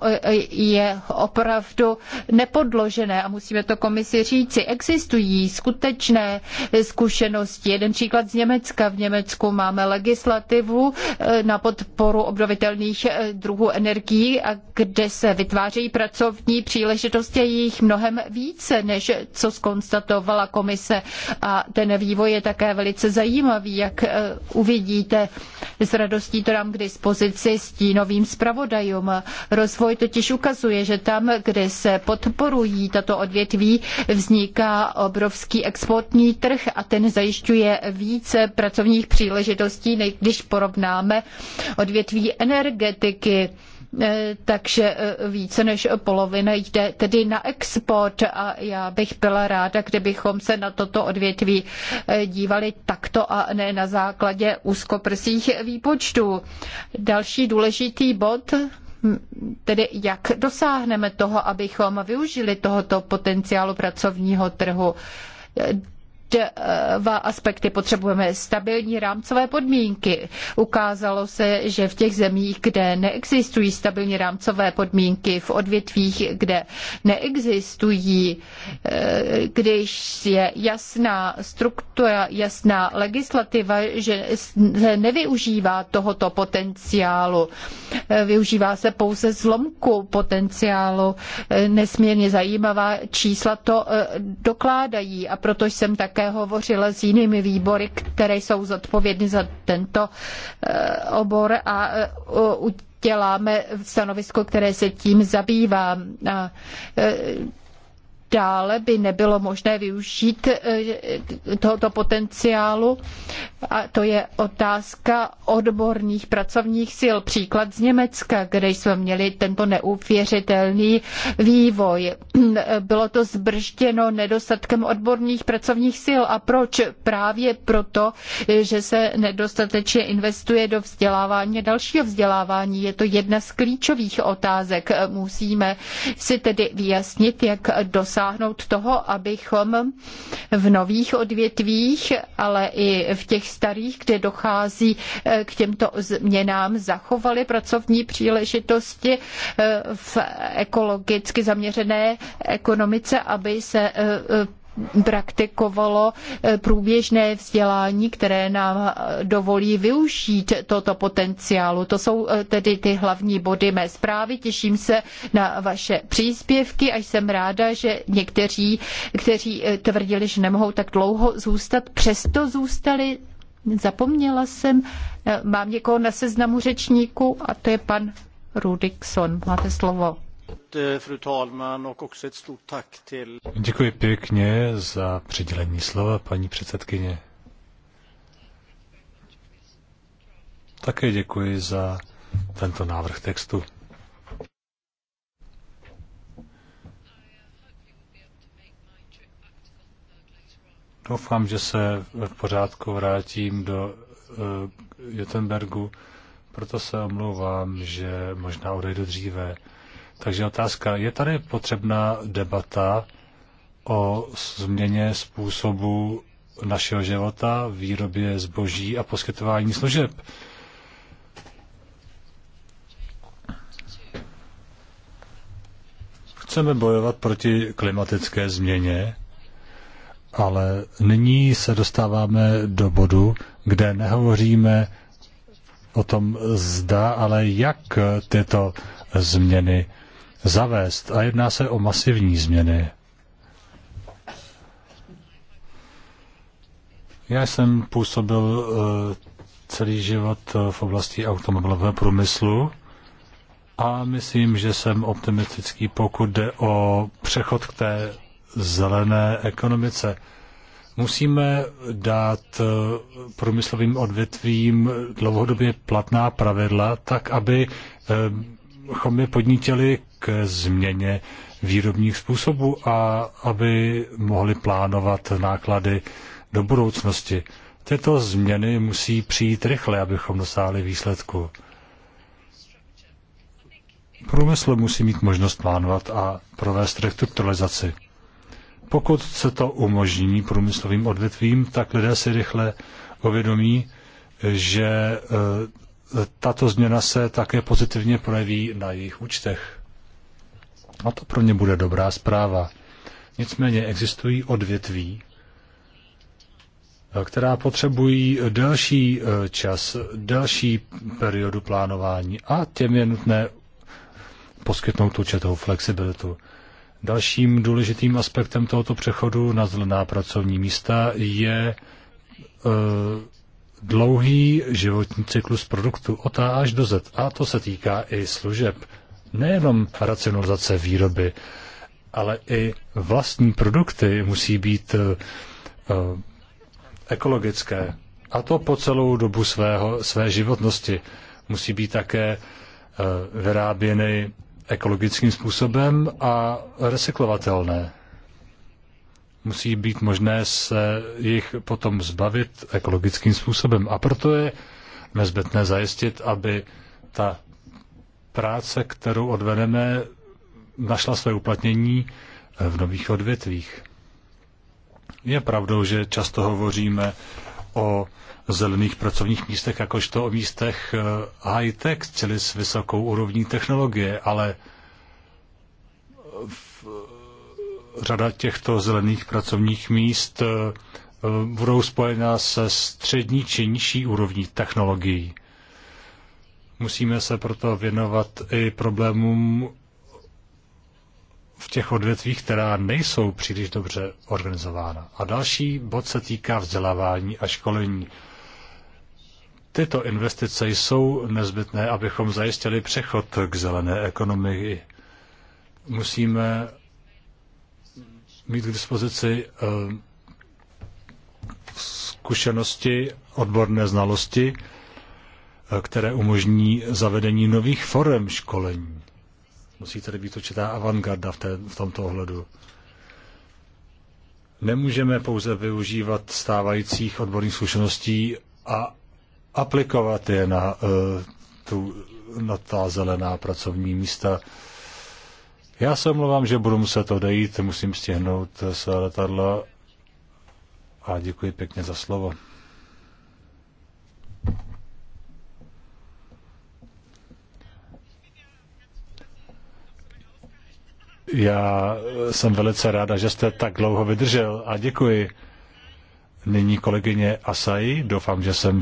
je opravdu nepodložené a musíme to komisi říci. Existují skutečné zkušenosti Jeden příklad z Německa. V Německu máme legislativu eh, na podporu obnovitelných eh, druhů energií, a kde se vytvářejí pracovní příležitosti a jich mnohem více, než co skonstatovala komise. A ten vývoj je také velice zajímavý, jak eh, uvidíte. S radostí to dám k dispozici stínovým zpravodajům. Rozvoj totiž ukazuje, že tam, kde se podporují tato odvětví, vzniká obrovský exportní trh a ten zajišťuje zajišťuje více pracovních příležitostí, než když porovnáme odvětví energetiky eh, takže eh, více než polovina jde tedy na export a já bych byla ráda, kdybychom se na toto odvětví eh, dívali takto a ne na základě úzkoprsých výpočtů. Další důležitý bod hm, Tedy jak dosáhneme toho, abychom využili tohoto potenciálu pracovního trhu? Eh, dva aspekty. Potřebujeme stabilní rámcové podmínky. Ukázalo se, že v těch zemích, kde neexistují stabilní rámcové podmínky, v odvětvích, kde neexistují, eh, když je jasná struktura, jasná legislativa, že se nevyužívá tohoto potenciálu. Eh, využívá se pouze zlomku potenciálu. Nesmírně zajímavá čísla to dokládají a proto jsem také také hovořila s jinými výbory, které jsou zodpovědny za tento eh, obor a eh, uděláme stanovisko, které se tím zabývá. Eh, dále by nebylo možné využít eh, tohoto potenciálu. A to je otázka odborných pracovních sil. Příklad z Německa, kde jsme měli tento neuvěřitelný vývoj. Bylo to zbržděno nedostatkem odborných pracovních sil. A proč? Právě proto, že se nedostatečně investuje do vzdělávání a dalšího vzdělávání. Je to jedna z klíčových otázek. Musíme si tedy vyjasnit, jak dosáhnout dosáhnout toho, abychom v nových odvětvích, ale i v těch starých, kde dochází eh, k těmto změnám, zachovali pracovní příležitosti eh, v ekologicky zaměřené ekonomice, aby se eh, praktikovalo eh, průběžné vzdělání, které nám eh, dovolí využít toto potenciálu. To jsou eh, tedy ty hlavní body mé zprávy. Těším se na vaše příspěvky a jsem ráda, že někteří, kteří tvrdili, že nemohou tak dlouho zůstat, přesto zůstali. Zapomněla jsem, mám někoho na seznamu řečníku a to je pan Rudikson. Máte slovo. Eh, děkuji pěkně za přidělení slova, paní předsedkyně. Také děkuji za tento návrh textu. Doufám, že se v pořádku vrátím do uh, Jotenbergu, proto se omlouvám, že možná odejdu dříve. Takže otázka, je tady potřebná debata o změně způsobu našeho života, výrobě zboží a poskytování služeb. Chceme bojovat proti klimatické změně, ale nyní se dostáváme do bodu, kde nehovoříme o tom zda, ale jak tyto změny zavést a jedná se o masivní změny. Já jsem působil eh, celý život eh, v oblasti automobilového průmyslu a myslím, že jsem optimistický, pokud jde o přechod k té zelené ekonomice. Musíme dát eh, průmyslovým odvětvím dlouhodobě platná pravidla, tak aby abychom je podnítili k změně výrobních způsobů a aby mohli plánovat náklady do budoucnosti. Tyto změny musí přijít rychle, abychom dosáhli výsledku. Průmysl musí mít možnost plánovat a provést restrukturalizaci. Pokud se to umožní průmyslovým odvětvím, tak lidé si rychle uvědomí, že eh, tato změna se také pozitivně projeví na jejich účtech. A to pro ně bude dobrá zpráva. Nicméně existují odvětví, která potřebují delší eh, čas, delší periodu plánování a těm je nutné poskytnout určitou flexibilitu. Dalším důležitým aspektem tohoto přechodu na zelená pracovní místa je eh, dlouhý životní cyklus produktu od A až do Z. A to se týká i služeb. Nejenom racionalizace výroby, ale i vlastní produkty musí být uh, ekologické. A to po celou dobu svého, své životnosti. Musí být také uh, vyráběny ekologickým způsobem a recyklovatelné musí být možné se jich potom zbavit ekologickým způsobem. A proto je nezbytné zajistit, aby ta práce, kterou odvedeme, našla své uplatnění v nových odvětvích. Je pravdou, že často hovoříme o zelených pracovních místech, jakožto o místech eh, high-tech, čili s vysokou úrovní technologie, ale v řada těchto zelených pracovních míst eh, budou spojená se střední či nižší úrovní technologií. Musíme se proto věnovat i problémům v těch odvětvích, která nejsou příliš dobře organizována. A další bod se týká vzdělávání a školení. Tyto investice jsou nezbytné, abychom zajistili přechod k zelené ekonomii. Musíme mít k dispozici eh, zkušenosti, odborné znalosti, eh, které umožní zavedení nových forem školení. Musí tady být určitá avantgarda v, té, v tomto ohledu. Nemůžeme pouze využívat stávajících odborných zkušeností a aplikovat je na, eh, tu, na ta zelená pracovní místa. Já se omlouvám, že budu muset odejít, musím stihnout své letadlo a děkuji pěkně za slovo. Já jsem velice ráda, že jste tak dlouho vydržel a děkuji. Nyní kolegyně Asai, doufám, že jsem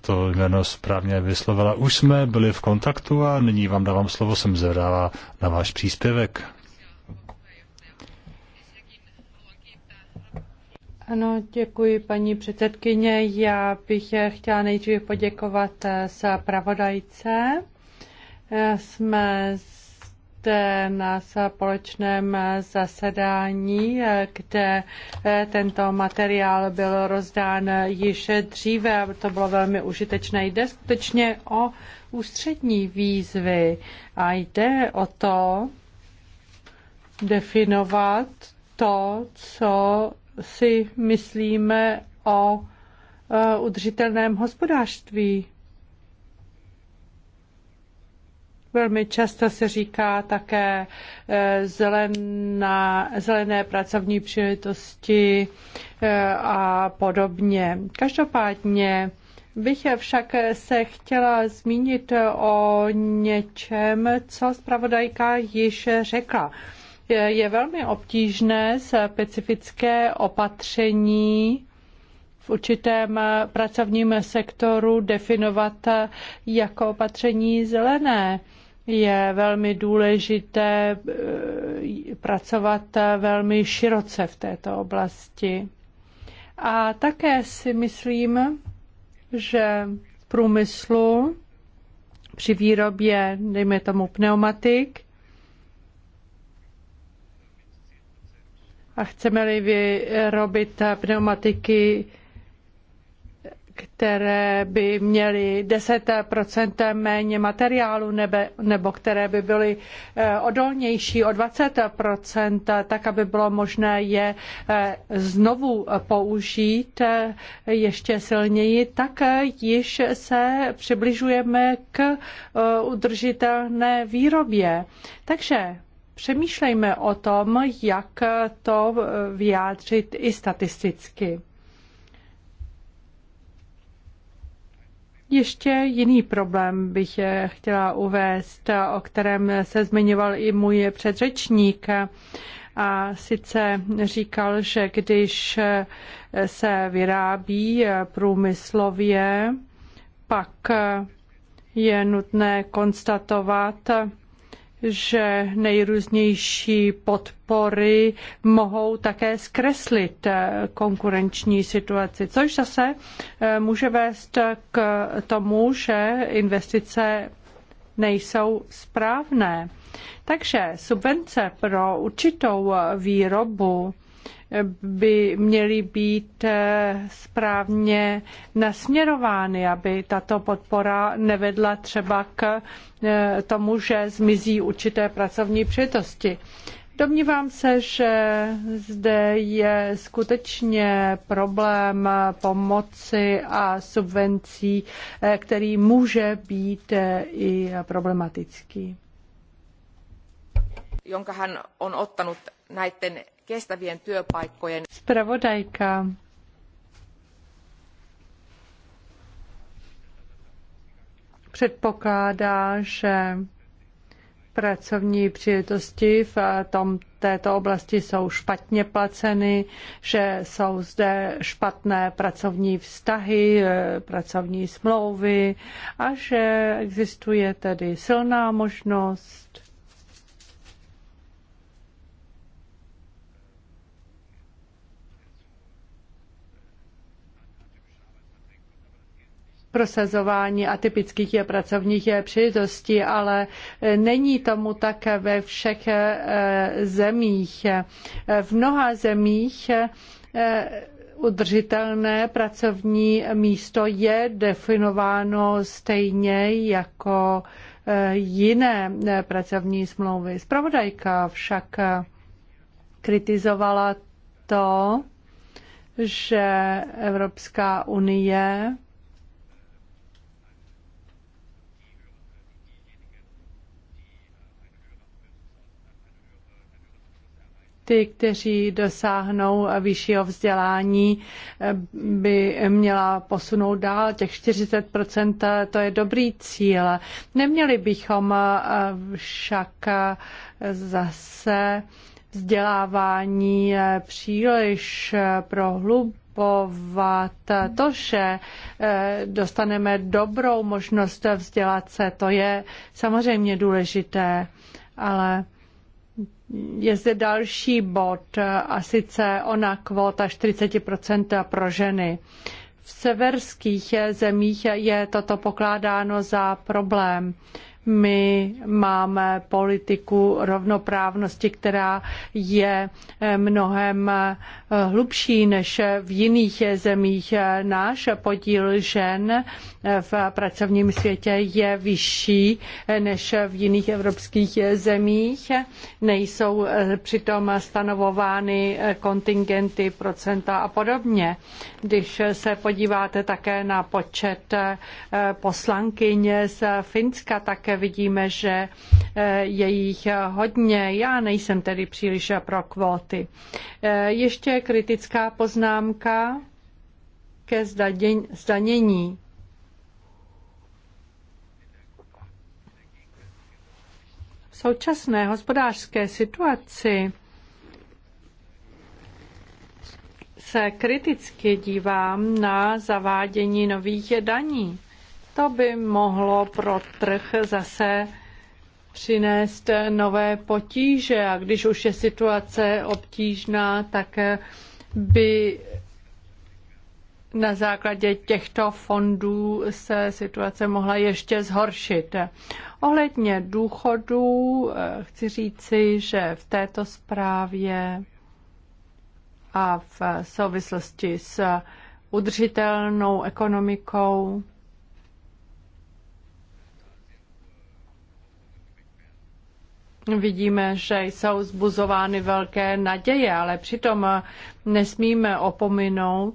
to jméno správně vyslovila. Už jsme byli v kontaktu a nyní vám dávám slovo, jsem zvedává na váš příspěvek. Ano, děkuji paní předsedkyně. Já bych chtěla nejdříve poděkovat se eh, pravodajce. Eh, jsme na společném zasedání, kde eh, tento materiál byl rozdán již dříve. To bylo velmi užitečné. Jde skutečně o ústřední výzvy a jde o to definovat to, co si myslíme o eh, udržitelném hospodářství. Velmi často se říká také eh, zelená, zelené pracovní příležitosti eh, a podobně. Každopádně bych však se chtěla zmínit o něčem, co zpravodajka již řekla. Je velmi obtížné specifické opatření v určitém pracovním sektoru definovat jako opatření zelené je velmi důležité eh, pracovat velmi široce v této oblasti. A také si myslím, že v průmyslu při výrobě, dejme tomu pneumatik, a chceme-li vyrobit pneumatiky které by měly 10 méně materiálu nebe, nebo které by byly eh, odolnější o 20 tak aby bylo možné je eh, znovu použít eh, ještě silněji, tak již se přibližujeme k udržitelné výrobě. Takže přemýšlejme o tom, jak to vyjádřit i statisticky. Ještě jiný problém bych chtěla uvést, o kterém se zmiňoval i můj předřečník. A sice říkal, že když se vyrábí průmyslově, pak je nutné konstatovat, že nejrůznější podpory mohou také zkreslit eh, konkurenční situaci, což zase eh, může vést k tomu, že investice nejsou správné. Takže subvence pro určitou eh, výrobu by měly být eh, správně nasměrovány, aby tato podpora nevedla třeba k eh, tomu, že zmizí určité pracovní přitosti. Domnívám se, že zde je skutečně problém pomoci a subvencí, eh, který může být i problematický. Jonkahan, on ottanut näiden kestävien työpaikkojen. Spravodajka. Předpokládá, že pracovní příležitosti v tom, této oblasti jsou špatně placeny, že jsou zde špatné pracovní vztahy, eh, pracovní smlouvy a že existuje tedy silná možnost prosazování atypických pracovních příležitostí, ale není tomu tak ve všech eh, zemích. V mnoha zemích eh, udržitelné pracovní místo je definováno stejně jako eh, jiné pracovní smlouvy. Spravodajka však kritizovala to, že Evropská unie ty, kteří dosáhnou vyššího vzdělání, by měla posunout dál. Těch 40% to je dobrý cíl. Neměli bychom však zase vzdělávání příliš prohlubovat. to, že dostaneme dobrou možnost vzdělat se, to je samozřejmě důležité, ale je zde další bod, a sice ona kvota 40% pro ženy. V severských zemích je toto pokládáno za problém. My máme politiku rovnoprávnosti, která je eh, mnohem eh, hlubší než v jiných zemích. Náš podíl žen eh, v pracovním světě je vyšší než v jiných evropských zemích. Nejsou přitom stanovovány kontingenty, procenta a podobně. Když se podíváte také na počet poslankyně z Finska, také také vidíme, že eh, je jich eh, hodně. Já nejsem tedy příliš eh, pro kvóty. Ještě kritická poznámka ke zdanění. V současné hospodářské situaci se kriticky dívám na zavádění nových daní. To by mohlo pro trh zase přinést nové potíže a když už je situace obtížná, tak by na základě těchto fondů se situace mohla ještě zhoršit. Ohledně důchodů chci říci, že v této zprávě a v souvislosti s udržitelnou ekonomikou Vidíme, že jsou zbuzovány velké naděje, ale přitom nesmíme opominout,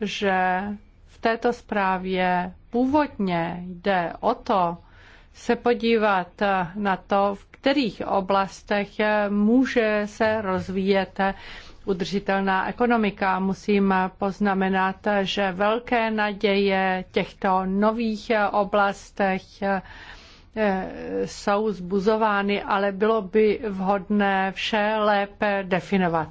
že v této zprávě původně jde o to, se podívat na to, v kterých oblastech může se rozvíjet udržitelná ekonomika. Musím poznamenat, že velké naděje těchto nových oblastech Eh, jsou zbuzovány, ale bylo by vhodné vše lépe definovat.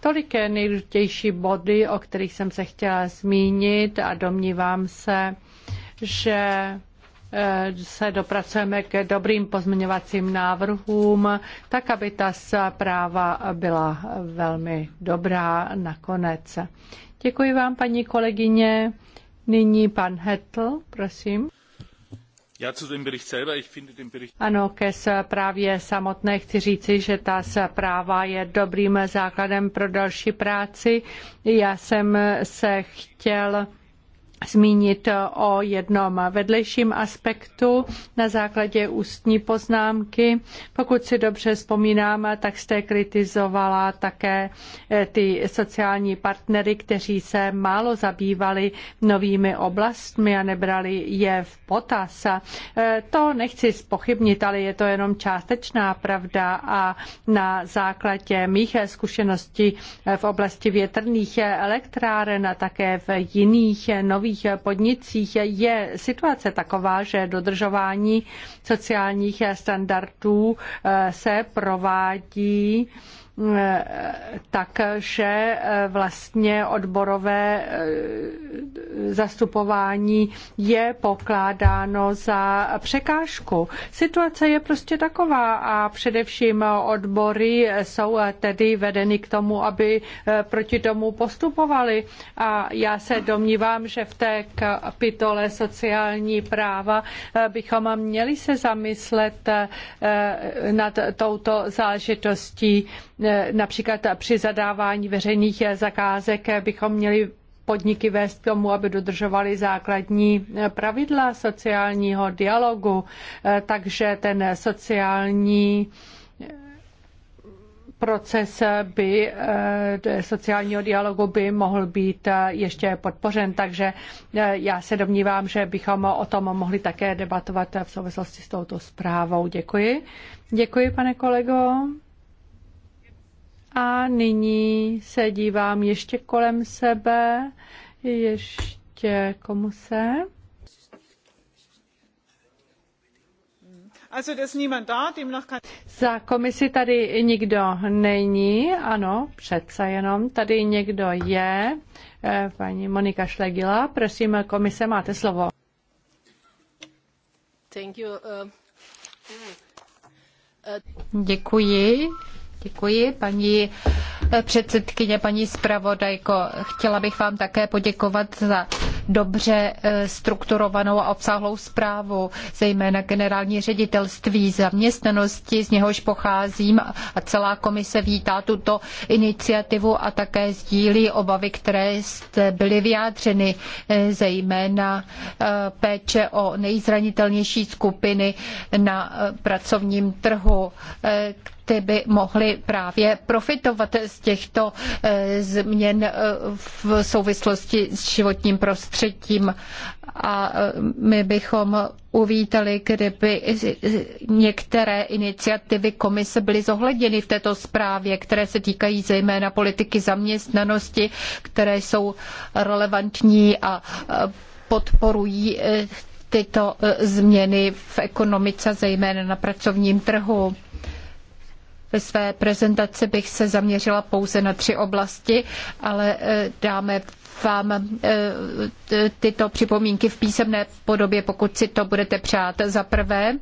Tolik je nejdůležitější body, o kterých jsem se chtěla zmínit a domnívám se, že eh, se dopracujeme k dobrým pozměňovacím návrhům, tak aby ta zpráva byla velmi dobrá nakonec. Děkuji vám, paní kolegyně. Nyní pan Hetl, prosím. Ano, ke zprávě samotné chci říci, že ta zpráva je dobrým základem pro další práci. Já jsem se chtěl zmínit o jednom vedlejším aspektu na základě ústní poznámky. Pokud si dobře vzpomínám, tak jste kritizovala také eh, ty sociální partnery, kteří se málo zabývali novými oblastmi a nebrali je v potaz. Eh, to nechci spochybnit, ale je to jenom částečná pravda a na základě mých zkušeností v oblasti větrných elektráren a také v jiných nových průmyslových podnicích je situace taková, že dodržování sociálních standardů eh, se provádí takže eh, vlastně odborové eh, zastupování je pokládáno za překážku. Situace je prostě taková a především odbory jsou eh, tedy vedeny k tomu, aby proti tomu postupovali a já se domnívám, že v té kapitole sociální práva bychom měli se zamyslet nad touto záležitostí Například při zadávání veřejných zakázek bychom měli podniky vést k tomu, aby dodržovali základní pravidla sociálního dialogu, eh, takže ten sociální eh, proces by, eh, sociálního dialogu by mohl být ještě podpořen, takže já se domnívám, že bychom o tom mohli také debatovat v souvislosti s touto zprávou. Děkuji. Děkuji, pane kolego. A nyní se dívám ještě kolem sebe, ještě komu se. Za komisi tady nikdo není, ano, přece jenom tady někdo je. Eh, paní Monika Šlegila, prosím, komise, máte slovo. Uh, Děkuji. Děkuji, paní eh, předsedkyně, paní zpravodajko. Chtěla bych vám také poděkovat za dobře eh, strukturovanou a obsáhlou zprávu, zejména generální ředitelství zaměstnanosti, z něhož pocházím a celá komise vítá tuto iniciativu a také sdílí obavy, které jste byly vyjádřeny, eh, zejména péče o nejzranitelnější skupiny na pracovním trhu, ty by mohly právě profitovat z těchto eh, změn eh, v souvislosti s životním prostředím. A eh, my bychom uvítali, kdyby některé iniciativy komise byly zohledněny v této zprávě, které se týkají zejména politiky zaměstnanosti, které jsou relevantní a podporují tyto změny v ekonomice, zejména na pracovním trhu. Ve své prezentaci bych se zaměřila pouze na tři oblasti, ale eh, dáme vám eh, tyto připomínky v písemné podobě, pokud si to budete přát. Za prvé,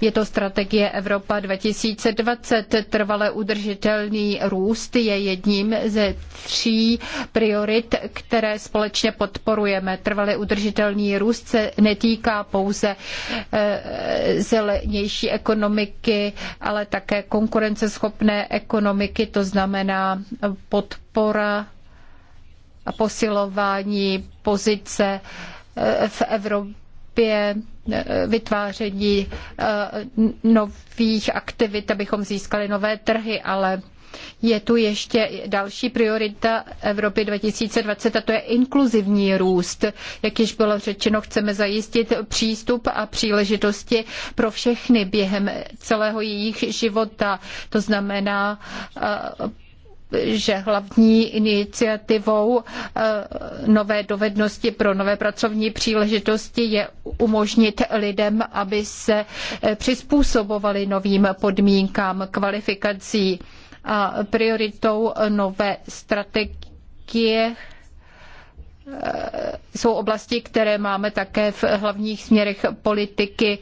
je to strategie Evropa 2020. Trvale udržitelný růst je jedním ze tří priorit, které společně podporujeme. Trvale udržitelný růst se netýká pouze eh, zelenější ekonomiky, ale také konkurenceschopné ekonomiky, to znamená podpora a posilování pozice eh, v Evropě, eh, vytváření eh, nových aktivit, abychom získali nové trhy, ale je tu ještě další priorita Evropy 2020 a to je inkluzivní růst. Jak již bylo řečeno, chceme zajistit přístup a příležitosti pro všechny během celého jejich života. To znamená že hlavní iniciativou eh, nové dovednosti pro nové pracovní příležitosti je umožnit lidem, aby se eh, přizpůsobovali novým podmínkám kvalifikací. A prioritou nové strategie Eh, jsou oblasti, které máme také v hlavních směrech politiky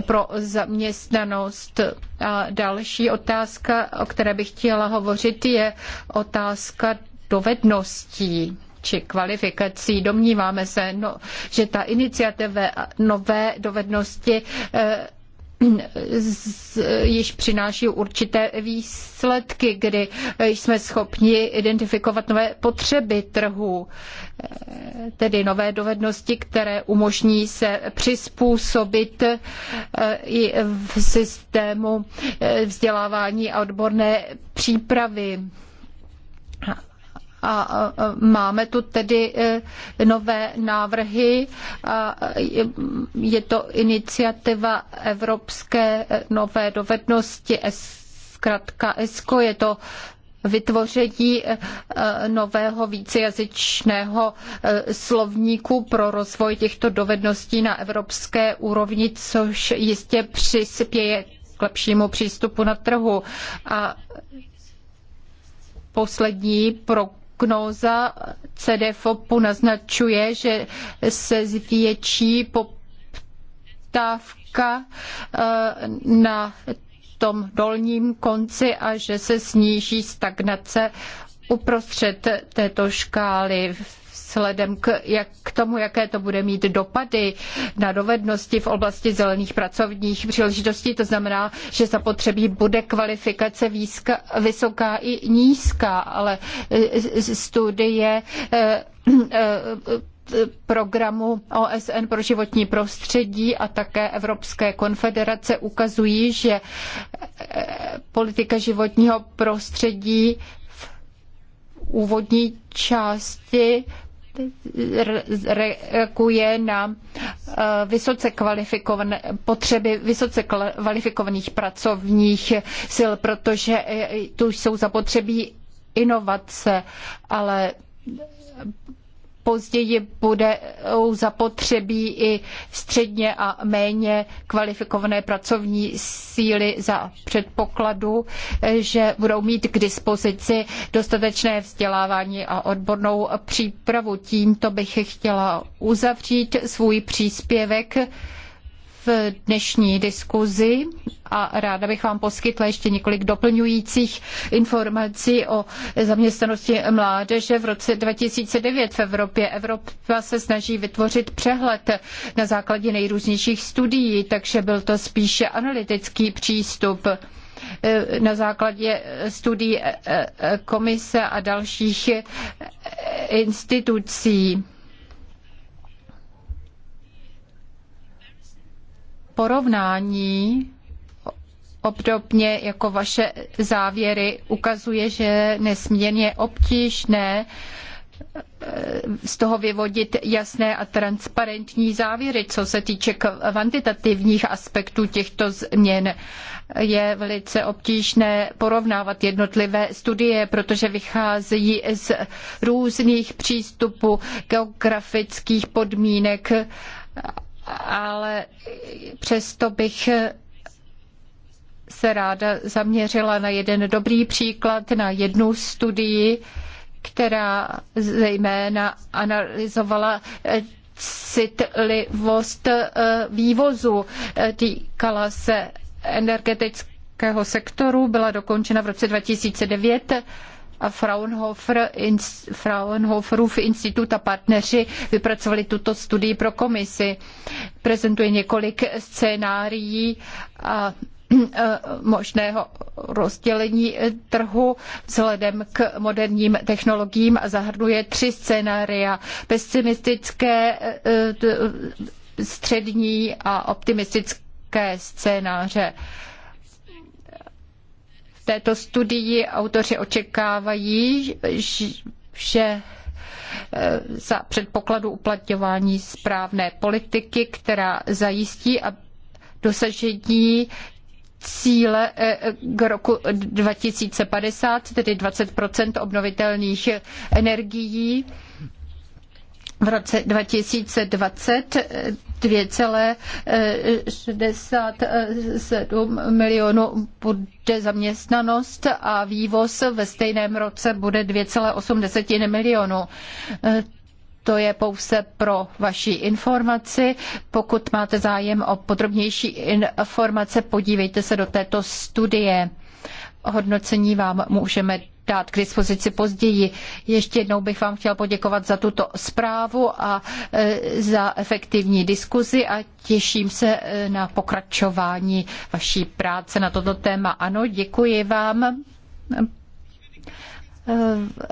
pro zaměstnanost. A další otázka, o které bych chtěla hovořit, je otázka dovedností či kvalifikací. Domníváme se, no, že ta iniciativa nové dovednosti eh, již přináší určité výsledky, kdy jsme schopni identifikovat nové potřeby trhu, tedy nové dovednosti, které umožní se přizpůsobit eh, i v systému eh, vzdělávání a odborné přípravy a máme tu tedy e, nové návrhy. je to iniciativa Evropské e, nové dovednosti, zkrátka ESCO, je to vytvoření e, nového vícejazyčného slovníku pro rozvoj těchto dovedností na evropské úrovni, což jistě přispěje k lepšímu přístupu na trhu. A poslední pro prognóza CDFOPu naznačuje, že se zvětší poptávka eh, na tom dolním konci a že se sníží stagnace uprostřed této škály. V vzhledem k, jak, k tomu, jaké to bude mít dopady na dovednosti v oblasti zelených pracovních příležitostí. To znamená, že zapotřebí bude kvalifikace výzka, vysoká i nízká, ale e, studie e, e, programu OSN pro životní prostředí a také Evropské konfederace ukazují, že politika životního prostředí v úvodní části reaguje na eh, vysoce kvalifikované, potřeby vysoce kvalifikovaných pracovních sil, protože eh, tu jsou zapotřebí inovace, ale později budou eh, zapotřebí i středně a méně kvalifikované pracovní síly za předpokladu, eh, že budou mít k dispozici dostatečné vzdělávání a odbornou přípravu. Tímto bych chtěla uzavřít svůj příspěvek v dnešní diskuzi a ráda bych vám poskytla ještě několik doplňujících informací o zaměstnanosti mládeže v roce 2009 v Evropě. Evropa se snaží vytvořit přehled na základě nejrůznějších studií, takže byl to spíše analytický přístup na základě studií komise a dalších institucí. porovnání obdobně jako vaše závěry ukazuje, že nesmírně obtížné eh, z toho vyvodit jasné a transparentní závěry, co se týče kvantitativních aspektů těchto změn. Je velice obtížné porovnávat jednotlivé studie, protože vycházejí z různých přístupů, geografických podmínek ale přesto bych se ráda zaměřila na jeden dobrý příklad, na jednu studii, která zejména analyzovala citlivost eh, vývozu. Eh, týkala se energetického sektoru, byla dokončena v roce 2009 Fraunhofer, Fraunhoferův institut a partneři vypracovali tuto studii pro komisi. Prezentuje několik scénárií a eh, možného rozdělení trhu vzhledem k moderním technologiím a zahrnuje tři scénária. Pesimistické, eh, střední a optimistické scénáře této studii autoři očekávají, že eh, za předpokladu uplatňování správné politiky, která zajistí a dosažení cíle eh, k roku 2050, tedy 20 obnovitelných energií, v roce 2020 2,67 eh, eh, eh, milionů bude zaměstnanost a vývoz ve stejném roce bude 2,8 milionu. To je pouze pro vaši informaci. Pokud máte zájem o podrobnější informace, podívejte se do této studie. Hodnocení vám můžeme dát k dispozici později. Ještě jednou bych vám chtěl poděkovat za tuto zprávu a e, za efektivní diskuzi a těším se e, na pokračování vaší práce na toto téma. Ano, děkuji vám. E,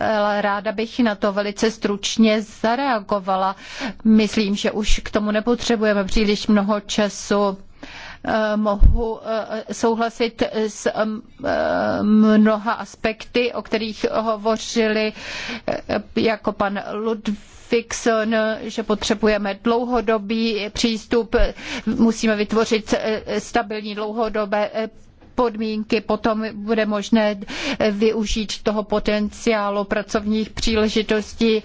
ale ráda bych na to velice stručně zareagovala. Myslím, že už k tomu nepotřebujeme příliš mnoho času Eh, mohu eh, souhlasit s mm, eh, mnoha aspekty, o kterých hovořili jako pan Ludvík Fixon, že potřebujeme dlouhodobý přístup, musíme vytvořit stabilní dlouhodobé podmínky, potom bude možné využít toho potenciálu pracovních příležitostí.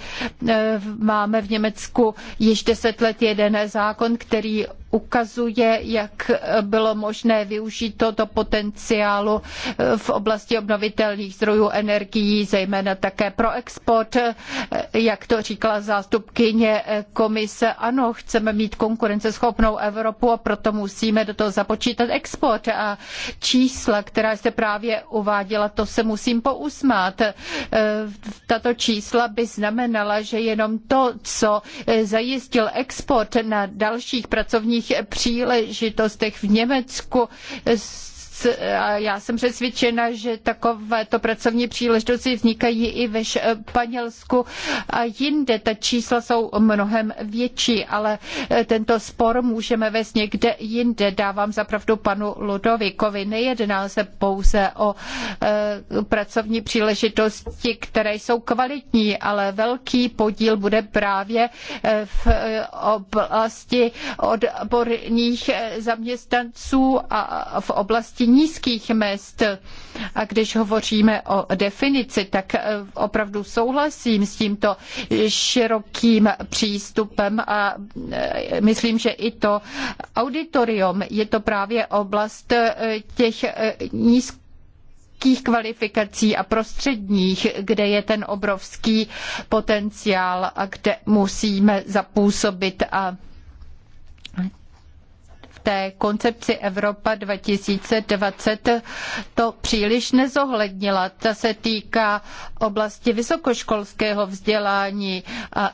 Máme v Německu již deset let jeden zákon, který ukazuje, jak bylo možné využít toto potenciálu v oblasti obnovitelných zdrojů energií, zejména také pro export. Jak to říkala zástupkyně komise, ano, chceme mít konkurenceschopnou Evropu a proto musíme do toho započítat export. A čísla, která jste právě uváděla, to se musím pousmát. Tato čísla by znamenala, že jenom to, co zajistil export na dalších pracovních rovných příležitostech v Německu a já jsem přesvědčena, že takovéto pracovní příležitosti vznikají i ve Španělsku a jinde. Ta čísla jsou mnohem větší, ale eh, tento spor můžeme vést někde jinde. Dávám zapravdu panu Ludovikovi. Nejedná se pouze o eh, pracovní příležitosti, které jsou kvalitní, ale velký podíl bude právě eh, v oblasti odborných zaměstnanců a v oblasti nízkých mest. A když hovoříme o definici, tak eh, opravdu souhlasím s tímto širokým přístupem a eh, myslím, že i to auditorium je to právě oblast eh, těch nízkých kvalifikací a prostředních, kde je ten obrovský potenciál a kde musíme zapůsobit a té koncepci Evropa 2020 to příliš nezohlednila. Ta se týká oblasti vysokoškolského vzdělání a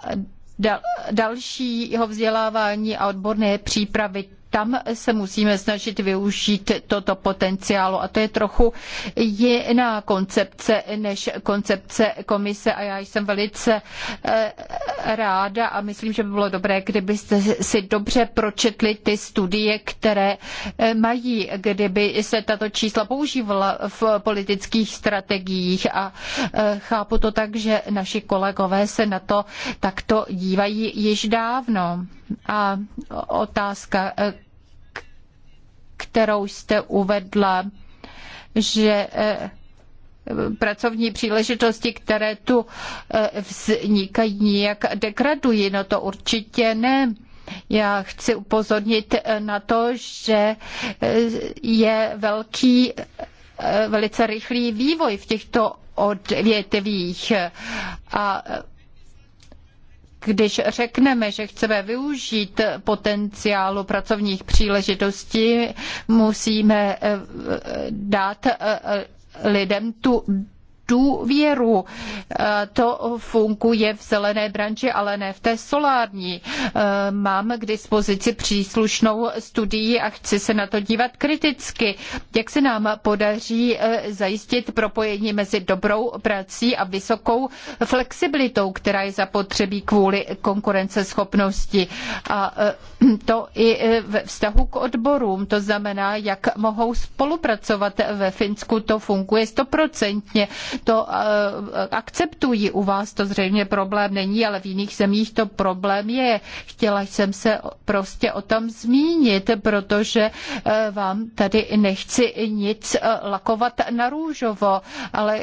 dalšího vzdělávání a odborné přípravy tam se musíme snažit využít toto potenciálu a to je trochu jiná koncepce než koncepce komise a já jsem velice eh, ráda a myslím, že by bylo dobré, kdybyste si dobře pročetli ty studie, které eh, mají, kdyby se tato čísla používala v politických strategiích a eh, chápu to tak, že naši kolegové se na to takto dívají již dávno. A otázka, e, kterou jste uvedla, že e, pracovní příležitosti, které tu e, vznikají, nijak degradují. No to určitě ne. Já chci upozornit na to, že je velký, velice rychlý vývoj v těchto odvětvích a když řekneme, že chceme využít potenciálu pracovních příležitostí, musíme eh, dát eh, eh, lidem tu důvěru. Eh, to funguje v zelené branži, ale ne v té solární. Eh, mám k dispozici příslušnou studii a chci se na to dívat kriticky. Jak se nám podaří eh, zajistit propojení mezi dobrou prací a vysokou flexibilitou, která je zapotřebí kvůli konkurenceschopnosti. A to i ve vztahu k odborům, to znamená, jak mohou spolupracovat ve Finsku, to funguje stoprocentně to eh, akceptují. U vás to zřejmě problém není, ale v jiných zemích to problém je. Chtěla jsem se prostě o tom zmínit, protože eh, vám tady nechci nic eh, lakovat na růžovo, ale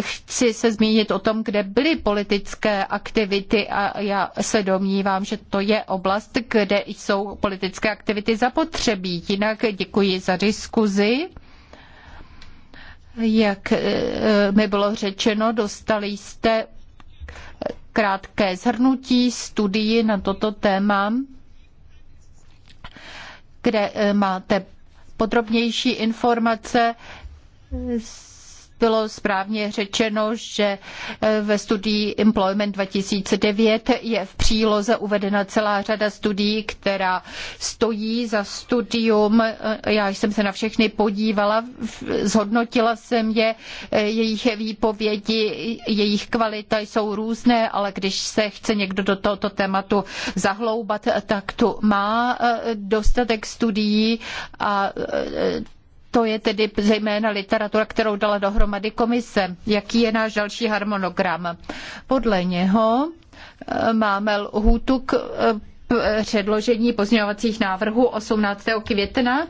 chci se zmínit o tom, kde byly politické aktivity a já se domnívám, že to je oblast, kde jsou politické aktivity zapotřebí. Jinak děkuji za diskuzi. Jak eh, mi bylo řečeno, dostali jste krátké zhrnutí studii na toto téma, kde eh, máte podrobnější informace z bylo správně řečeno, že eh, ve studii Employment 2009 je v příloze uvedena celá řada studií, která stojí za studium. Eh, já jsem se na všechny podívala, zhodnotila jsem je, eh, jejich výpovědi, jejich kvalita jsou různé, ale když se chce někdo do tohoto tématu zahloubat, tak tu má dostatek studií a to je tedy zejména literatura, kterou dala dohromady komise. Jaký je náš další harmonogram? Podle něho e, máme lhůtu k e, předložení pozměňovacích návrhů 18. května.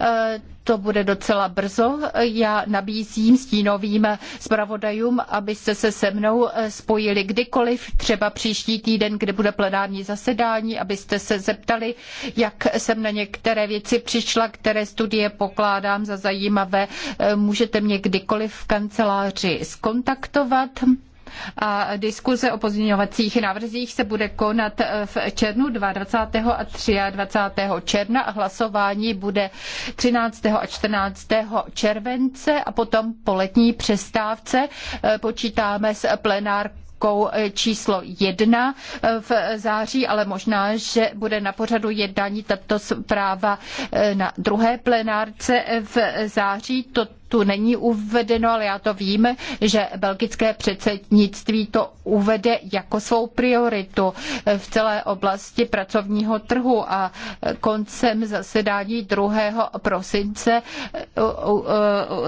E, to bude docela brzo. Já nabízím stínovým zpravodajům, abyste se se mnou e, spojili kdykoliv, třeba příští týden, kdy bude plenární zasedání, abyste se zeptali, jak jsem na některé věci přišla, které studie pokládám za zajímavé. E, můžete mě kdykoliv v kanceláři skontaktovat. A diskuze o pozměňovacích návrzích se bude konat v červnu 22. a 23. června a hlasování bude 13. a 14. července a potom po letní přestávce e, počítáme s plenárkou e, číslo jedna e, v září, ale možná, že bude na pořadu jednání tato zpráva na druhé plenárce v září. Toto tu není uvedeno, ale já to vím, že belgické předsednictví to uvede jako svou prioritu v celé oblasti pracovního trhu a koncem zasedání 2. prosince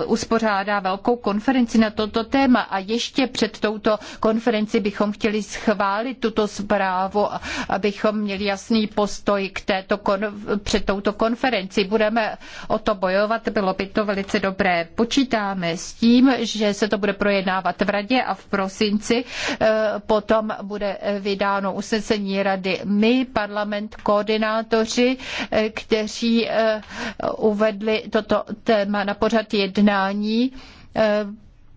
uspořádá velkou konferenci na toto téma a ještě před touto konferenci bychom chtěli schválit tuto zprávu, abychom měli jasný postoj k této kon- před touto konferenci. Budeme o to bojovat, bylo by to velice dobré počítáme s tím, že se to bude projednávat v radě a v prosinci eh, potom bude eh, vydáno usnesení rady my, parlament, koordinátoři, eh, kteří uvedli toto téma na pořad jednání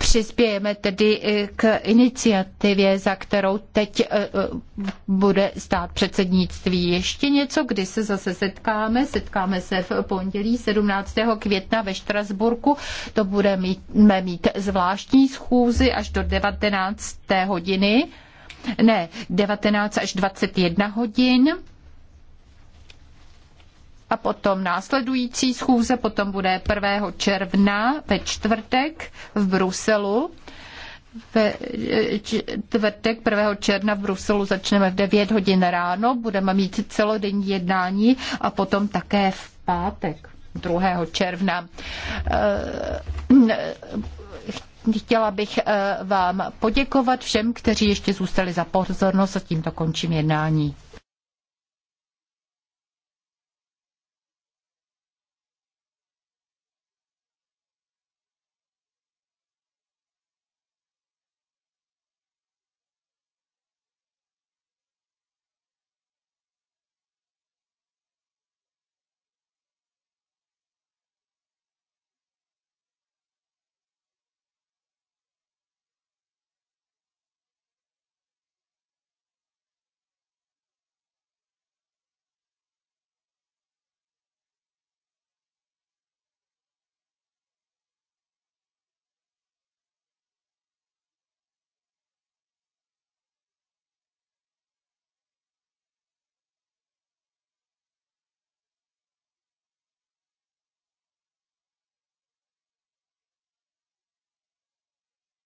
Přispějeme tedy e, k iniciativě, za kterou teď e, e, bude stát předsednictví. Ještě něco, kdy se zase setkáme. Setkáme se v pondělí 17. května ve Štrasburku. To budeme mít zvláštní schůzi až do 19. hodiny. Ne, 19 až 21 hodin a potom následující schůze, potom bude 1. června ve čtvrtek v Bruselu. Ve čtvrtek 1. června v Bruselu začneme v 9 hodin ráno, budeme mít celodenní jednání a potom také v pátek 2. června eh, chtěla bych eh, vám poděkovat všem, kteří ještě zůstali za pozornost a tímto končím jednání.